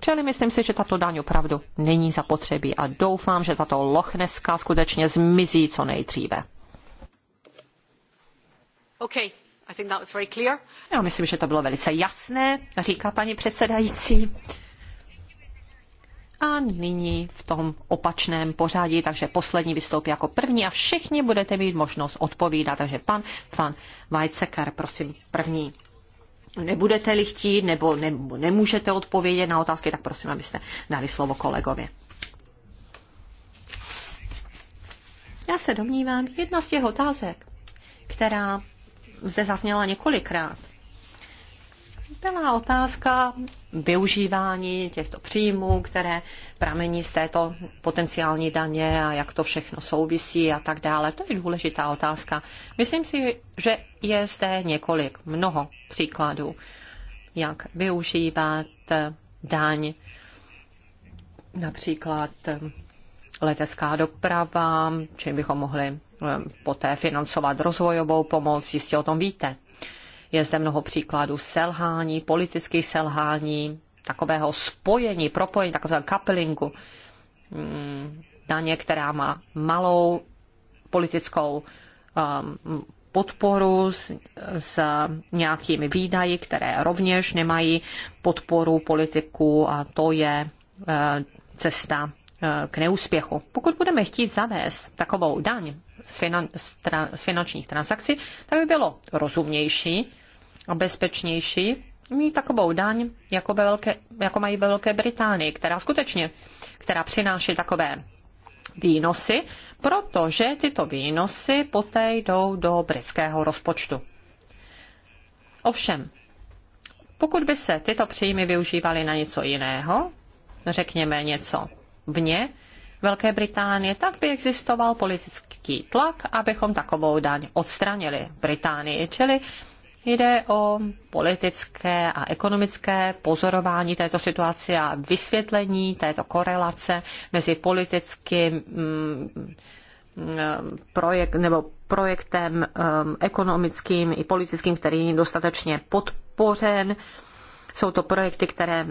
Čili myslím si, že tato daň opravdu není zapotřebí a doufám, že tato lochneska skutečně zmizí co nejdříve. Okay. I think that was very clear. Já myslím, že to bylo velice jasné, říká paní předsedající. A nyní v tom opačném pořadí, takže poslední vystoupí jako první a všichni budete mít možnost odpovídat. Takže pan Van Weizsäcker, prosím, první nebudete-li chtít nebo ne, nemůžete odpovědět na otázky, tak prosím, abyste dali slovo kolegovi. Já se domnívám, jedna z těch otázek, která zde zazněla několikrát, byla otázka využívání těchto příjmů, které pramení z této potenciální daně a jak to všechno souvisí a tak dále. To je důležitá otázka. Myslím si, že je zde několik, mnoho příkladů, jak využívat daň, například letecká doprava, čím bychom mohli eh, poté financovat rozvojovou pomoc, jistě o tom víte. Je zde mnoho příkladů selhání, politických selhání, takového spojení, propojení, takového kapelingu. Daně, mm, která má malou politickou um, podporu s, s nějakými výdaji, které rovněž nemají podporu politiku a to je uh, cesta uh, k neúspěchu. Pokud budeme chtít zavést takovou daň z, finan, z, tra, z finančních transakcí, tak by bylo rozumnější a bezpečnější mít takovou daň, jako, ve velké, jako mají ve Velké Británii, která skutečně, která přináší takové výnosy, protože tyto výnosy poté jdou do britského rozpočtu. Ovšem, pokud by se tyto příjmy využívaly na něco jiného, řekněme něco vně Velké Británie, tak by existoval politický tlak, abychom takovou daň odstranili Británii. Čili Jde o politické a ekonomické pozorování této situace a vysvětlení této korelace mezi politickým mm, mm, projekt, nebo projektem mm, ekonomickým i politickým, který není dostatečně podpořen. Jsou to projekty, které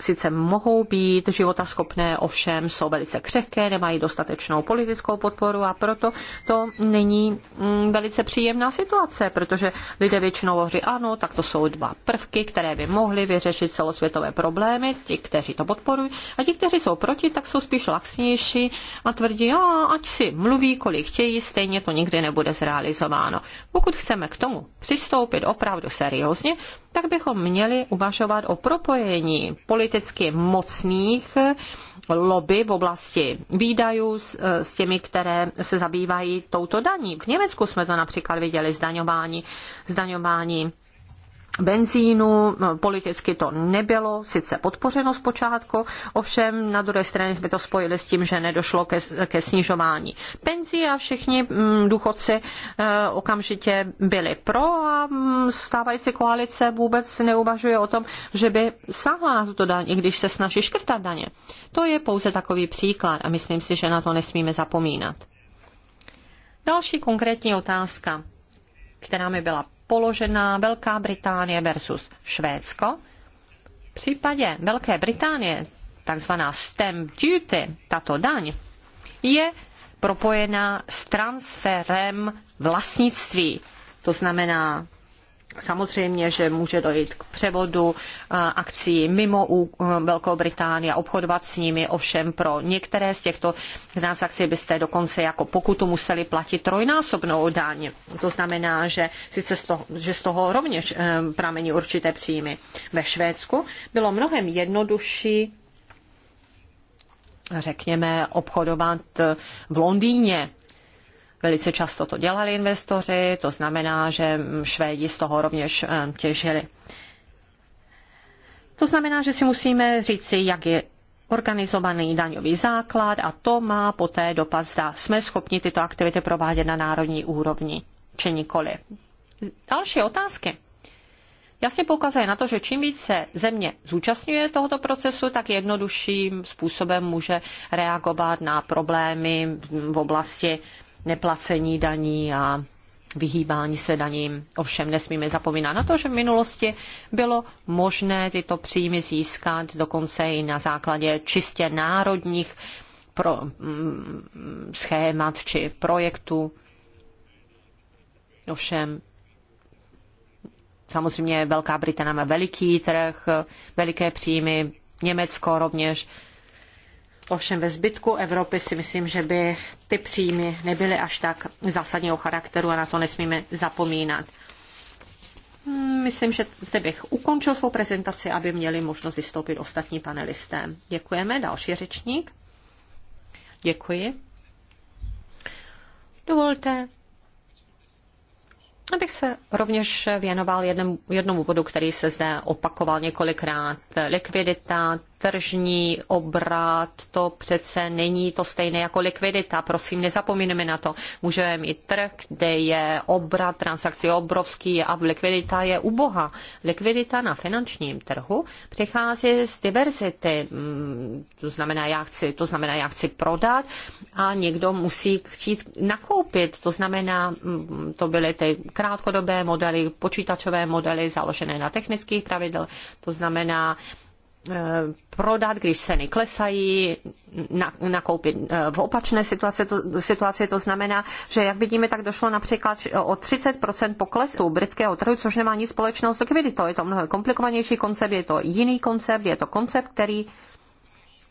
sice mohou být životaschopné, ovšem jsou velice křehké, nemají dostatečnou politickou podporu a proto to není mm, velice příjemná situace, protože lidé většinou hovoří, ano, tak to jsou dva prvky, které by mohly vyřešit celosvětové problémy, ti, kteří to podporují, a ti, kteří jsou proti, tak jsou spíš laxnější a tvrdí, jo, ať si mluví, kolik chtějí, stejně to nikdy nebude zrealizováno. Pokud chceme k tomu přistoupit opravdu seriózně, tak bychom měli uvažovat o propojení politiky politicky mocných lobby v oblasti výdajů s, e, s těmi, které se zabývají touto daní. V Německu jsme to například viděli zdaňování, zdaňování benzínu. No, politicky to nebylo sice podpořeno zpočátku, ovšem na druhé straně jsme to spojili s tím, že nedošlo ke, ke snižování penzí a všichni mm, důchodci eh, okamžitě byli pro a mm, stávající koalice vůbec neuvažuje o tom, že by sáhla na tuto daň, i když se snaží škrtat daně. To je pouze takový příklad a myslím si, že na to nesmíme zapomínat. Další konkrétní otázka, která mi byla položená Velká Británie versus Švédsko. V případě Velké Británie takzvaná stamp duty, tato daň, je propojená s transferem vlastnictví. To znamená, Samozřejmě, že může dojít k převodu eh, akcí mimo eh, Velkou Británii a obchodovat s nimi, ovšem pro některé z těchto transakcí byste dokonce jako pokutu museli platit trojnásobnou daň. To znamená, že, sice z toho, že z toho rovněž eh, pramení určité příjmy. Ve Švédsku bylo mnohem jednodušší řekněme, obchodovat v Londýně Velice často to dělali investoři, to znamená, že Švédi z toho rovněž eh, těžili. To znamená, že si musíme říci, jak je organizovaný daňový základ a to má poté dopad, zda jsme schopni tyto aktivity provádět na národní úrovni, či nikoli. Další otázky. Jasně poukazuje na to, že čím více země zúčastňuje tohoto procesu, tak jednodušším způsobem může reagovat na problémy v oblasti neplacení daní a vyhýbání se daním. Ovšem nesmíme zapomínat na to, že v minulosti bylo možné tyto příjmy získat dokonce i na základě čistě národních pro, mm, schémat či projektů. Ovšem, samozřejmě Velká Británie má veliký trh, veliké příjmy, Německo rovněž Ovšem ve zbytku Evropy si myslím, že by ty příjmy nebyly až tak zásadního charakteru a na to nesmíme zapomínat. Myslím, že zde bych ukončil svou prezentaci, aby měli možnost vystoupit ostatní panelisté. Děkujeme. Další řečník. Děkuji. Dovolte, abych se rovněž věnoval jednomu bodu, který se zde opakoval několikrát. Likvidita, tržní obrat, to přece není to stejné jako likvidita. Prosím, nezapomínáme na to. Můžeme mít trh, kde je obrat transakcí obrovský a likvidita je uboha. Likvidita na finančním trhu přichází z diverzity. Mm, to znamená, já chci, to znamená, já chci prodat a někdo musí chtít nakoupit. To znamená, mm, to byly ty krátkodobé modely, počítačové modely založené na technických pravidel. To znamená, Eh, prodat, když ceny klesají, nakoupit eh, v opačné situaci to, situaci. to znamená, že jak vidíme, tak došlo například o 30% poklesu britského trhu, což nemá nic společného s likviditou. Je to mnohem komplikovanější koncept, je to jiný koncept, je to koncept, který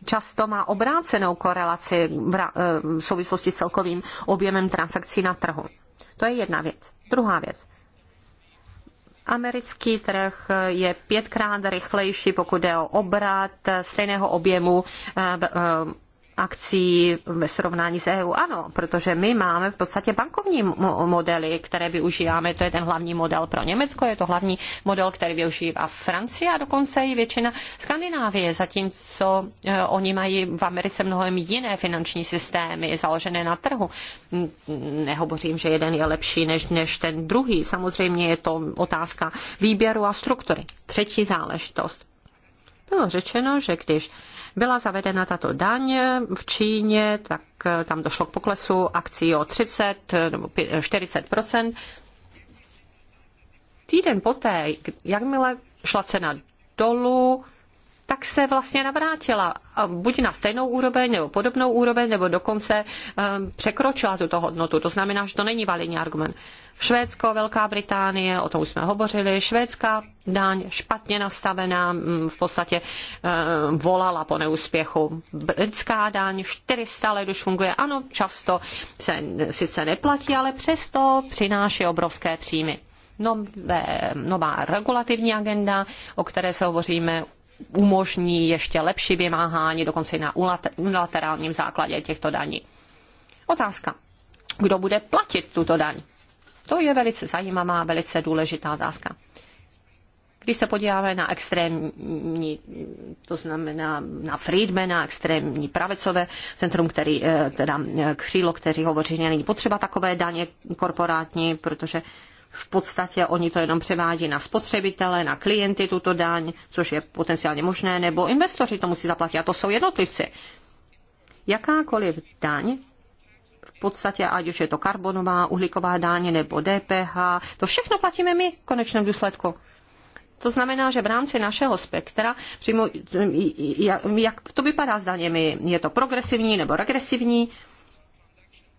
často má obrácenou korelaci v eh, souvislosti s celkovým objemem transakcí na trhu. To je jedna věc. Druhá věc. Americký trh je pětkrát rychlejší, pokud jde o obrat stejného objemu eh, eh, akcí ve srovnání s EU? Ano, protože my máme v podstatě bankovní modely, které využíváme. To je ten hlavní model pro Německo, je to hlavní model, který využívá Francie a dokonce i většina Skandinávie, zatímco e, oni mají v Americe mnohem jiné finanční systémy založené na trhu. Nehovořím, že jeden je lepší než, než ten druhý. Samozřejmě je to otázka výběru a struktury. Třetí záležitost. Bylo řečeno, že když byla zavedena tato daň v Číně, tak eh, tam došlo k poklesu akcí o 30 eh, nebo 40 Týden poté, jakmile šla cena dolů, tak se vlastně navrátila buď na stejnou úroveň nebo podobnou úroveň, nebo dokonce eh, překročila tuto hodnotu. To znamená, že to není validní argument. Švédsko, Velká Británie, o tom už jsme hovořili, švédská daň špatně nastavená, mm, v podstatě eh, volala po neúspěchu. Britská daň 400 let už funguje, ano, často se sice neplatí, ale přesto přináší obrovské příjmy. Nové, nová regulativní agenda, o které se hovoříme, umožní ještě lepší vymáhání, dokonce i na unilaterálním základě těchto daní. Otázka. Kdo bude platit tuto daň? To je velice zajímavá, velice důležitá otázka. Když se podíváme na extrémní, to znamená na Friedmana, extrémní pravicové centrum, který, eh, teda eh, křílo, kteří hovoří, že není potřeba takové daně korporátní, protože v podstatě oni to jenom převádí na spotřebitele, na klienty tuto daň, což je potenciálně možné, nebo investoři to musí zaplatit a to jsou jednotlivci. Jakákoliv daň v podstatě, ať už je to karbonová, uhlíková daň nebo DPH, to všechno platíme my v konečném důsledku. To znamená, že v rámci našeho spektra, přímo, jak, jak to vypadá s daněmi, je to progresivní nebo regresivní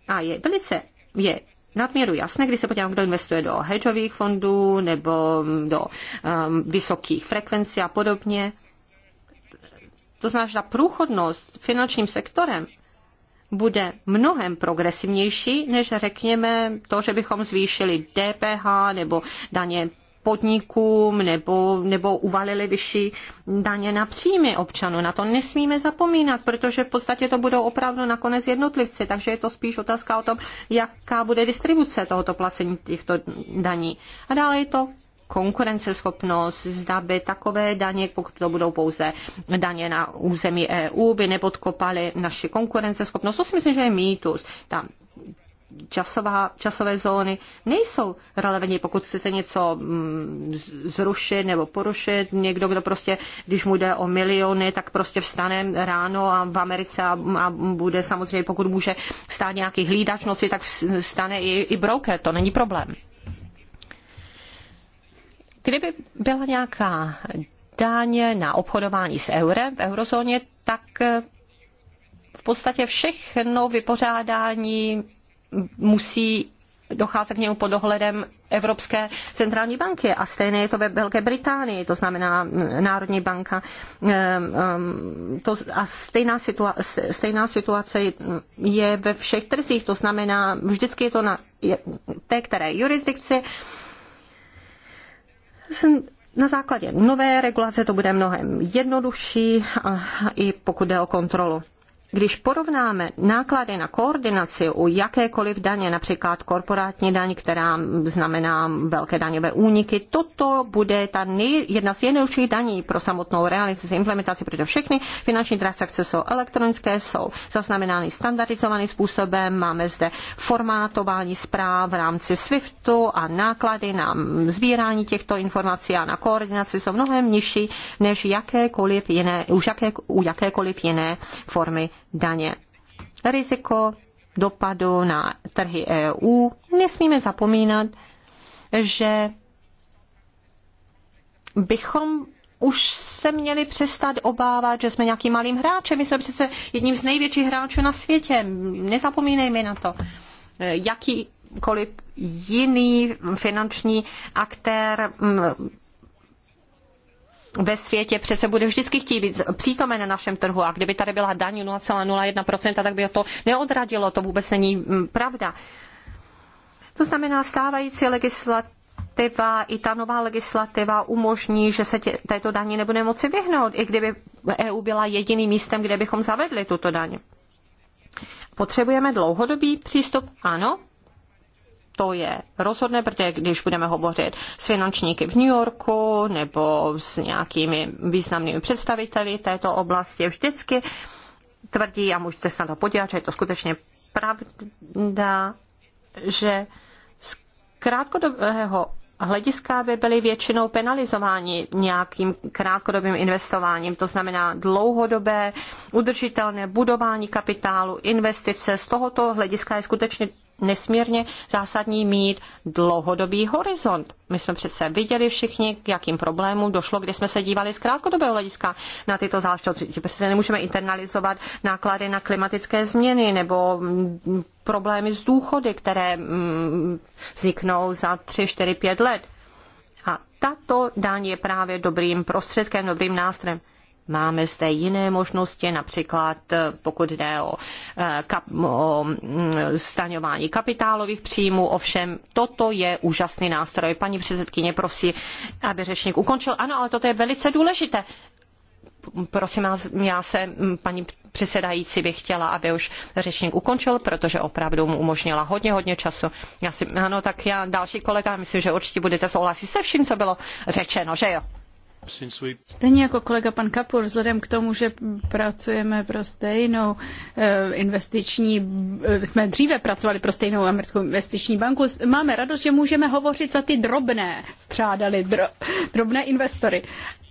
a je velice je nadměru jasné, když se podívám, kdo investuje do hedžových fondů nebo do um, vysokých frekvencí a podobně. To znamená, že ta průchodnost finančním sektorem bude mnohem progresivnější, než řekněme to, že bychom zvýšili DPH nebo daně podnikům nebo, nebo uvalili vyšší daně na příjmy občanů. Na to nesmíme zapomínat, protože v podstatě to budou opravdu nakonec jednotlivci, takže je to spíš otázka o tom, jaká bude distribuce tohoto placení těchto daní. A dále je to konkurenceschopnost, zda by takové daně, pokud to budou pouze daně na území EU, by nepodkopaly naši konkurenceschopnost. To si myslím, že je mýtus. Ta časová, časové zóny nejsou relevantní, pokud chcete něco mm, zrušit nebo porušit. Někdo, kdo prostě, když mu jde o miliony, tak prostě vstane ráno a v Americe a, a bude samozřejmě, pokud může stát nějaký hlídač noci, tak vstane i, i broker, to není problém. Kdyby byla nějaká dáně na obchodování s eurem v eurozóně, tak eh, v podstatě všechno vypořádání musí docházet k němu pod dohledem Evropské centrální banky a stejné je to ve Velké Británii, to znamená mm, Národní banka. Eh, mm, a stejná, situa- stejná situace je ve všech trzích, to znamená vždycky je to na té které jurisdikci na základě nové regulace to bude mnohem jednodušší a i pokud jde o kontrolu. Když porovnáme náklady na koordinaci u jakékoliv daně, například korporátní daň, která znamená velké daňové úniky, toto bude ta nej, jedna z jednodušších daní pro samotnou realizaci implementaci, protože všechny finanční transakce jsou elektronické, jsou zaznamenány standardizovaným způsobem, máme zde formátování zpráv v rámci SWIFTu a náklady na sbírání těchto informací a na koordinaci jsou mnohem nižší než jakékoliv jiné, už jaké, u jakékoliv jiné formy daně. Riziko dopadu na trhy EU. Nesmíme zapomínat, že bychom už se měli přestat obávat, že jsme nějakým malým hráčem. My jsme přece jedním z největších hráčů na světě. Nezapomínejme na to. Jakýkoliv jiný finanční aktér mm, ve světě přece bude vždycky chtít být přítomen na našem trhu a kdyby tady byla daň 0,01%, tak by to neodradilo, to vůbec není mm, pravda. To znamená, stávající legislativa i ta nová legislativa umožní, že se tě, této daní nebude moci vyhnout, i kdyby EU byla jediným místem, kde bychom zavedli tuto daň. Potřebujeme dlouhodobý přístup? Ano, to je rozhodné, protože když budeme hovořit s finančníky v New Yorku nebo s nějakými významnými představiteli této oblasti, vždycky tvrdí, a můžete se na to podívat, že je to skutečně pravda, že z krátkodobého hlediska by byly většinou penalizováni nějakým krátkodobým investováním, to znamená dlouhodobé, udržitelné budování kapitálu, investice. Z tohoto hlediska je skutečně nesmírně zásadní mít dlouhodobý horizont. My jsme přece viděli všichni, k jakým problémům došlo, když jsme se dívali z krátkodobého hlediska na tyto záležitosti. Přece prostě nemůžeme internalizovat náklady na klimatické změny nebo mm, problémy s důchody, které mm, vzniknou za 3, 4, 5 let. A tato daň je právě dobrým prostředkem, dobrým nástrojem. Máme zde jiné možnosti, například eh, pokud jde o, eh, kap, o staňování mm, kapitálových příjmů, ovšem toto je úžasný nástroj. Paní předsedkyně prosí, aby řečník ukončil. Ano, ale toto je velice důležité. Prosím vás, já se, mm, paní předsedající, bych chtěla, aby už řečník ukončil, protože opravdu mu umožnila hodně, hodně času. Já si, ano, tak já, další kolega, myslím, že určitě budete souhlasit se vším, co bylo řečeno, že jo? Stejně jako kolega pan Kapur, vzhledem k tomu, že pracujeme pro stejnou eh, investiční, eh, jsme dříve pracovali pro stejnou americkou investiční banku, máme radost, že můžeme hovořit za ty drobné, střádali dro, drobné investory.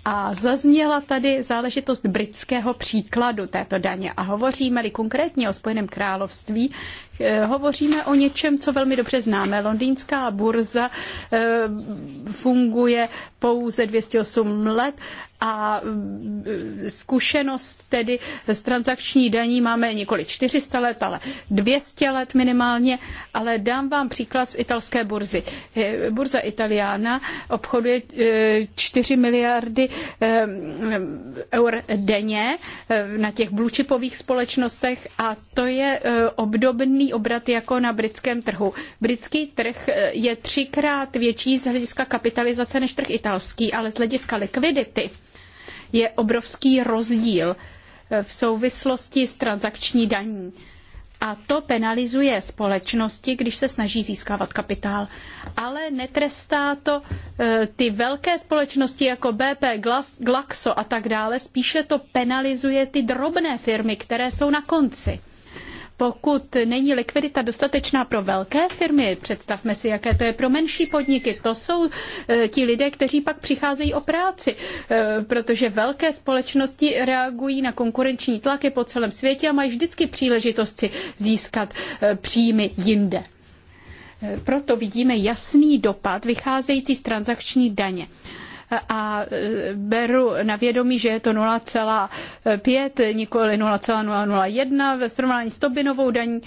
A zazněla tady záležitost britského příkladu této daně. A hovoříme-li konkrétně o Spojeném království, Eh, hovoříme o něčem, co velmi dobře známe. Londýnská burza eh, funguje pouze 208 let a eh, zkušenost tedy s transakční daní máme nikoli 400 let, ale 200 let minimálně, ale dám vám příklad z italské burzy. Burza Italiana obchoduje 4 miliardy eur denně na těch blučipových společnostech a to je obdobný obrat jako na britském trhu. Britský trh eh, je třikrát větší z hlediska kapitalizace než trh italský, ale z hlediska likvidity je obrovský rozdíl eh, v souvislosti s transakční daní. A to penalizuje společnosti, když se snaží získávat kapitál. Ale netrestá to eh, ty velké společnosti jako BP, Glaxo a tak dále, spíše to penalizuje ty drobné firmy, které jsou na konci pokud není likvidita dostatečná pro velké firmy, představme si, jaké to je pro menší podniky, to jsou e, ti lidé, kteří pak přicházejí o práci, e, protože velké společnosti reagují na konkurenční tlaky po celém světě a mají vždycky příležitost si získat e, příjmy jinde. Proto vidíme jasný dopad vycházející z transakční daně a beru na vědomí, že je to 0,5, nikoli 0,001 ve srovnání s Tobinovou daní.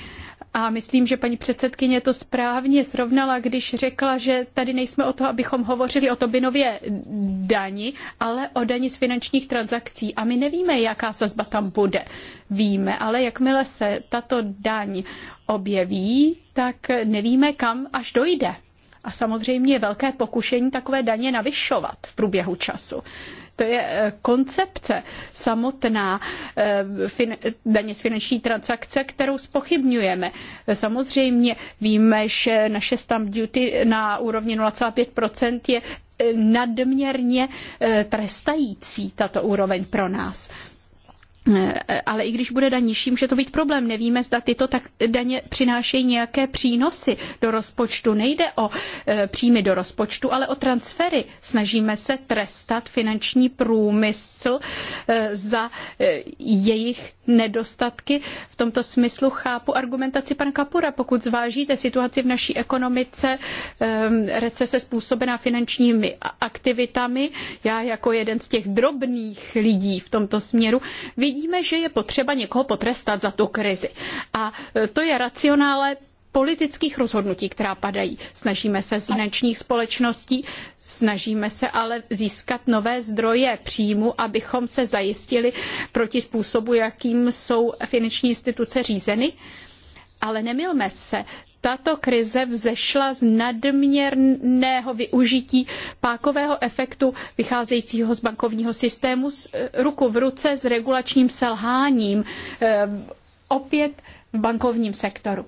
A myslím, že paní předsedkyně to správně srovnala, když řekla, že tady nejsme o to, abychom hovořili o Tobinově dani, ale o dani z finančních transakcí. A my nevíme, jaká sazba tam bude. Víme, ale jakmile se tato daň objeví, tak nevíme, kam až dojde. A samozřejmě je velké pokušení takové daně navyšovat v průběhu času. To je eh, koncepce samotná eh, daně z finanční transakce, kterou spochybňujeme. Samozřejmě víme, že naše stamp duty na úrovni 0,5% je eh, nadměrně trestající tato úroveň pro nás. Eh, ale i když bude daň nižší, může to být problém. Nevíme, zda tyto tak daně přinášejí nějaké přínosy do rozpočtu. Nejde o eh, příjmy do rozpočtu, ale o transfery. Snažíme se trestat finanční průmysl eh, za jejich nedostatky. V tomto smyslu chápu argumentaci pana Kapura. Pokud zvážíte situaci v naší ekonomice, recese způsobená finančními aktivitami, já jako jeden z těch drobných lidí v tomto směru, vidím, vidíme, že je potřeba někoho potrestat za tu krizi. A e, to je racionále politických rozhodnutí, která padají. Snažíme se z finančních společností, snažíme se ale získat nové zdroje příjmu, abychom se zajistili proti způsobu, jakým jsou finanční instituce řízeny. Ale nemilme se, tato krize vzešla z nadměrného využití pákového efektu vycházejícího z bankovního systému eh, ruku v ruce s regulačním selháním eh, opět v bankovním sektoru.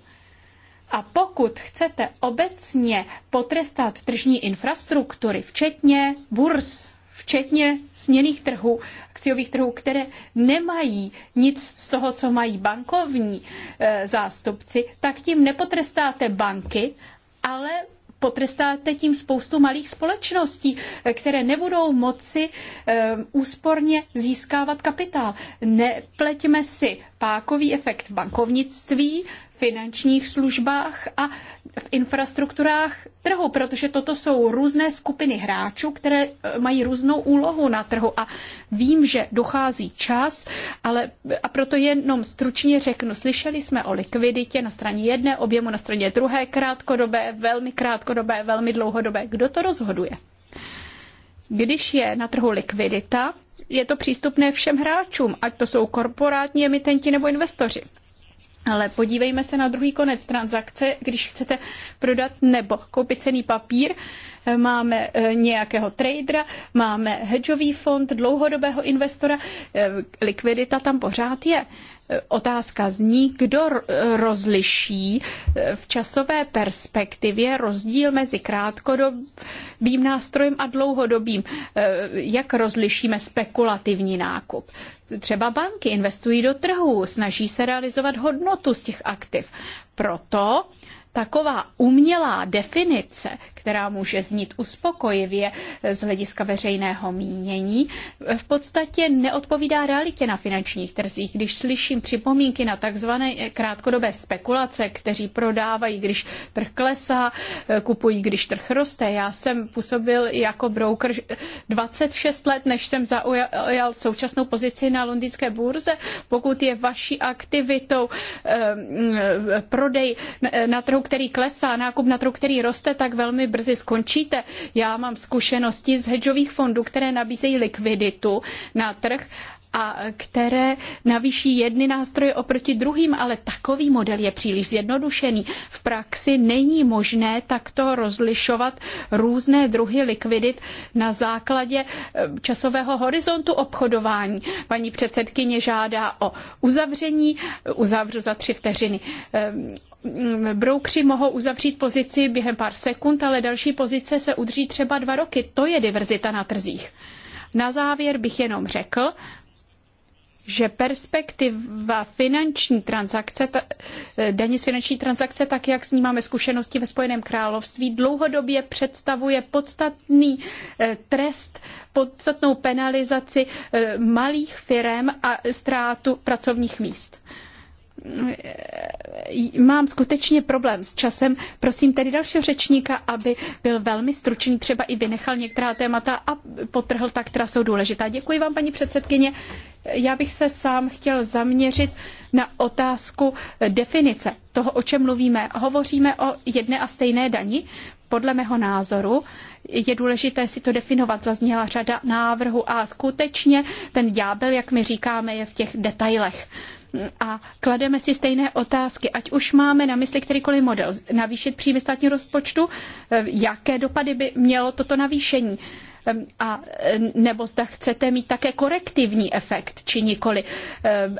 A pokud chcete obecně potrestat tržní infrastruktury, včetně burz, včetně směných trhů, akciových trhů, které nemají nic z toho, co mají bankovní eh, zástupci, tak tím nepotrestáte banky, ale potrestáte tím spoustu malých společností, eh, které nebudou moci eh, úsporně získávat kapitál. Nepleťme si pákový efekt bankovnictví finančních službách a v infrastrukturách trhu, protože toto jsou různé skupiny hráčů, které eh, mají různou úlohu na trhu a vím, že dochází čas, ale a proto jenom stručně řeknu, slyšeli jsme o likviditě na straně jedné, objemu na straně druhé, krátkodobé, velmi krátkodobé, velmi dlouhodobé. Kdo to rozhoduje? Když je na trhu likvidita, je to přístupné všem hráčům, ať to jsou korporátní emitenti nebo investoři. Ale podívejme se na druhý konec transakce. Když chcete prodat nebo koupit cený papír, máme e, nějakého tradera, máme hedžový fond, dlouhodobého investora, e, likvidita tam pořád je. E, otázka zní, kdo rozliší v časové perspektivě rozdíl mezi krátkodobým nástrojem a dlouhodobým. Jak rozlišíme spekulativní nákup? Třeba banky investují do trhu, snaží se realizovat hodnotu z těch aktiv. Proto taková umělá definice, která může znít uspokojivě z hlediska veřejného mínění, v podstatě neodpovídá realitě na finančních trzích. Když slyším připomínky na takzvané krátkodobé spekulace, kteří prodávají, když trh klesá, kupují, když trh roste. Já jsem působil jako broker 26 let, než jsem zaujal současnou pozici na londýnské burze. Pokud je vaší aktivitou ehm, prodej na trhu, který klesá, nákup na trhu, který roste, tak velmi brzy skončíte. Já mám zkušenosti z hedžových fondů, které nabízejí likviditu na trh a které navýší jedny nástroje oproti druhým, ale takový model je příliš zjednodušený. V praxi není možné takto rozlišovat různé druhy likvidit na základě eh, časového horizontu obchodování. Paní předsedkyně žádá o uzavření, uzavřu za tři vteřiny ehm, mm, broukři mohou uzavřít pozici během pár sekund, ale další pozice se udrží třeba dva roky. To je diverzita na trzích. Na závěr bych jenom řekl, že perspektiva finanční transakce, eh, daně z finanční transakce, tak jak s ní máme zkušenosti ve Spojeném království, dlouhodobě představuje podstatný eh, trest, podstatnou penalizaci eh, malých firm a ztrátu pracovních míst mám skutečně problém s časem. Prosím tedy dalšího řečníka, aby byl velmi stručný, třeba i vynechal některá témata a potrhl ta, která jsou důležitá. Děkuji vám, paní předsedkyně. Já bych se sám chtěl zaměřit na otázku definice toho, o čem mluvíme. Hovoříme o jedné a stejné dani. Podle mého názoru je důležité si to definovat. Zazněla řada návrhů a skutečně ten ďábel, jak my říkáme, je v těch detailech a klademe si stejné otázky, ať už máme na mysli kterýkoliv model, navýšit příjmy státního rozpočtu, eh, jaké dopady by mělo toto navýšení a nebo zda chcete mít také korektivní efekt, či nikoli.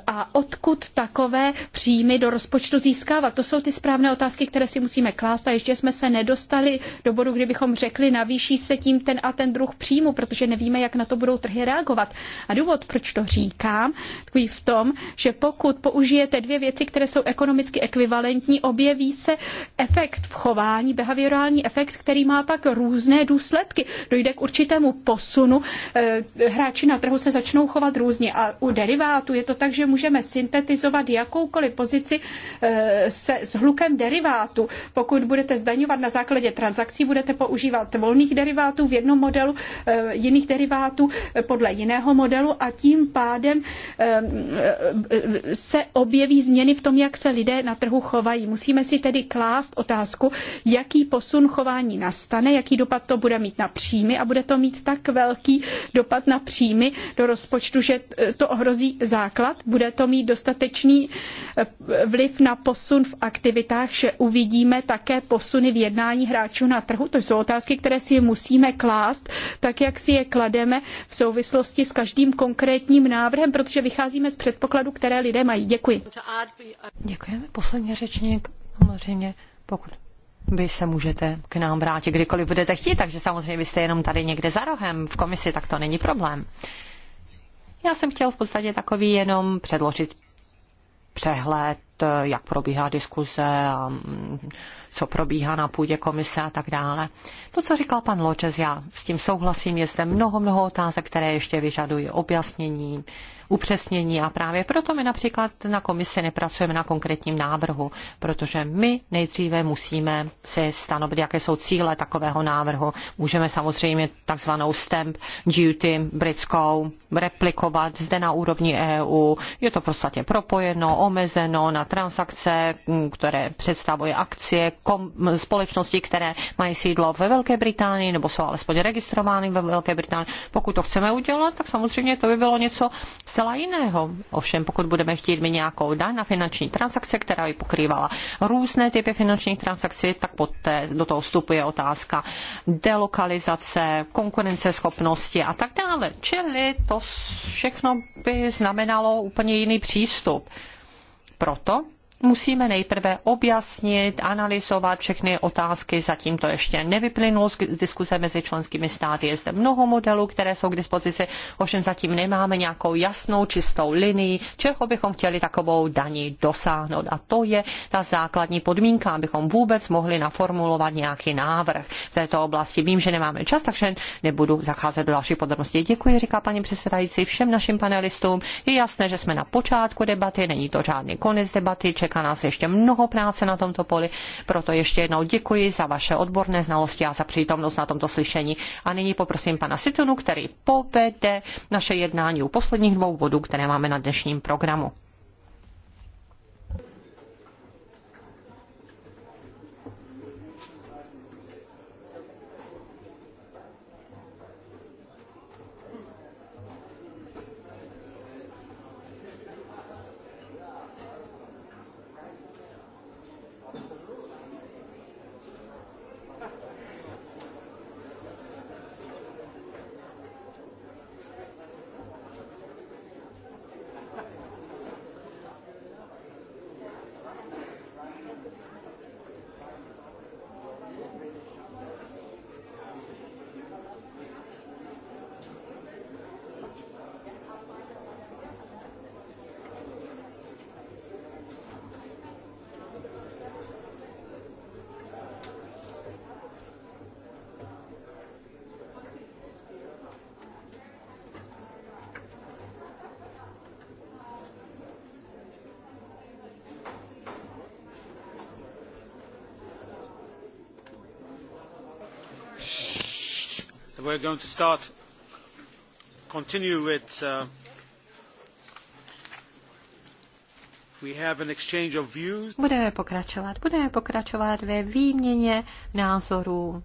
A odkud takové příjmy do rozpočtu získávat? To jsou ty správné otázky, které si musíme klást a ještě jsme se nedostali do bodu, kdybychom řekli, navýší se tím ten a ten druh příjmu, protože nevíme, jak na to budou trhy reagovat. A důvod, proč to říkám, tkví v tom, že pokud použijete dvě věci, které jsou ekonomicky ekvivalentní, objeví se efekt v chování, behaviorální efekt, který má pak různé důsledky. Dojde k určité určitému posunu eh, hráči na trhu se začnou chovat různě. A u derivátů je to tak, že můžeme syntetizovat jakoukoliv pozici eh, se, s hlukem derivátu. Pokud budete zdaňovat na základě transakcí, budete používat volných derivátů v jednom modelu, eh, jiných derivátů podle jiného modelu a tím pádem se objeví změny v tom, jak se lidé na trhu chovají. Musíme si tedy klást otázku, jaký posun chování nastane, jaký dopad to bude mít na příjmy a bude to mít mít tak velký dopad na příjmy do rozpočtu, že eh, to ohrozí základ? Bude to mít dostatečný eh, vliv na posun v aktivitách, že uvidíme také posuny v jednání hráčů na trhu? To jsou otázky, které si musíme klást, tak jak si je klademe v souvislosti s každým konkrétním návrhem, protože vycházíme z předpokladu, které lidé mají. Děkuji. Děkujeme. Poslední řečník, samozřejmě, pokud vy se můžete k nám vrátit kdykoliv budete chtít, takže samozřejmě vy jste jenom tady někde za rohem v komisi, tak to není problém. Já jsem chtěl v podstatě takový jenom předložit přehled, jak probíhá diskuze a mm, co probíhá na půdě komise a tak dále. To, co říkal pan Ločes, já s tím souhlasím, je zde mnoho, mnoho otázek, které ještě vyžadují objasnění, upřesnění a právě proto my například na komisi nepracujeme na konkrétním návrhu, protože my nejdříve musíme si stanovit, jaké jsou cíle takového návrhu. Můžeme samozřejmě takzvanou stamp duty britskou replikovat zde na úrovni EU. Je to v podstatě propojeno, omezeno na transakce, které představuje akcie, kom, společnosti, které mají sídlo ve Velké Británii nebo jsou alespoň registrovány ve Velké Británii. Pokud to chceme udělat, tak samozřejmě to by bylo něco zcela jiného. Ovšem, pokud budeme chtít mít nějakou daň na finanční transakce, která by pokrývala různé typy finančních transakcí, tak poté do toho vstupuje otázka delokalizace, konkurenceschopnosti a tak dále. Čili to všechno by znamenalo úplně jiný přístup. Proto musíme nejprve objasnit, analyzovat všechny otázky. Zatím to ještě nevyplynulo z diskuse mezi členskými státy. Je zde mnoho modelů, které jsou k dispozici, ovšem zatím nemáme nějakou jasnou, čistou linii, čeho bychom chtěli takovou daní dosáhnout. A to je ta základní podmínka, abychom vůbec mohli naformulovat nějaký návrh v této oblasti. Vím, že nemáme čas, takže nebudu zacházet do dalších podrobností. Děkuji, říká paní předsedající, všem našim panelistům. Je jasné, že jsme na počátku debaty, není to žádný konec debaty, čeká Čeká nás ještě mnoho práce na tomto poli, proto ještě jednou děkuji za vaše odborné znalosti a za přítomnost na tomto slyšení. A nyní poprosím pana Situnu, který povede naše jednání u posledních dvou bodů, které máme na dnešním programu. going to start, continue with. Uh, we have an exchange of views. Budeme pokračovat, budeme pokračovat ve výměně názorů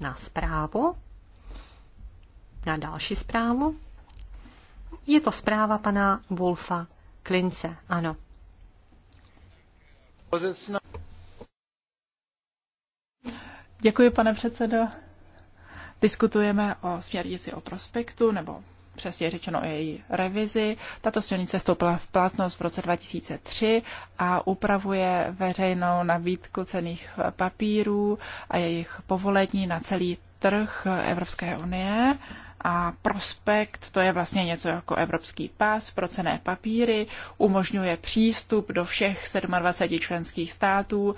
na zprávu, na další zprávu. Je to zpráva pana Wolfa Klince, ano. Děkuji, pane předsedo. Diskutujeme o směrnici o prospektu, nebo přesně řečeno o její revizi. Tato směrnice vstoupila v platnost v roce 2003 a upravuje veřejnou nabídku cených papírů a jejich povolení na celý trh Evropské unie a prospekt, to je vlastně něco jako evropský pás pro cené papíry, umožňuje přístup do všech 27 členských států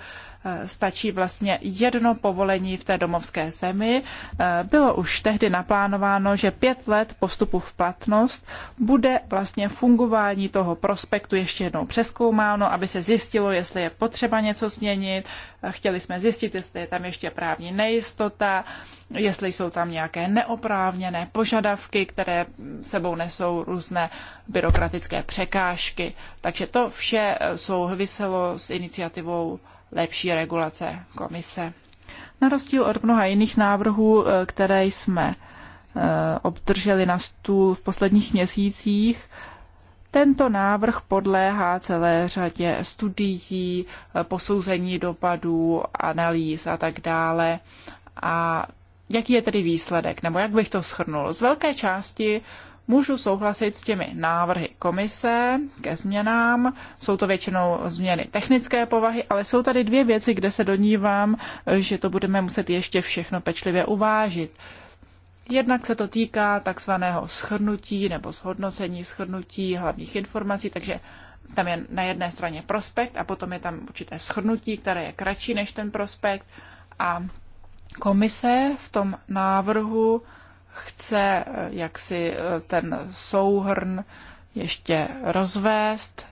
stačí vlastně jedno povolení v té domovské zemi. Eh, bylo už tehdy naplánováno, že pět let po vstupu v platnost bude vlastně fungování toho prospektu ještě jednou přeskoumáno, aby se zjistilo, jestli je potřeba něco změnit. Chtěli jsme zjistit, jestli je tam ještě právní nejistota, jestli jsou tam nějaké neoprávněné požadavky, které sebou nesou různé byrokratické překážky. Takže to vše eh, souviselo s iniciativou lepší regulace komise. Na rozdíl od mnoha jiných návrhů, eh, které jsme eh, obdrželi na stůl v posledních měsících, tento návrh podléhá celé řadě studií, eh, posouzení dopadů, analýz a tak dále. A jaký je tedy výsledek, nebo jak bych to shrnul? Z velké části Můžu souhlasit s těmi návrhy komise ke změnám. Jsou to většinou změny technické povahy, ale jsou tady dvě věci, kde se donívám, že to budeme muset ještě všechno pečlivě uvážit. Jednak se to týká takzvaného schrnutí nebo zhodnocení schrnutí hlavních informací, takže tam je na jedné straně prospekt a potom je tam určité schrnutí, které je kratší než ten prospekt a komise v tom návrhu chce eh, jaksi eh, ten souhrn ještě rozvést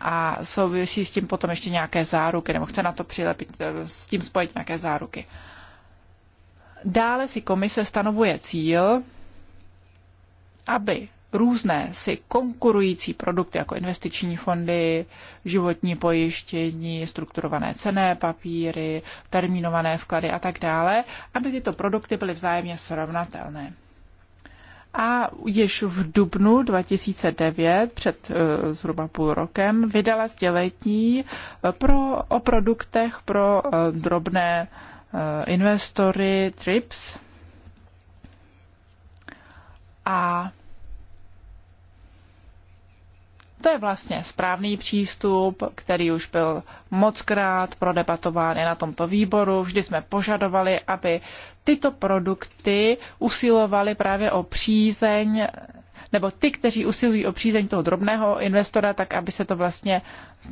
a souvisí s tím potom ještě nějaké záruky, nebo chce na to přilepit, eh, s tím spojit nějaké záruky. Dále si komise stanovuje cíl, aby různé si konkurující produkty, jako investiční fondy, životní pojištění, strukturované cené papíry, termínované vklady a tak dále, aby tyto produkty byly vzájemně srovnatelné. A již v dubnu 2009, před eh, zhruba půl rokem, vydala sdělení eh, pro, o produktech pro eh, drobné investory TRIPS. A to je vlastně správný přístup, který už byl mockrát prodebatován i na tomto výboru. Vždy jsme požadovali, aby tyto produkty usilovaly právě o přízeň nebo ty, kteří usilují o přízeň toho drobného investora, tak aby se to vlastně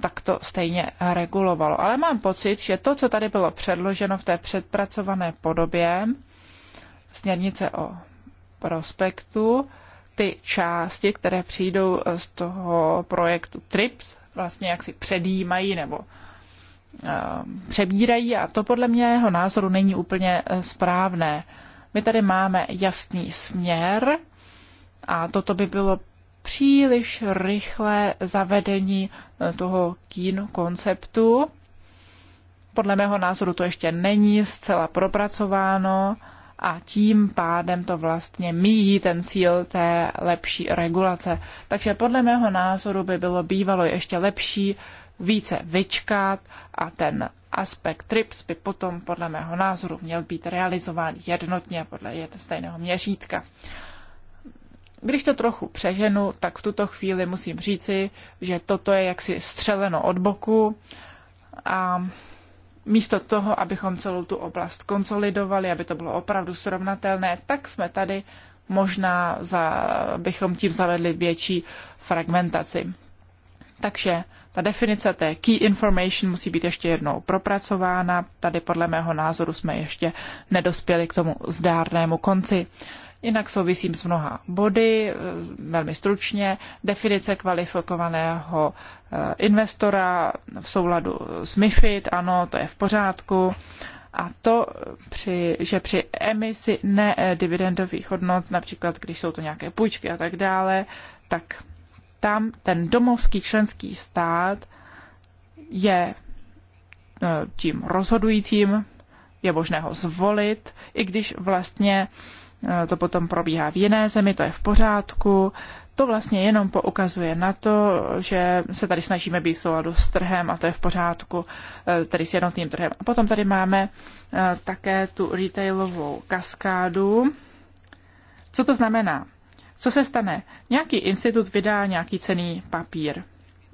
takto stejně regulovalo. Ale mám pocit, že to, co tady bylo předloženo v té předpracované podobě směrnice o prospektu, ty části, které přijdou eh, z toho projektu TRIPS, vlastně jak si předjímají nebo eh, přebírají a to podle mého názoru není úplně eh, správné. My tady máme jasný směr a toto by bylo příliš rychlé zavedení toho kín konceptu. Podle mého názoru to ještě není zcela propracováno a tím pádem to vlastně míjí ten cíl té lepší regulace. Takže podle mého názoru by bylo bývalo ještě lepší více vyčkat a ten aspekt TRIPS by potom podle mého názoru měl být realizován jednotně podle stejného měřítka. Když to trochu přeženu, tak v tuto chvíli musím říci, že toto je jaksi střeleno od boku a místo toho, abychom celou tu oblast konsolidovali, aby to bylo opravdu srovnatelné, tak jsme tady možná za, bychom tím zavedli větší fragmentaci. Takže ta definice té key information musí být ještě jednou propracována. Tady podle mého názoru jsme ještě nedospěli k tomu zdárnému konci. Jinak souvisím s mnoha body, eh, velmi stručně, definice kvalifikovaného eh, investora v souladu s MIFID, ano, to je v pořádku. A to, při, že při emisi nedividendových hodnot, například když jsou to nějaké půjčky a tak dále, tak tam ten domovský členský stát je eh, tím rozhodujícím, je možné ho zvolit, i když vlastně uh, Eh, to potom probíhá v jiné zemi, to je v pořádku. To vlastně jenom poukazuje na to, že se tady snažíme být souladu s trhem a to je v pořádku, eh, tedy s jednotným trhem. A potom tady máme eh, také tu retailovou kaskádu. Co to znamená? Co se stane? Nějaký institut vydá nějaký cený papír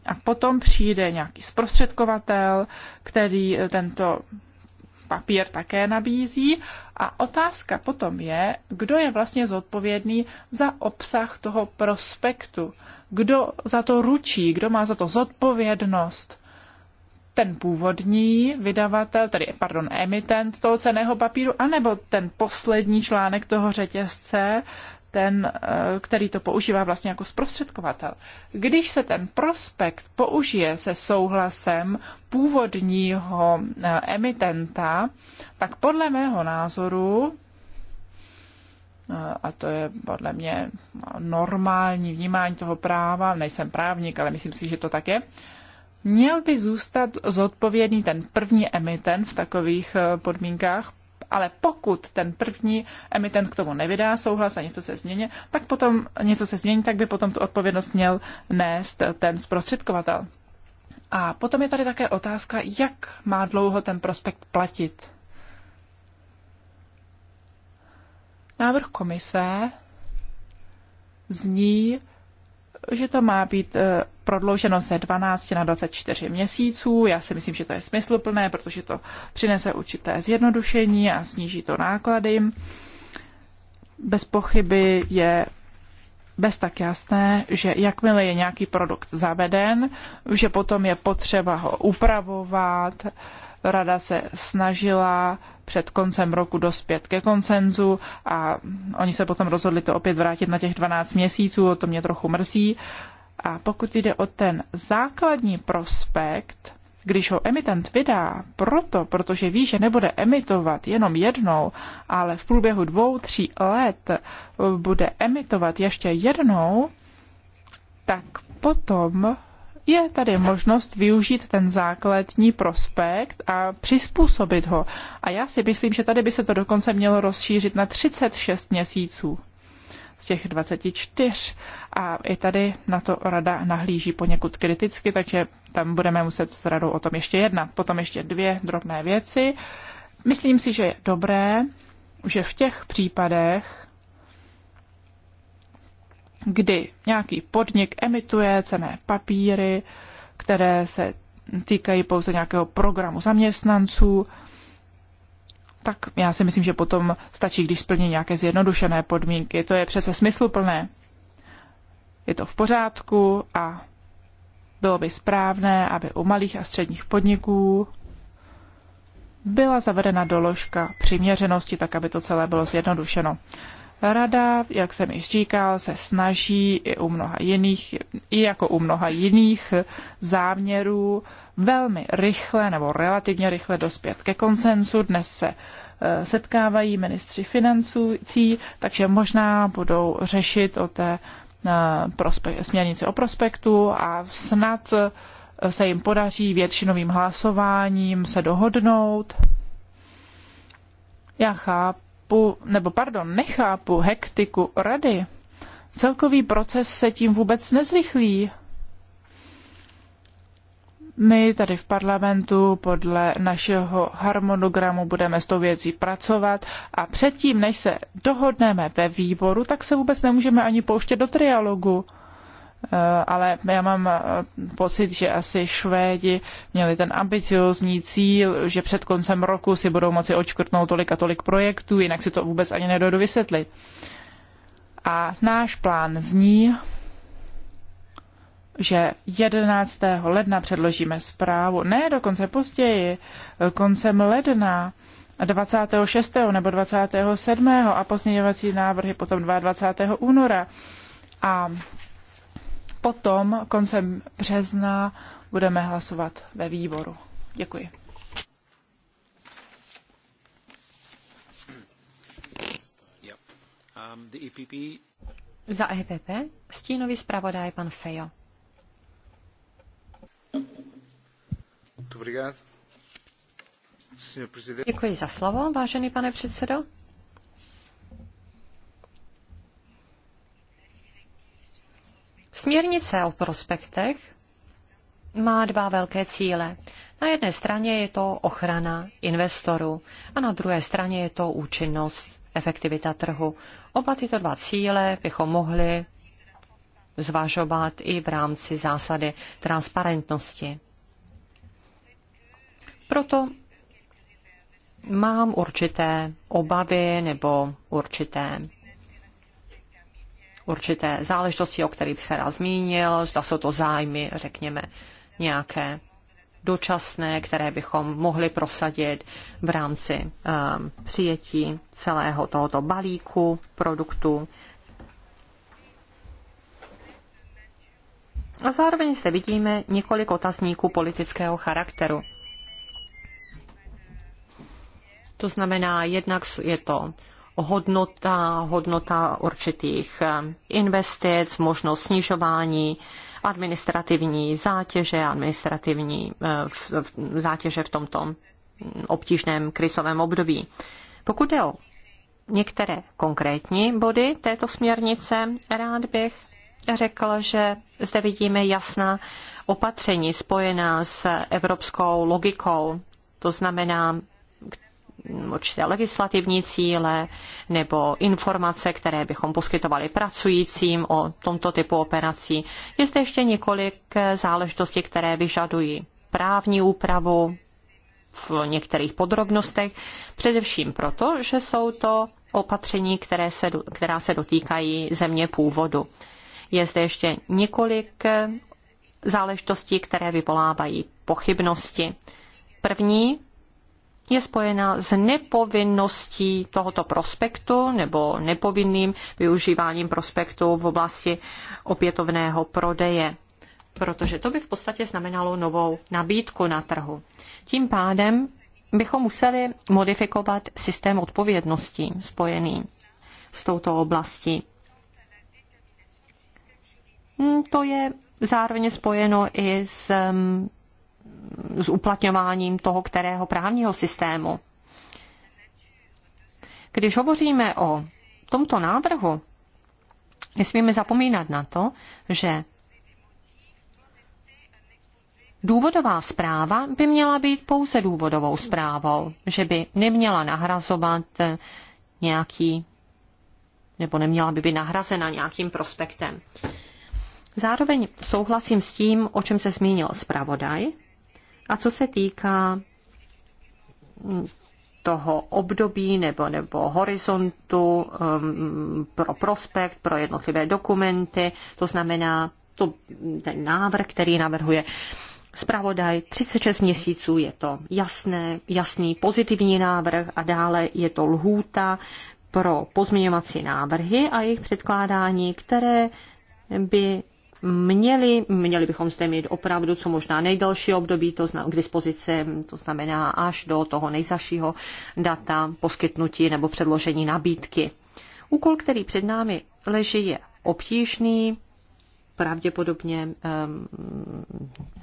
a potom přijde nějaký zprostředkovatel, který tento papír také nabízí. A otázka potom je, kdo je vlastně zodpovědný za obsah toho prospektu, kdo za to ručí, kdo má za to zodpovědnost. Ten původní vydavatel, tedy pardon, emitent toho ceného papíru, anebo ten poslední článek toho řetězce, ten, eh, který to používá vlastně jako zprostředkovatel. Když se ten prospekt použije se souhlasem původního eh, emitenta, tak podle mého názoru, eh, a to je podle mě normální vnímání toho práva, nejsem právník, ale myslím si, že to tak je, měl by zůstat zodpovědný ten první emitent v takových podmínkách, ale pokud ten první emitent k tomu nevydá souhlas a něco se změní, tak potom něco se změní, tak by potom tu odpovědnost měl nést ten zprostředkovatel. A potom je tady také otázka, jak má dlouho ten prospekt platit. Návrh komise zní, že to má být eh, prodlouženo ze 12 na 24 měsíců. Já si myslím, že to je smysluplné, protože to přinese určité zjednodušení a sníží to náklady. Bez pochyby je bez tak jasné, že jakmile je nějaký produkt zaveden, že potom je potřeba ho upravovat, Rada se snažila před koncem roku dospět ke koncenzu a oni se potom rozhodli to opět vrátit na těch 12 měsíců, to mě trochu mrzí. A pokud jde o ten základní prospekt, když ho emitent vydá proto, protože ví, že nebude emitovat jenom jednou, ale v průběhu dvou, tří let bude emitovat ještě jednou, tak potom je tady možnost využít ten základní prospekt a přizpůsobit ho. A já si myslím, že tady by se to dokonce mělo rozšířit na 36 měsíců z těch 24. A i tady na to rada nahlíží poněkud kriticky, takže tam budeme muset s radou o tom ještě jednat. Potom ještě dvě drobné věci. Myslím si, že je dobré, že v těch případech, kdy nějaký podnik emituje cené papíry, které se týkají pouze nějakého programu zaměstnanců, tak já si myslím, že potom stačí, když splní nějaké zjednodušené podmínky. To je přece smysluplné. Je to v pořádku a bylo by správné, aby u malých a středních podniků byla zavedena doložka přiměřenosti, tak aby to celé bylo zjednodušeno. Rada, jak jsem již říkal, se snaží i u mnoha jiných, i jako u mnoha jiných záměrů velmi rychle nebo relativně rychle dospět ke konsensu. Dnes se eh, setkávají ministři financí, takže možná budou řešit o té eh, prospek- směrnici o prospektu a snad eh, se jim podaří většinovým hlasováním se dohodnout. Já chápu, chápu, nebo pardon, nechápu hektiku rady. Celkový proces se tím vůbec nezrychlí. My tady v parlamentu podle našeho harmonogramu budeme s tou věcí pracovat a předtím, než se dohodneme ve výboru, tak se vůbec nemůžeme ani pouštět do trialogu. Eh, ale já mám eh, pocit, že asi Švédi měli ten ambiciozní cíl, že před koncem roku si budou moci očkrtnout tolik a tolik projektů, jinak si to vůbec ani nedodu vysvětlit. A náš plán zní, že 11. ledna předložíme zprávu, ne dokonce později, eh, koncem ledna, 26. nebo 27. a pozměňovací návrhy potom 22. února. A potom koncem března budeme hlasovat ve výboru. Děkuji. Za EPP stínový zpravodaj pan Fejo. Děkuji za slovo, vážený pane předsedo. Směrnice o prospektech má dva velké cíle. Na jedné straně je to ochrana investorů a na druhé straně je to účinnost, efektivita trhu. Oba tyto dva cíle bychom mohli zvažovat i v rámci zásady transparentnosti. Proto mám určité obavy nebo určité určité záležitosti, o kterých se rád zmínil, zda jsou to zájmy, řekněme, nějaké dočasné, které bychom mohli prosadit v rámci um, přijetí celého tohoto balíku produktu. A zároveň se vidíme několik otazníků politického charakteru. To znamená, jednak je to hodnota, hodnota určitých eh, investic, možnost snižování administrativní zátěže, administrativní eh, v, zátěže v tomto obtížném krizovém období. Pokud jde o některé konkrétní body této směrnice, rád bych řekl, že zde vidíme jasná opatření spojená s evropskou logikou. To znamená určité legislativní cíle nebo informace, které bychom poskytovali pracujícím o tomto typu operací. Je zde ještě několik záležitostí, které vyžadují právní úpravu v některých podrobnostech, především proto, že jsou to opatření, které se, která se dotýkají země původu. Je zde ještě několik záležitostí, které vyvolávají pochybnosti. První je spojena s nepovinností tohoto prospektu nebo nepovinným využíváním prospektu v oblasti opětovného prodeje protože to by v podstatě znamenalo novou nabídku na trhu. Tím pádem bychom museli modifikovat systém odpovědností spojený s touto oblastí. Hmm, to je zároveň spojeno i s hmm, s uplatňováním toho kterého právního systému. Když hovoříme o tomto návrhu, nesmíme zapomínat na to, že Důvodová zpráva by měla být pouze důvodovou zprávou, že by neměla nahrazovat nějaký, nebo neměla by být nahrazena nějakým prospektem. Zároveň souhlasím s tím, o čem se zmínil zpravodaj, a co se týká mm, toho období nebo, nebo horizontu um, pro prospekt, pro jednotlivé dokumenty, to znamená to, ten návrh, který navrhuje zpravodaj, 36 měsíců je to jasné, jasný pozitivní návrh a dále je to lhůta pro pozměňovací návrhy a jejich předkládání, které by měli. Měli bychom zde mít opravdu co možná nejdelší období to zna, k dispozici, to znamená až do toho nejzašího data poskytnutí nebo předložení nabídky. Úkol, který před námi leží, je obtížný, pravděpodobně ehm,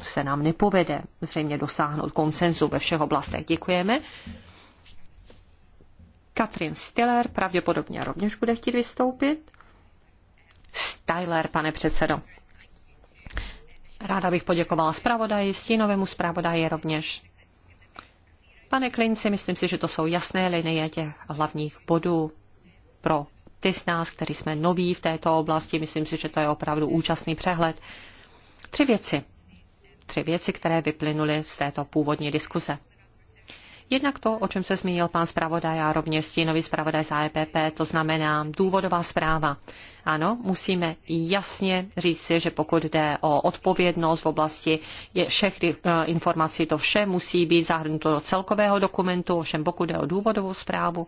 se nám nepovede zřejmě dosáhnout konsenzu ve všech oblastech. Děkujeme. Katrin Stiller pravděpodobně rovněž bude chtít vystoupit. Styler, pane předsedo. Ráda bych poděkovala zpravodaji, stínovému zpravodaji rovněž. Pane Klinci, myslím si, že to jsou jasné linie těch hlavních bodů pro ty z nás, kteří jsme noví v této oblasti. Myslím si, že to je opravdu účastný přehled. Tři věci. Tři věci, které vyplynuly z této původní diskuze. Jednak to, o čem se zmínil pán zpravodaj a rovněž stínový zpravodaj za EPP, to znamená důvodová zpráva. Ano, musíme jasně říci, že pokud jde o odpovědnost v oblasti všech eh, informací, to vše musí být zahrnuto do celkového dokumentu, ovšem pokud jde o důvodovou zprávu,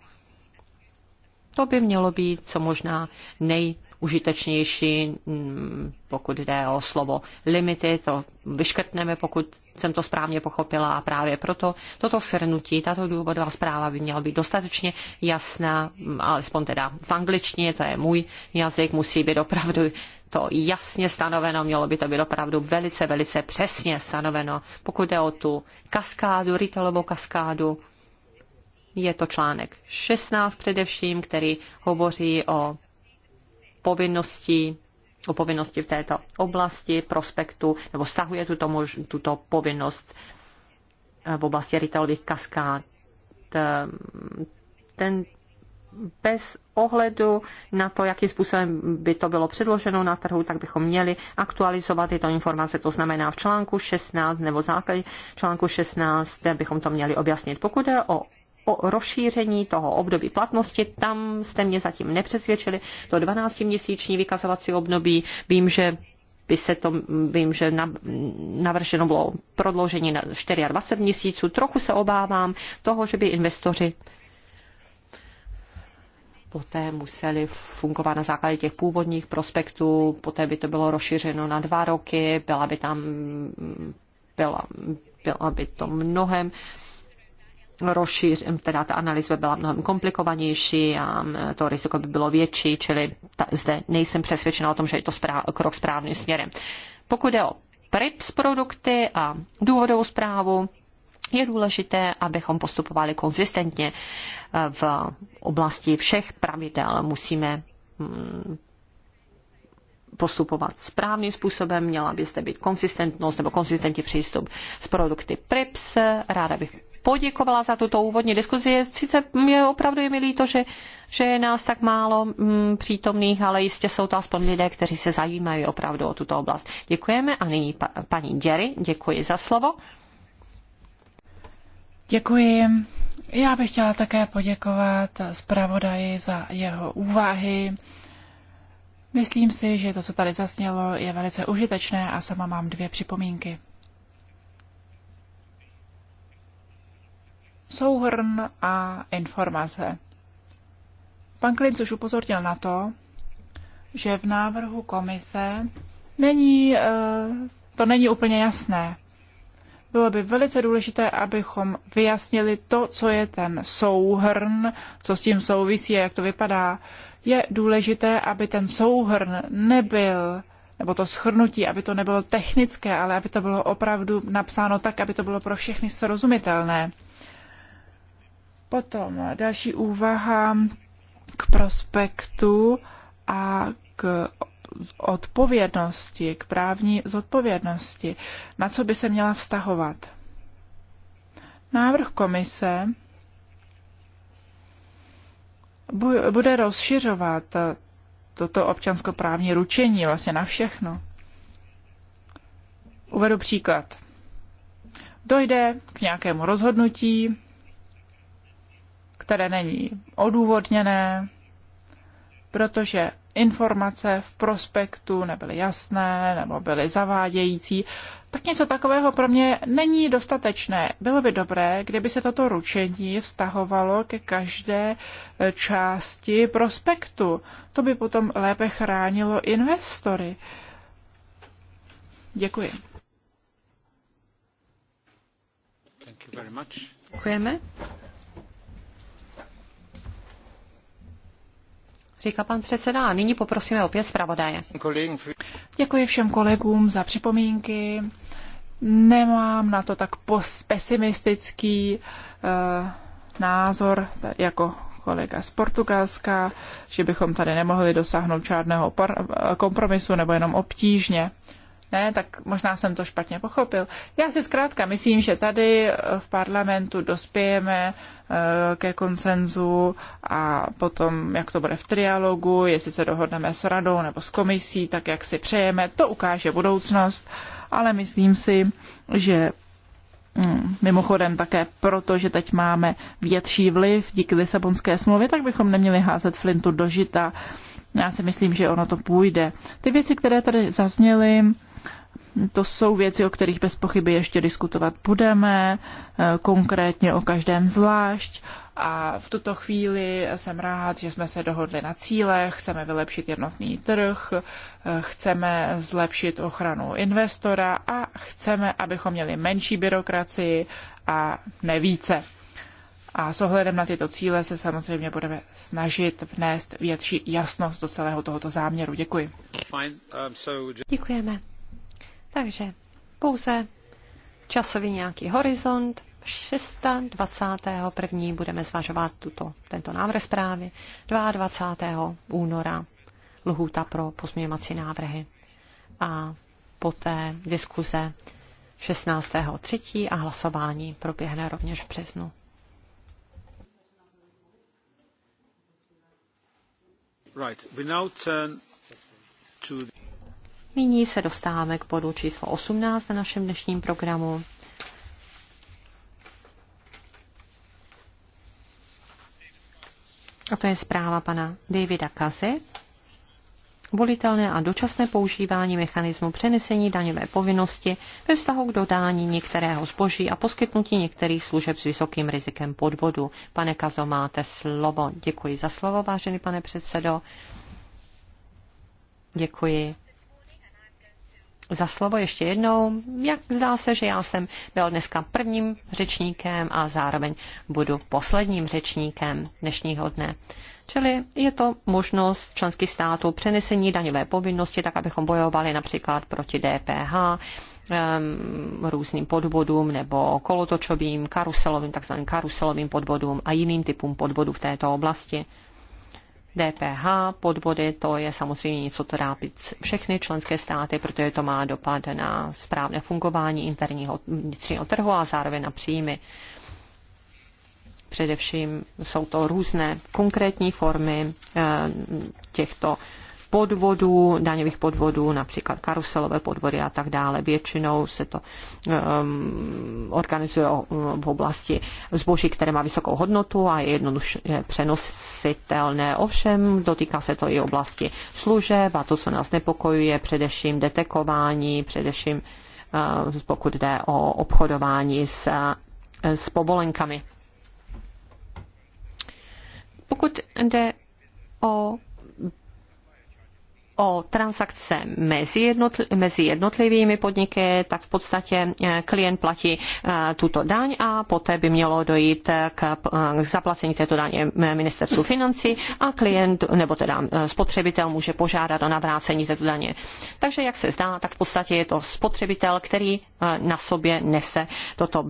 to by mělo být co možná nej užitečnější, mm, pokud jde o slovo limity, to vyškrtneme, pokud jsem to správně pochopila a právě proto toto shrnutí, tato důvodová zpráva by měla být dostatečně jasná, mm, alespoň teda v angličtině, to je můj jazyk, musí být opravdu to jasně stanoveno, mělo by to být opravdu velice, velice přesně stanoveno. Pokud jde o tu kaskádu, rytelovou kaskádu, je to článek 16 především, který hovoří o povinností o povinnosti v této oblasti, prospektu, nebo stahuje tuto, mož, tuto povinnost eh, v oblasti retailových kaskád. Eh, ten bez ohledu na to, jakým způsobem by to bylo předloženo na trhu, tak bychom měli aktualizovat tyto informace. To znamená v článku 16 nebo základě článku 16 bychom to měli objasnit. Pokud je o o rozšíření toho období platnosti. Tam jste mě zatím nepřesvědčili. To 12-měsíční vykazovací období vím, že by se to, vím, že navrženo bylo prodloužení na 24 měsíců. Trochu se obávám toho, že by investoři poté museli fungovat na základě těch původních prospektů, poté by to bylo rozšířeno na dva roky, byla by tam byla, byla by to mnohem rozšíř, teda ta analýza by byla mnohem komplikovanější a to riziko by bylo větší, čili ta, zde nejsem přesvědčena o tom, že je to správ, krok správným směrem. Pokud je o PRIPS produkty a důvodovou zprávu, je důležité, abychom postupovali konzistentně eh, v oblasti všech pravidel. Musíme hm, postupovat správným způsobem, měla by zde být konzistentnost nebo konzistentní přístup s produkty PRIPS. Ráda bych poděkovala za tuto úvodní diskuzi. Sice mě opravdu je mi líto, že, že je nás tak málo mm, přítomných, ale jistě jsou to aspoň lidé, kteří se zajímají opravdu o tuto oblast. Děkujeme a nyní pa, paní Děry, děkuji za slovo. Děkuji. Já bych chtěla také poděkovat zpravodaji za jeho úvahy. Myslím si, že to, co tady zasnělo, je velice užitečné a sama mám dvě připomínky. souhrn a informace. Pan Klinc už upozornil na to, že v návrhu komise není, eh, to není úplně jasné. Bylo by velice důležité, abychom vyjasnili to, co je ten souhrn, co s tím souvisí a jak to vypadá. Je důležité, aby ten souhrn nebyl nebo to schrnutí, aby to nebylo technické, ale aby to bylo opravdu napsáno tak, aby to bylo pro všechny srozumitelné. Potom eh, další úvaha k prospektu a k odpovědnosti, k právní zodpovědnosti, na co by se měla vztahovat. Návrh komise bude rozšiřovat eh, toto občanskoprávní ručení vlastně na všechno. Uvedu příklad. Dojde k nějakému rozhodnutí, které není odůvodněné, protože informace v prospektu nebyly jasné nebo byly zavádějící, tak něco takového pro mě není dostatečné. Bylo by dobré, kdyby se toto ručení vztahovalo ke každé eh, části prospektu. To by potom lépe chránilo investory. Děkuji. Děkujeme. říká pan předseda. A nyní poprosíme opět zpravodaje. Děkuji všem kolegům za připomínky. Nemám na to tak pesimistický uh, názor jako kolega z Portugalska, že bychom tady nemohli dosáhnout žádného kompromisu nebo jenom obtížně. Ne, tak možná jsem to špatně pochopil. Já si zkrátka myslím, že tady eh, v parlamentu dospějeme eh, ke koncenzu a potom, jak to bude v trialogu, jestli se dohodneme s radou nebo s komisí, tak jak si přejeme, to ukáže budoucnost, ale myslím si, že mm, Mimochodem také proto, že teď máme větší vliv díky Lisabonské smlouvě, tak bychom neměli házet flintu do žita. Já si myslím, že ono to půjde. Ty věci, které tady zazněly, to jsou věci, o kterých bez pochyby ještě diskutovat budeme, eh, konkrétně o každém zvlášť. A v tuto chvíli jsem rád, že jsme se dohodli na cílech, chceme vylepšit jednotný trh, eh, chceme zlepšit ochranu investora a chceme, abychom měli menší byrokracii a nevíce. A s ohledem na tyto cíle se samozřejmě budeme snažit vnést větší jasnost do celého tohoto záměru. Děkuji. Um, Děkujeme. Takže pouze časový nějaký horizont. 26.1. budeme zvažovat tuto, tento návrh zprávy. 22. února lhůta pro pozměňovací návrhy. A poté diskuze 16.3. a hlasování proběhne rovněž v březnu. Right. We now turn to Nyní se dostáváme k bodu číslo 18 na našem dnešním programu. A to je zpráva pana Davida Kazy. Volitelné a dočasné používání mechanismu přenesení daňové povinnosti ve vztahu k dodání některého zboží a poskytnutí některých služeb s vysokým rizikem podvodu. Pane Kazo, máte slovo. Děkuji za slovo, vážený pane předsedo. Děkuji za slovo ještě jednou. Jak zdá se, že já jsem byl dneska prvním řečníkem a zároveň budu posledním řečníkem dnešního dne. Čili je to možnost členských států přenesení daňové povinnosti, tak abychom bojovali například proti DPH, různým podvodům nebo kolotočovým, karuselovým, takzvaným karuselovým podvodům a jiným typům podvodů v této oblasti. DPH, podvody, to je samozřejmě něco, co trápit všechny členské státy, protože to má dopad na správné fungování interního vnitřního trhu a zároveň na příjmy. Především jsou to různé konkrétní formy eh, těchto podvodů, daňových podvodů, například karuselové podvody a tak dále. Většinou se to um, organizuje v oblasti zboží, které má vysokou hodnotu a je jednoduše přenositelné. Ovšem dotýká se to i oblasti služeb a to, co nás nepokojuje, především detekování, především uh, pokud jde o obchodování s, uh, s povolenkami. Pokud jde o o transakce mezi, jednotl, mezi jednotlivými podniky, tak v podstatě eh, klient platí eh, tuto daň a poté by mělo dojít k, eh, k zaplacení této daně ministerstvu financí a klient, nebo teda spotřebitel může požádat o navrácení této daně. Takže jak se zdá, tak v podstatě je to spotřebitel, který na sobě nese toto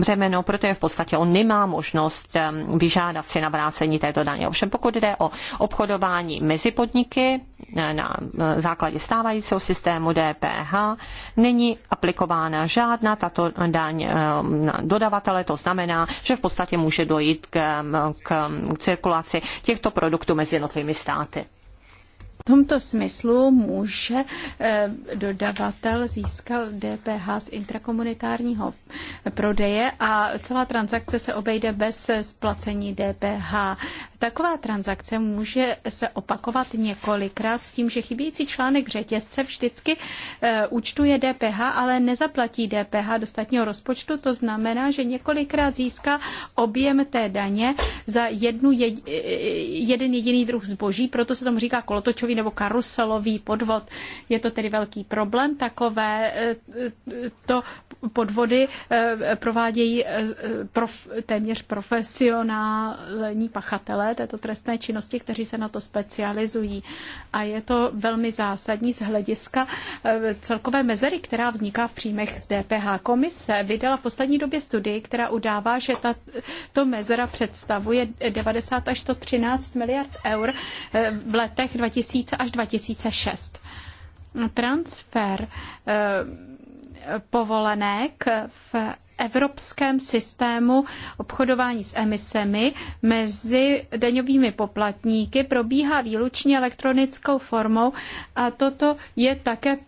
břemeno, protože v podstatě on nemá možnost vyžádat si navrácení této daně. Ovšem pokud jde o obchodování mezi podniky, na základě stávajícího systému DPH není aplikována žádná tato daň eh, na dodavatele, to znamená, že v podstatě může dojít k, eh, eh, k cirkulaci těchto produktů mezi jednotlivými státy. V tomto smyslu může dodavatel získat DPH z intrakomunitárního prodeje a celá transakce se obejde bez splacení DPH. Taková transakce může se opakovat několikrát s tím, že chybějící článek řetězce vždycky e, účtuje DPH, ale nezaplatí DPH do rozpočtu. To znamená, že několikrát získá objem té daně za jednu, je, eh, jeden jediný druh zboží, proto se tomu říká kolotočový nebo karuselový podvod. Je to tedy velký problém. Takové eh, to podvody provádějí prof, téměř profesionální pachatelé činitelé této trestné činnosti, kteří se na to specializují. A je to velmi zásadní z hlediska eh, celkové mezery, která vzniká v příjmech z DPH. Komise vydala v poslední době studii, která udává, že tato mezera představuje 90 až 113 miliard eur eh, v letech 2000 až 2006. Transfer eh, povolenek v evropském systému obchodování s emisemi mezi daňovými poplatníky probíhá výlučně elektronickou formou a toto je také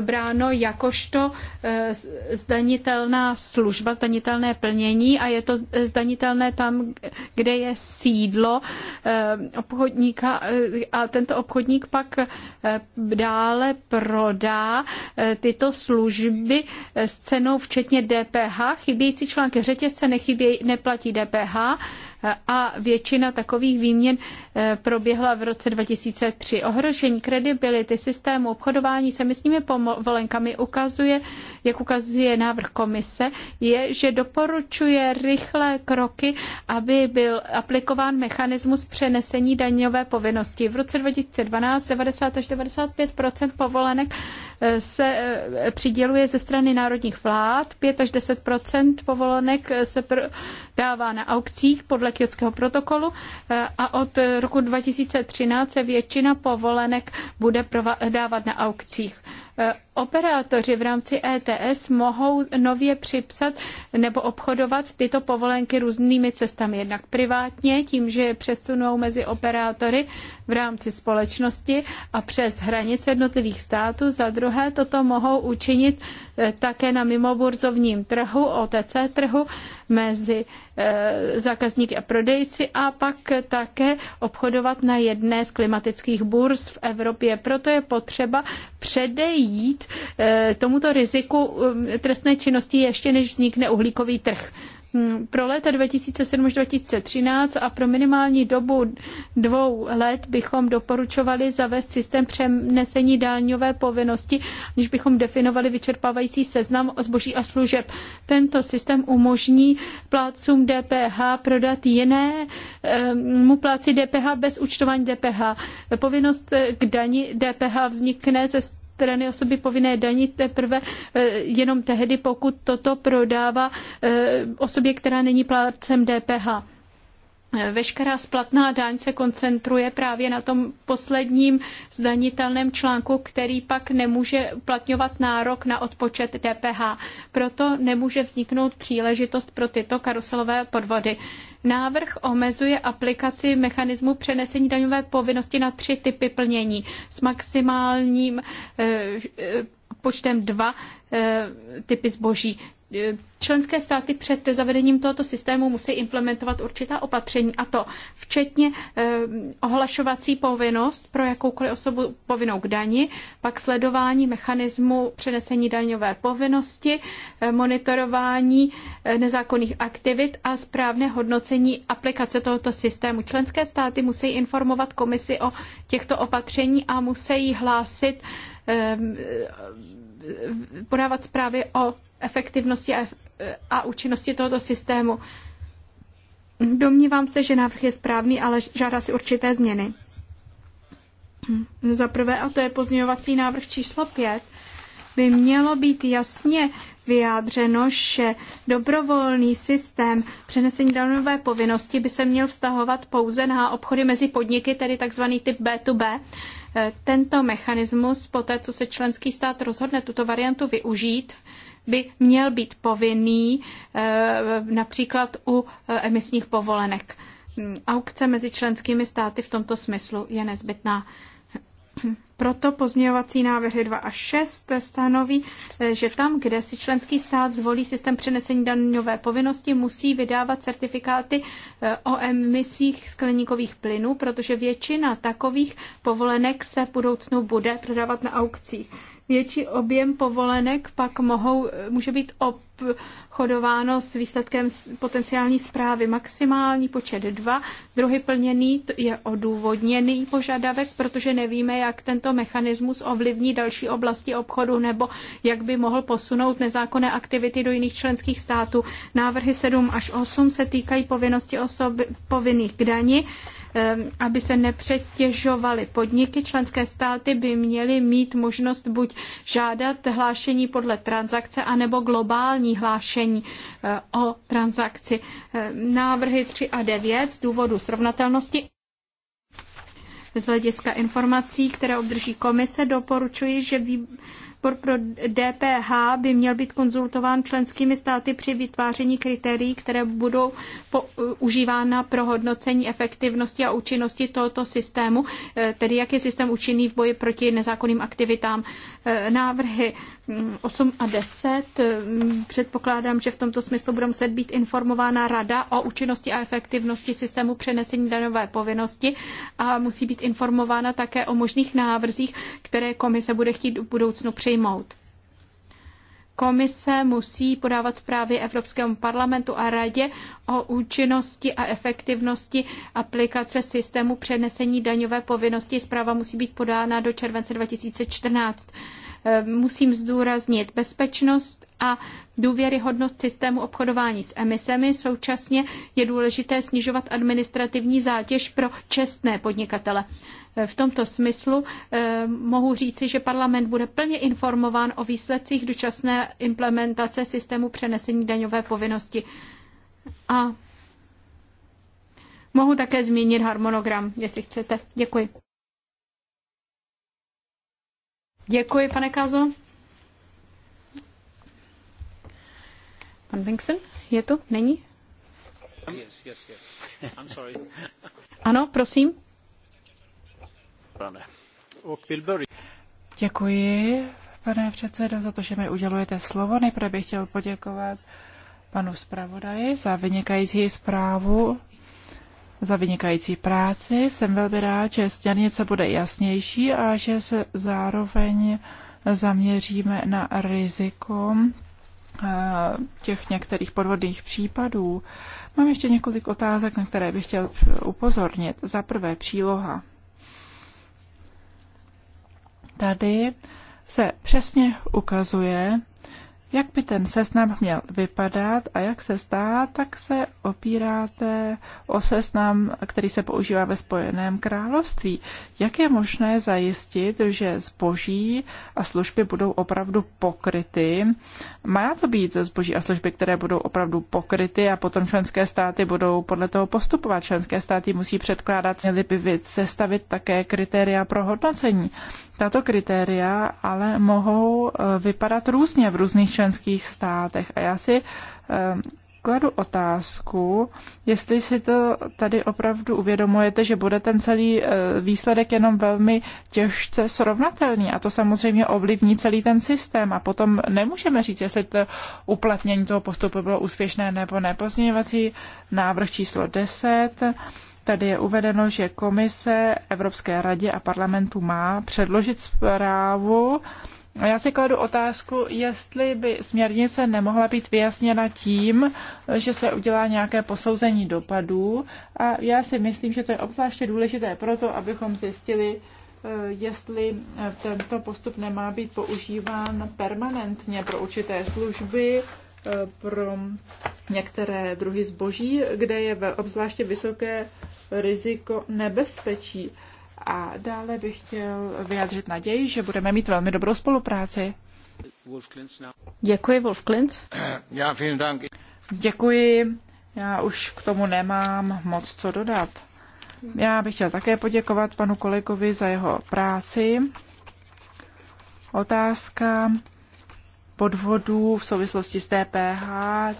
bráno jakožto eh, zdanitelná služba, zdanitelné plnění a je to zdanitelné tam, kde je sídlo eh, obchodníka eh, a tento obchodník pak dále prodá tyto služby s cenou včetně DPH. Chybějící články řetězce nechyběj, neplatí DPH a většina takových výměn eh, proběhla v roce 2003. Ohrožení kredibility systému obchodování se myslími povolenkami ukazuje, jak ukazuje návrh komise, je, že doporučuje rychlé kroky, aby byl aplikován mechanismus přenesení daňové povinnosti. V roce 2012 90 až 95 povolenek se eh, přiděluje ze strany národních vlád. 5 až 10 povolenek se dává na aukcích podle Kyotského protokolu eh, a od roku 2013 se většina povolenek bude dávat na aukcích. Eh, operátoři v rámci ETS mohou nově připsat nebo obchodovat tyto povolenky různými cestami. Jednak privátně, tím, že je přesunou mezi operátory v rámci společnosti a přes hranice jednotlivých států. Za druhé, toto mohou učinit také na mimoburzovním trhu, OTC trhu, mezi eh, zákazníky a prodejci a pak také obchodovat na jedné z klimatických burz v Evropě. Proto je potřeba předejít eh, tomuto riziku eh, trestné činnosti ještě než vznikne uhlíkový trh. Hm, pro léta 2007 až 2013 a pro minimální dobu dvou let bychom doporučovali zavést systém přenesení dálňové povinnosti, když bychom definovali vyčerpávající seznam o zboží a služeb. Tento systém umožní plácům DPH prodat ehm, mu pláci DPH bez účtování DPH. Povinnost k dani DPH vznikne ze strany osoby povinné danit teprve eh, jenom tehdy, pokud toto prodává eh, osobě, která není plátcem DPH veškerá splatná daň se koncentruje právě na tom posledním zdanitelném článku, který pak nemůže uplatňovat nárok na odpočet DPH. Proto nemůže vzniknout příležitost pro tyto karuselové podvody. Návrh omezuje aplikaci mechanismu přenesení daňové povinnosti na tři typy plnění s maximálním eh, eh, počtem dva eh, typy zboží. E, členské státy před zavedením tohoto systému musí implementovat určitá opatření, a to včetně e, ohlašovací povinnost pro jakoukoliv osobu povinnou k dani, pak sledování mechanismu přenesení daňové povinnosti, e, monitorování nezákonných aktivit a správné hodnocení aplikace tohoto systému. Členské státy musí informovat komisi o těchto opatření a musí hlásit podávat zprávy o efektivnosti a, a účinnosti tohoto systému. Domnívám se, že návrh je správný, ale žádá si určité změny. Za prvé, a to je pozměňovací návrh číslo 5, by mělo být jasně vyjádřeno, že dobrovolný systém přenesení danové povinnosti by se měl vztahovat pouze na obchody mezi podniky, tedy tzv. typ B2B. Tento mechanismus, po té, co se členský stát rozhodne tuto variantu využít, by měl být povinný eh, například u eh, emisních povolenek. Aukce mezi členskými státy v tomto smyslu je nezbytná. Proto pozměňovací návrhy 2 a 6 stanoví, eh, že tam, kde si členský stát zvolí systém přenesení daňové povinnosti, musí vydávat certifikáty o emisích skleníkových plynů, protože většina takových povolenek se v budoucnu bude prodávat na aukcích. Větší objem povolenek pak mohou, může být obchodováno s výsledkem potenciální zprávy. Maximální počet dva, druhy plněný je odůvodněný požadavek, protože nevíme, jak tento mechanismus ovlivní další oblasti obchodu nebo jak by mohl posunout nezákonné aktivity do jiných členských států. Návrhy 7 až 8 se týkají povinnosti osob povinných k dani Ehm, aby se nepřetěžovaly podniky. Členské státy by měly mít možnost buď žádat hlášení podle transakce, anebo globální hlášení eh, o transakci. Ehm, návrhy 3 a 9 z důvodu srovnatelnosti z hlediska informací, které obdrží komise, doporučuji, že vý... Výbor pro DPH by měl být konzultován členskými státy při vytváření kritérií, které budou uh, užívána pro hodnocení efektivnosti a účinnosti tohoto systému, eh, tedy jak je systém účinný v boji proti nezákonným aktivitám. Eh, návrhy 8 a 10. Předpokládám, že v tomto smyslu bude muset být informována rada o účinnosti a efektivnosti systému přenesení daňové povinnosti a musí být informována také o možných návrzích, které komise bude chtít v budoucnu přijmout. Komise musí podávat zprávy Evropskému parlamentu a radě o účinnosti a efektivnosti aplikace systému přenesení daňové povinnosti. Zpráva musí být podána do července 2014. Eh, musím zdůraznit bezpečnost a důvěryhodnost systému obchodování s emisemi. Současně je důležité snižovat administrativní zátěž pro čestné podnikatele. Eh, v tomto smyslu eh, mohu říci, že parlament bude plně informován o výsledcích dočasné implementace systému přenesení daňové povinnosti. A mohu také zmínit harmonogram, jestli chcete. Děkuji. Děkuji, pane Kazo. Pan Vinkson, je tu? Není? Yes, yes, yes. I'm sorry. ano, prosím. Děkuji, pane předsedo, za to, že mi udělujete slovo. Nejprve bych chtěl poděkovat panu zpravodaji za vynikající zprávu za vynikající práci. Jsem velmi rád, že stěnice bude jasnější a že se zároveň zaměříme na riziko eh, těch některých podvodných případů. Mám ještě několik otázek, na které bych chtěl upozornit. Za prvé příloha. Tady se přesně ukazuje, jak by ten seznam měl vypadat a jak se zdá, tak se opíráte o seznam, který se používá ve Spojeném království. Jak je možné zajistit, že zboží a služby budou opravdu pokryty? Má to být zboží a služby, které budou opravdu pokryty a potom členské státy budou podle toho postupovat. Členské státy musí předkládat, měly by sestavit také kritéria pro hodnocení. Tato kritéria ale mohou eh, vypadat různě v různých členských státech a já si eh, kladu otázku, jestli si to tady opravdu uvědomujete, že bude ten celý eh, výsledek jenom velmi těžce srovnatelný a to samozřejmě ovlivní celý ten systém a potom nemůžeme říct, jestli to uplatnění toho postupu bylo úspěšné nebo ne. Pozměňovací návrh číslo 10 Tady je uvedeno, že komise Evropské radě a parlamentu má předložit zprávu. Já si kladu otázku, jestli by směrnice nemohla být vyjasněna tím, že se udělá nějaké posouzení dopadů. A já si myslím, že to je obzvláště důležité proto, abychom zjistili, eh, jestli eh, tento postup nemá být používán permanentně pro určité služby, pro některé druhy zboží, kde je obzvláště vysoké riziko nebezpečí. A dále bych chtěl vyjádřit naději, že budeme mít velmi dobrou spolupráci. Děkuji, Wolf Klintz. Já, Děkuji. Já už k tomu nemám moc co dodat. Já bych chtěl také poděkovat panu kolegovi za jeho práci. Otázka podvodů v souvislosti s DPH.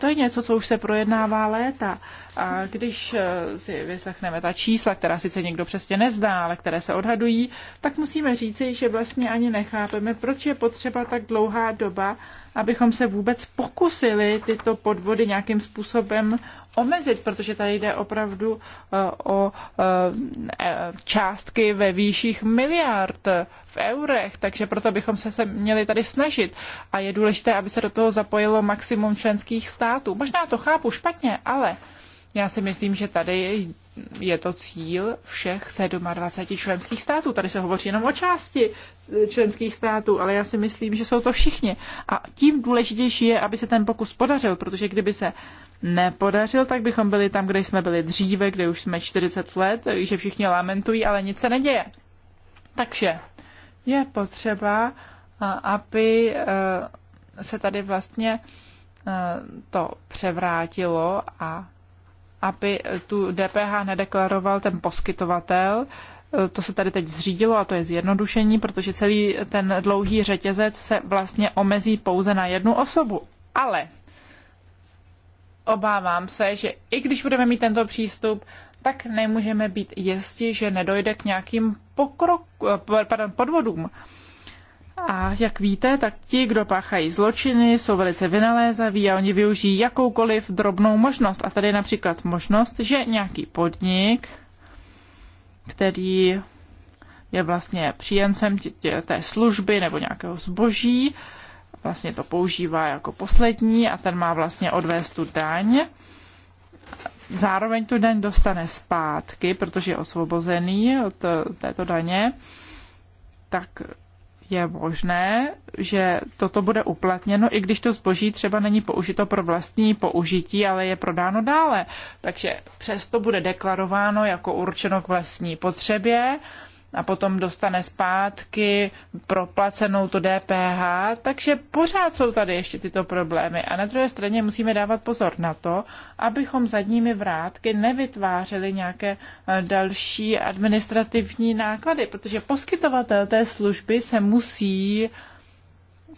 To je něco, co už se projednává léta. A když eh, si vyslechneme ta čísla, která sice někdo přesně nezdá, ale které se odhadují, tak musíme říci, že vlastně ani nechápeme, proč je potřeba tak dlouhá doba, abychom se vůbec pokusili tyto podvody nějakým způsobem omezit, protože tady jde opravdu eh, o eh, e, částky ve výších miliard v eurech, takže proto bychom se, měli tady snažit. A je důležité, aby se do toho zapojilo maximum členských států. Možná to chápu špatně, ale já si myslím, že tady je to cíl všech 27 členských států. Tady se hovoří jenom o části členských států, ale já si myslím, že jsou to všichni. A tím důležitější je, aby se ten pokus podařil, protože kdyby se nepodařil, tak bychom byli tam, kde jsme byli dříve, kde už jsme 40 let, že všichni lamentují, ale nic se neděje. Takže je potřeba, aby e, se tady vlastně e, to převrátilo a aby tu DPH nedeklaroval ten poskytovatel. E, to se tady teď zřídilo a to je zjednodušení, protože celý ten dlouhý řetězec se vlastně omezí pouze na jednu osobu. Ale obávám se, že i když budeme mít tento přístup, tak nemůžeme být jisti, že nedojde k nějakým pokroku, e, pardon, podvodům. A jak víte, tak ti, kdo páchají zločiny, jsou velice vynalézaví a oni využijí jakoukoliv drobnou možnost. A tady je například možnost, že nějaký podnik, který je vlastně příjemcem té služby nebo nějakého zboží, vlastně to používá jako poslední a ten má vlastně odvést tu daň. Zároveň tu daň dostane zpátky, protože je osvobozený od eh, této daně, tak je možné, že toto bude uplatněno, i když to zboží třeba není použito pro vlastní použití, ale je prodáno dále. Takže přesto bude deklarováno jako určeno k vlastní potřebě a potom dostane zpátky proplacenou to DPH, takže pořád jsou tady ještě tyto problémy. A na druhé straně musíme dávat pozor na to, abychom zadními vrátky nevytvářeli nějaké eh, další administrativní náklady, protože poskytovatel té služby se musí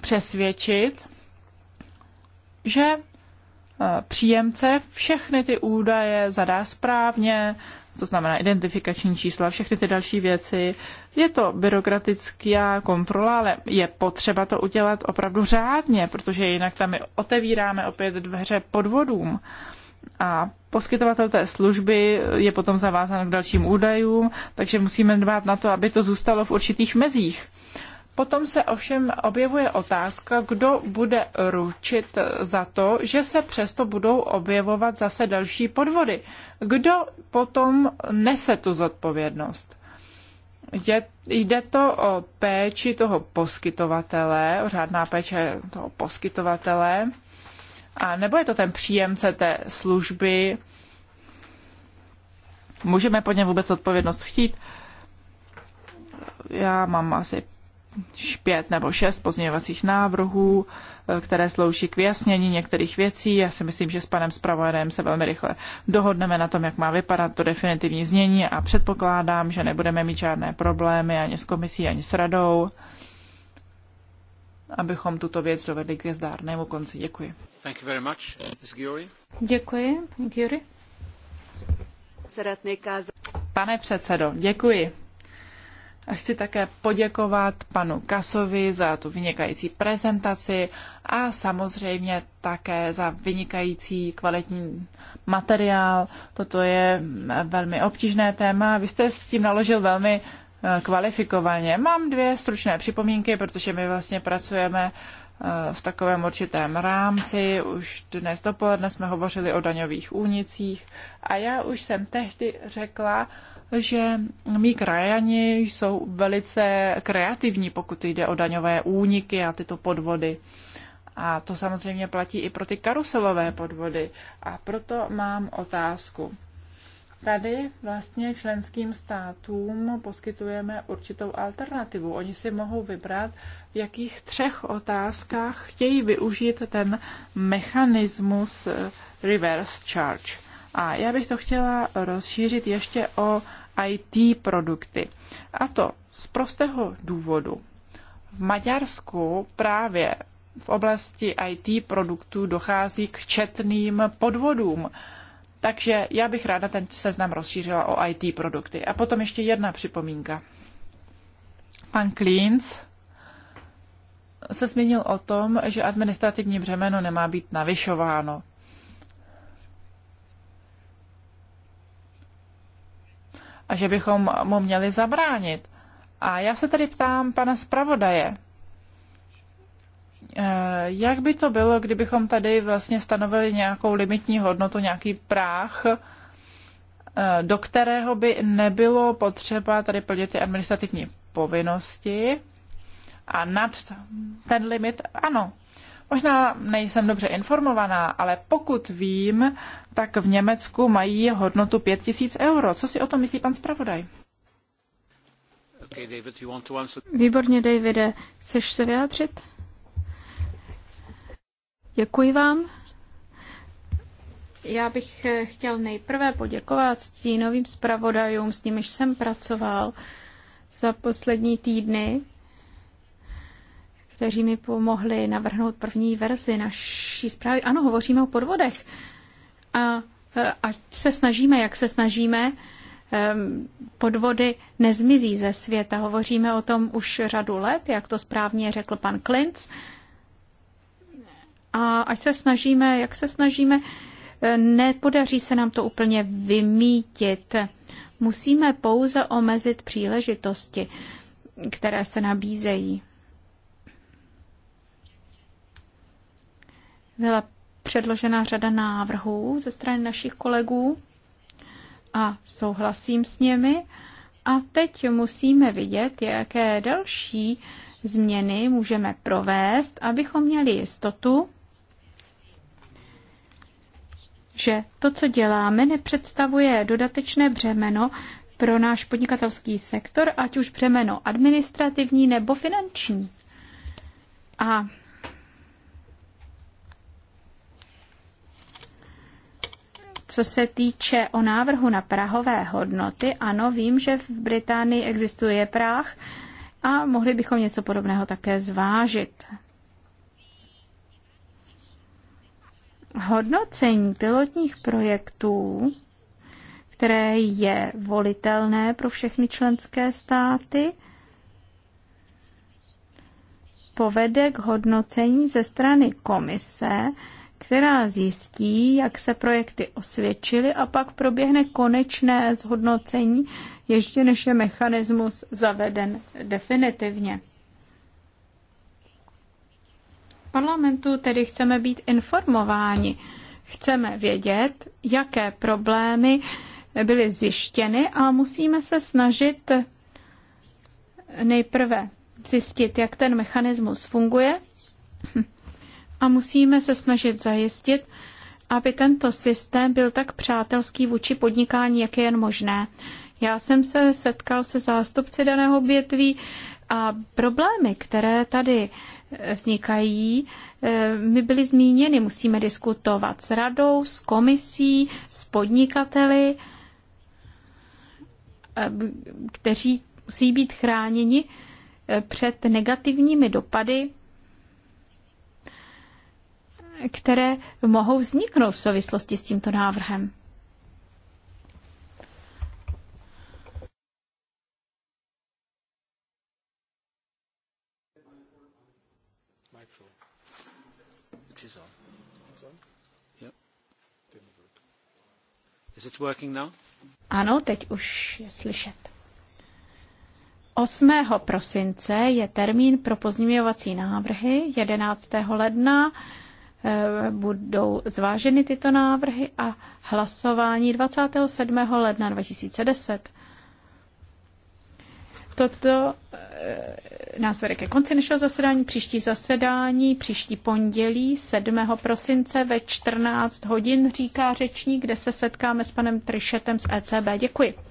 přesvědčit, že eh, příjemce všechny ty údaje zadá správně, to znamená identifikační čísla, všechny ty další věci. Je to byrokratická kontrola, ale je potřeba to udělat opravdu řádně, protože jinak tam otevíráme opět dveře podvodům. A poskytovatel té služby je potom zavázán k dalším údajům, takže musíme dbát na to, aby to zůstalo v určitých mezích. Potom se ovšem objevuje otázka, kdo bude ručit za to, že se přesto budou objevovat zase další podvody. Kdo potom nese tu zodpovědnost? Je, jde to o péči toho poskytovatele, o řádná péče toho poskytovatele, a nebo je to ten příjemce té služby? Můžeme po něm vůbec odpovědnost chtít? Já mám asi pět nebo šest pozměňovacích návrhů, eh, které slouží k vyjasnění některých věcí. Já si myslím, že s panem zpravodajem se velmi rychle dohodneme na tom, jak má vypadat to definitivní znění a předpokládám, že nebudeme mít žádné problémy ani s komisí, ani s radou, abychom tuto věc dovedli k zdárnému konci. Děkuji. Thank you very much, Ms. Giori. Děkuji, Giori. Pane předsedo, děkuji. Chci také poděkovat panu Kasovi za tu vynikající prezentaci a samozřejmě také za vynikající kvalitní materiál. Toto je velmi obtížné téma. Vy jste s tím naložil velmi eh, kvalifikovaně. Mám dvě stručné připomínky, protože my vlastně pracujeme eh, v takovém určitém rámci. Už dnes dopoledne jsme hovořili o daňových únicích a já už jsem tehdy řekla, že mý krajani jsou velice kreativní, pokud jde o daňové úniky a tyto podvody. A to samozřejmě platí i pro ty karuselové podvody. A proto mám otázku. Tady vlastně členským státům poskytujeme určitou alternativu. Oni si mohou vybrat, v jakých třech otázkách chtějí využít ten mechanismus reverse charge. A já bych to chtěla rozšířit ještě o IT produkty. A to z prostého důvodu. V Maďarsku právě v oblasti IT produktů dochází k četným podvodům. Takže já bych ráda ten seznam rozšířila o IT produkty. A potom ještě jedna připomínka. Pan Klínc se zmínil o tom, že administrativní břemeno nemá být navyšováno. a že bychom mu měli zabránit. A já se tedy ptám pana zpravodaje, eh, jak by to bylo, kdybychom tady vlastně stanovili nějakou limitní hodnotu, nějaký práh, eh, do kterého by nebylo potřeba tady plnit ty administrativní povinnosti a nad ten limit, ano, Možná nejsem dobře informovaná, ale pokud vím, tak v Německu mají hodnotu 5000 euro. Co si o tom myslí pan zpravodaj? David, Výborně, Davide. Chceš se vyjádřit? Děkuji vám. Já bych eh, chtěl nejprve poděkovat stínovým zpravodajům, s nimiž jsem pracoval za poslední týdny kteří mi pomohli navrhnout první verzi naší zprávy. Ano, hovoříme o podvodech. A e, ať se snažíme, jak se snažíme, e, podvody nezmizí ze světa. Hovoříme o tom už řadu let, jak to správně řekl pan Klinc. A ať se snažíme, jak se snažíme, e, nepodaří se nám to úplně vymítit. Musíme pouze omezit příležitosti, které se nabízejí. Byla předložena řada návrhů ze strany našich kolegů a souhlasím s nimi. A teď musíme vidět, jaké další změny můžeme provést, abychom měli jistotu, že to, co děláme, nepředstavuje dodatečné břemeno pro náš podnikatelský sektor, ať už břemeno administrativní nebo finanční. A Co se týče o návrhu na prahové hodnoty, ano, vím, že v Británii existuje práh a mohli bychom něco podobného také zvážit. Hodnocení pilotních projektů, které je volitelné pro všechny členské státy, povede k hodnocení ze strany komise, která zjistí, jak se projekty osvědčily a pak proběhne konečné zhodnocení, ještě než je mechanismus zaveden definitivně. V parlamentu tedy chceme být informováni. Chceme vědět, jaké problémy byly zjištěny a musíme se snažit nejprve zjistit, jak ten mechanismus funguje, a musíme se snažit zajistit, aby tento systém byl tak přátelský vůči podnikání, jak je jen možné. Já jsem se setkal se zástupci daného větví a problémy, které tady eh, vznikají, eh, my byly zmíněny. Musíme diskutovat s radou, s komisí, s podnikateli, eh, kteří musí být chráněni před negativními dopady které mohou vzniknout v souvislosti s tímto návrhem. Ano, teď už je slyšet. 8. prosince je termín pro pozměňovací návrhy, 11. ledna Eh, budou zváženy tyto návrhy a hlasování 27. ledna 2010. Toto eh, nás vede ke konci našeho zasedání. Příští zasedání, příští pondělí 7. prosince ve 14 hodin, říká řečník, kde se setkáme s panem Trišetem z ECB. Děkuji.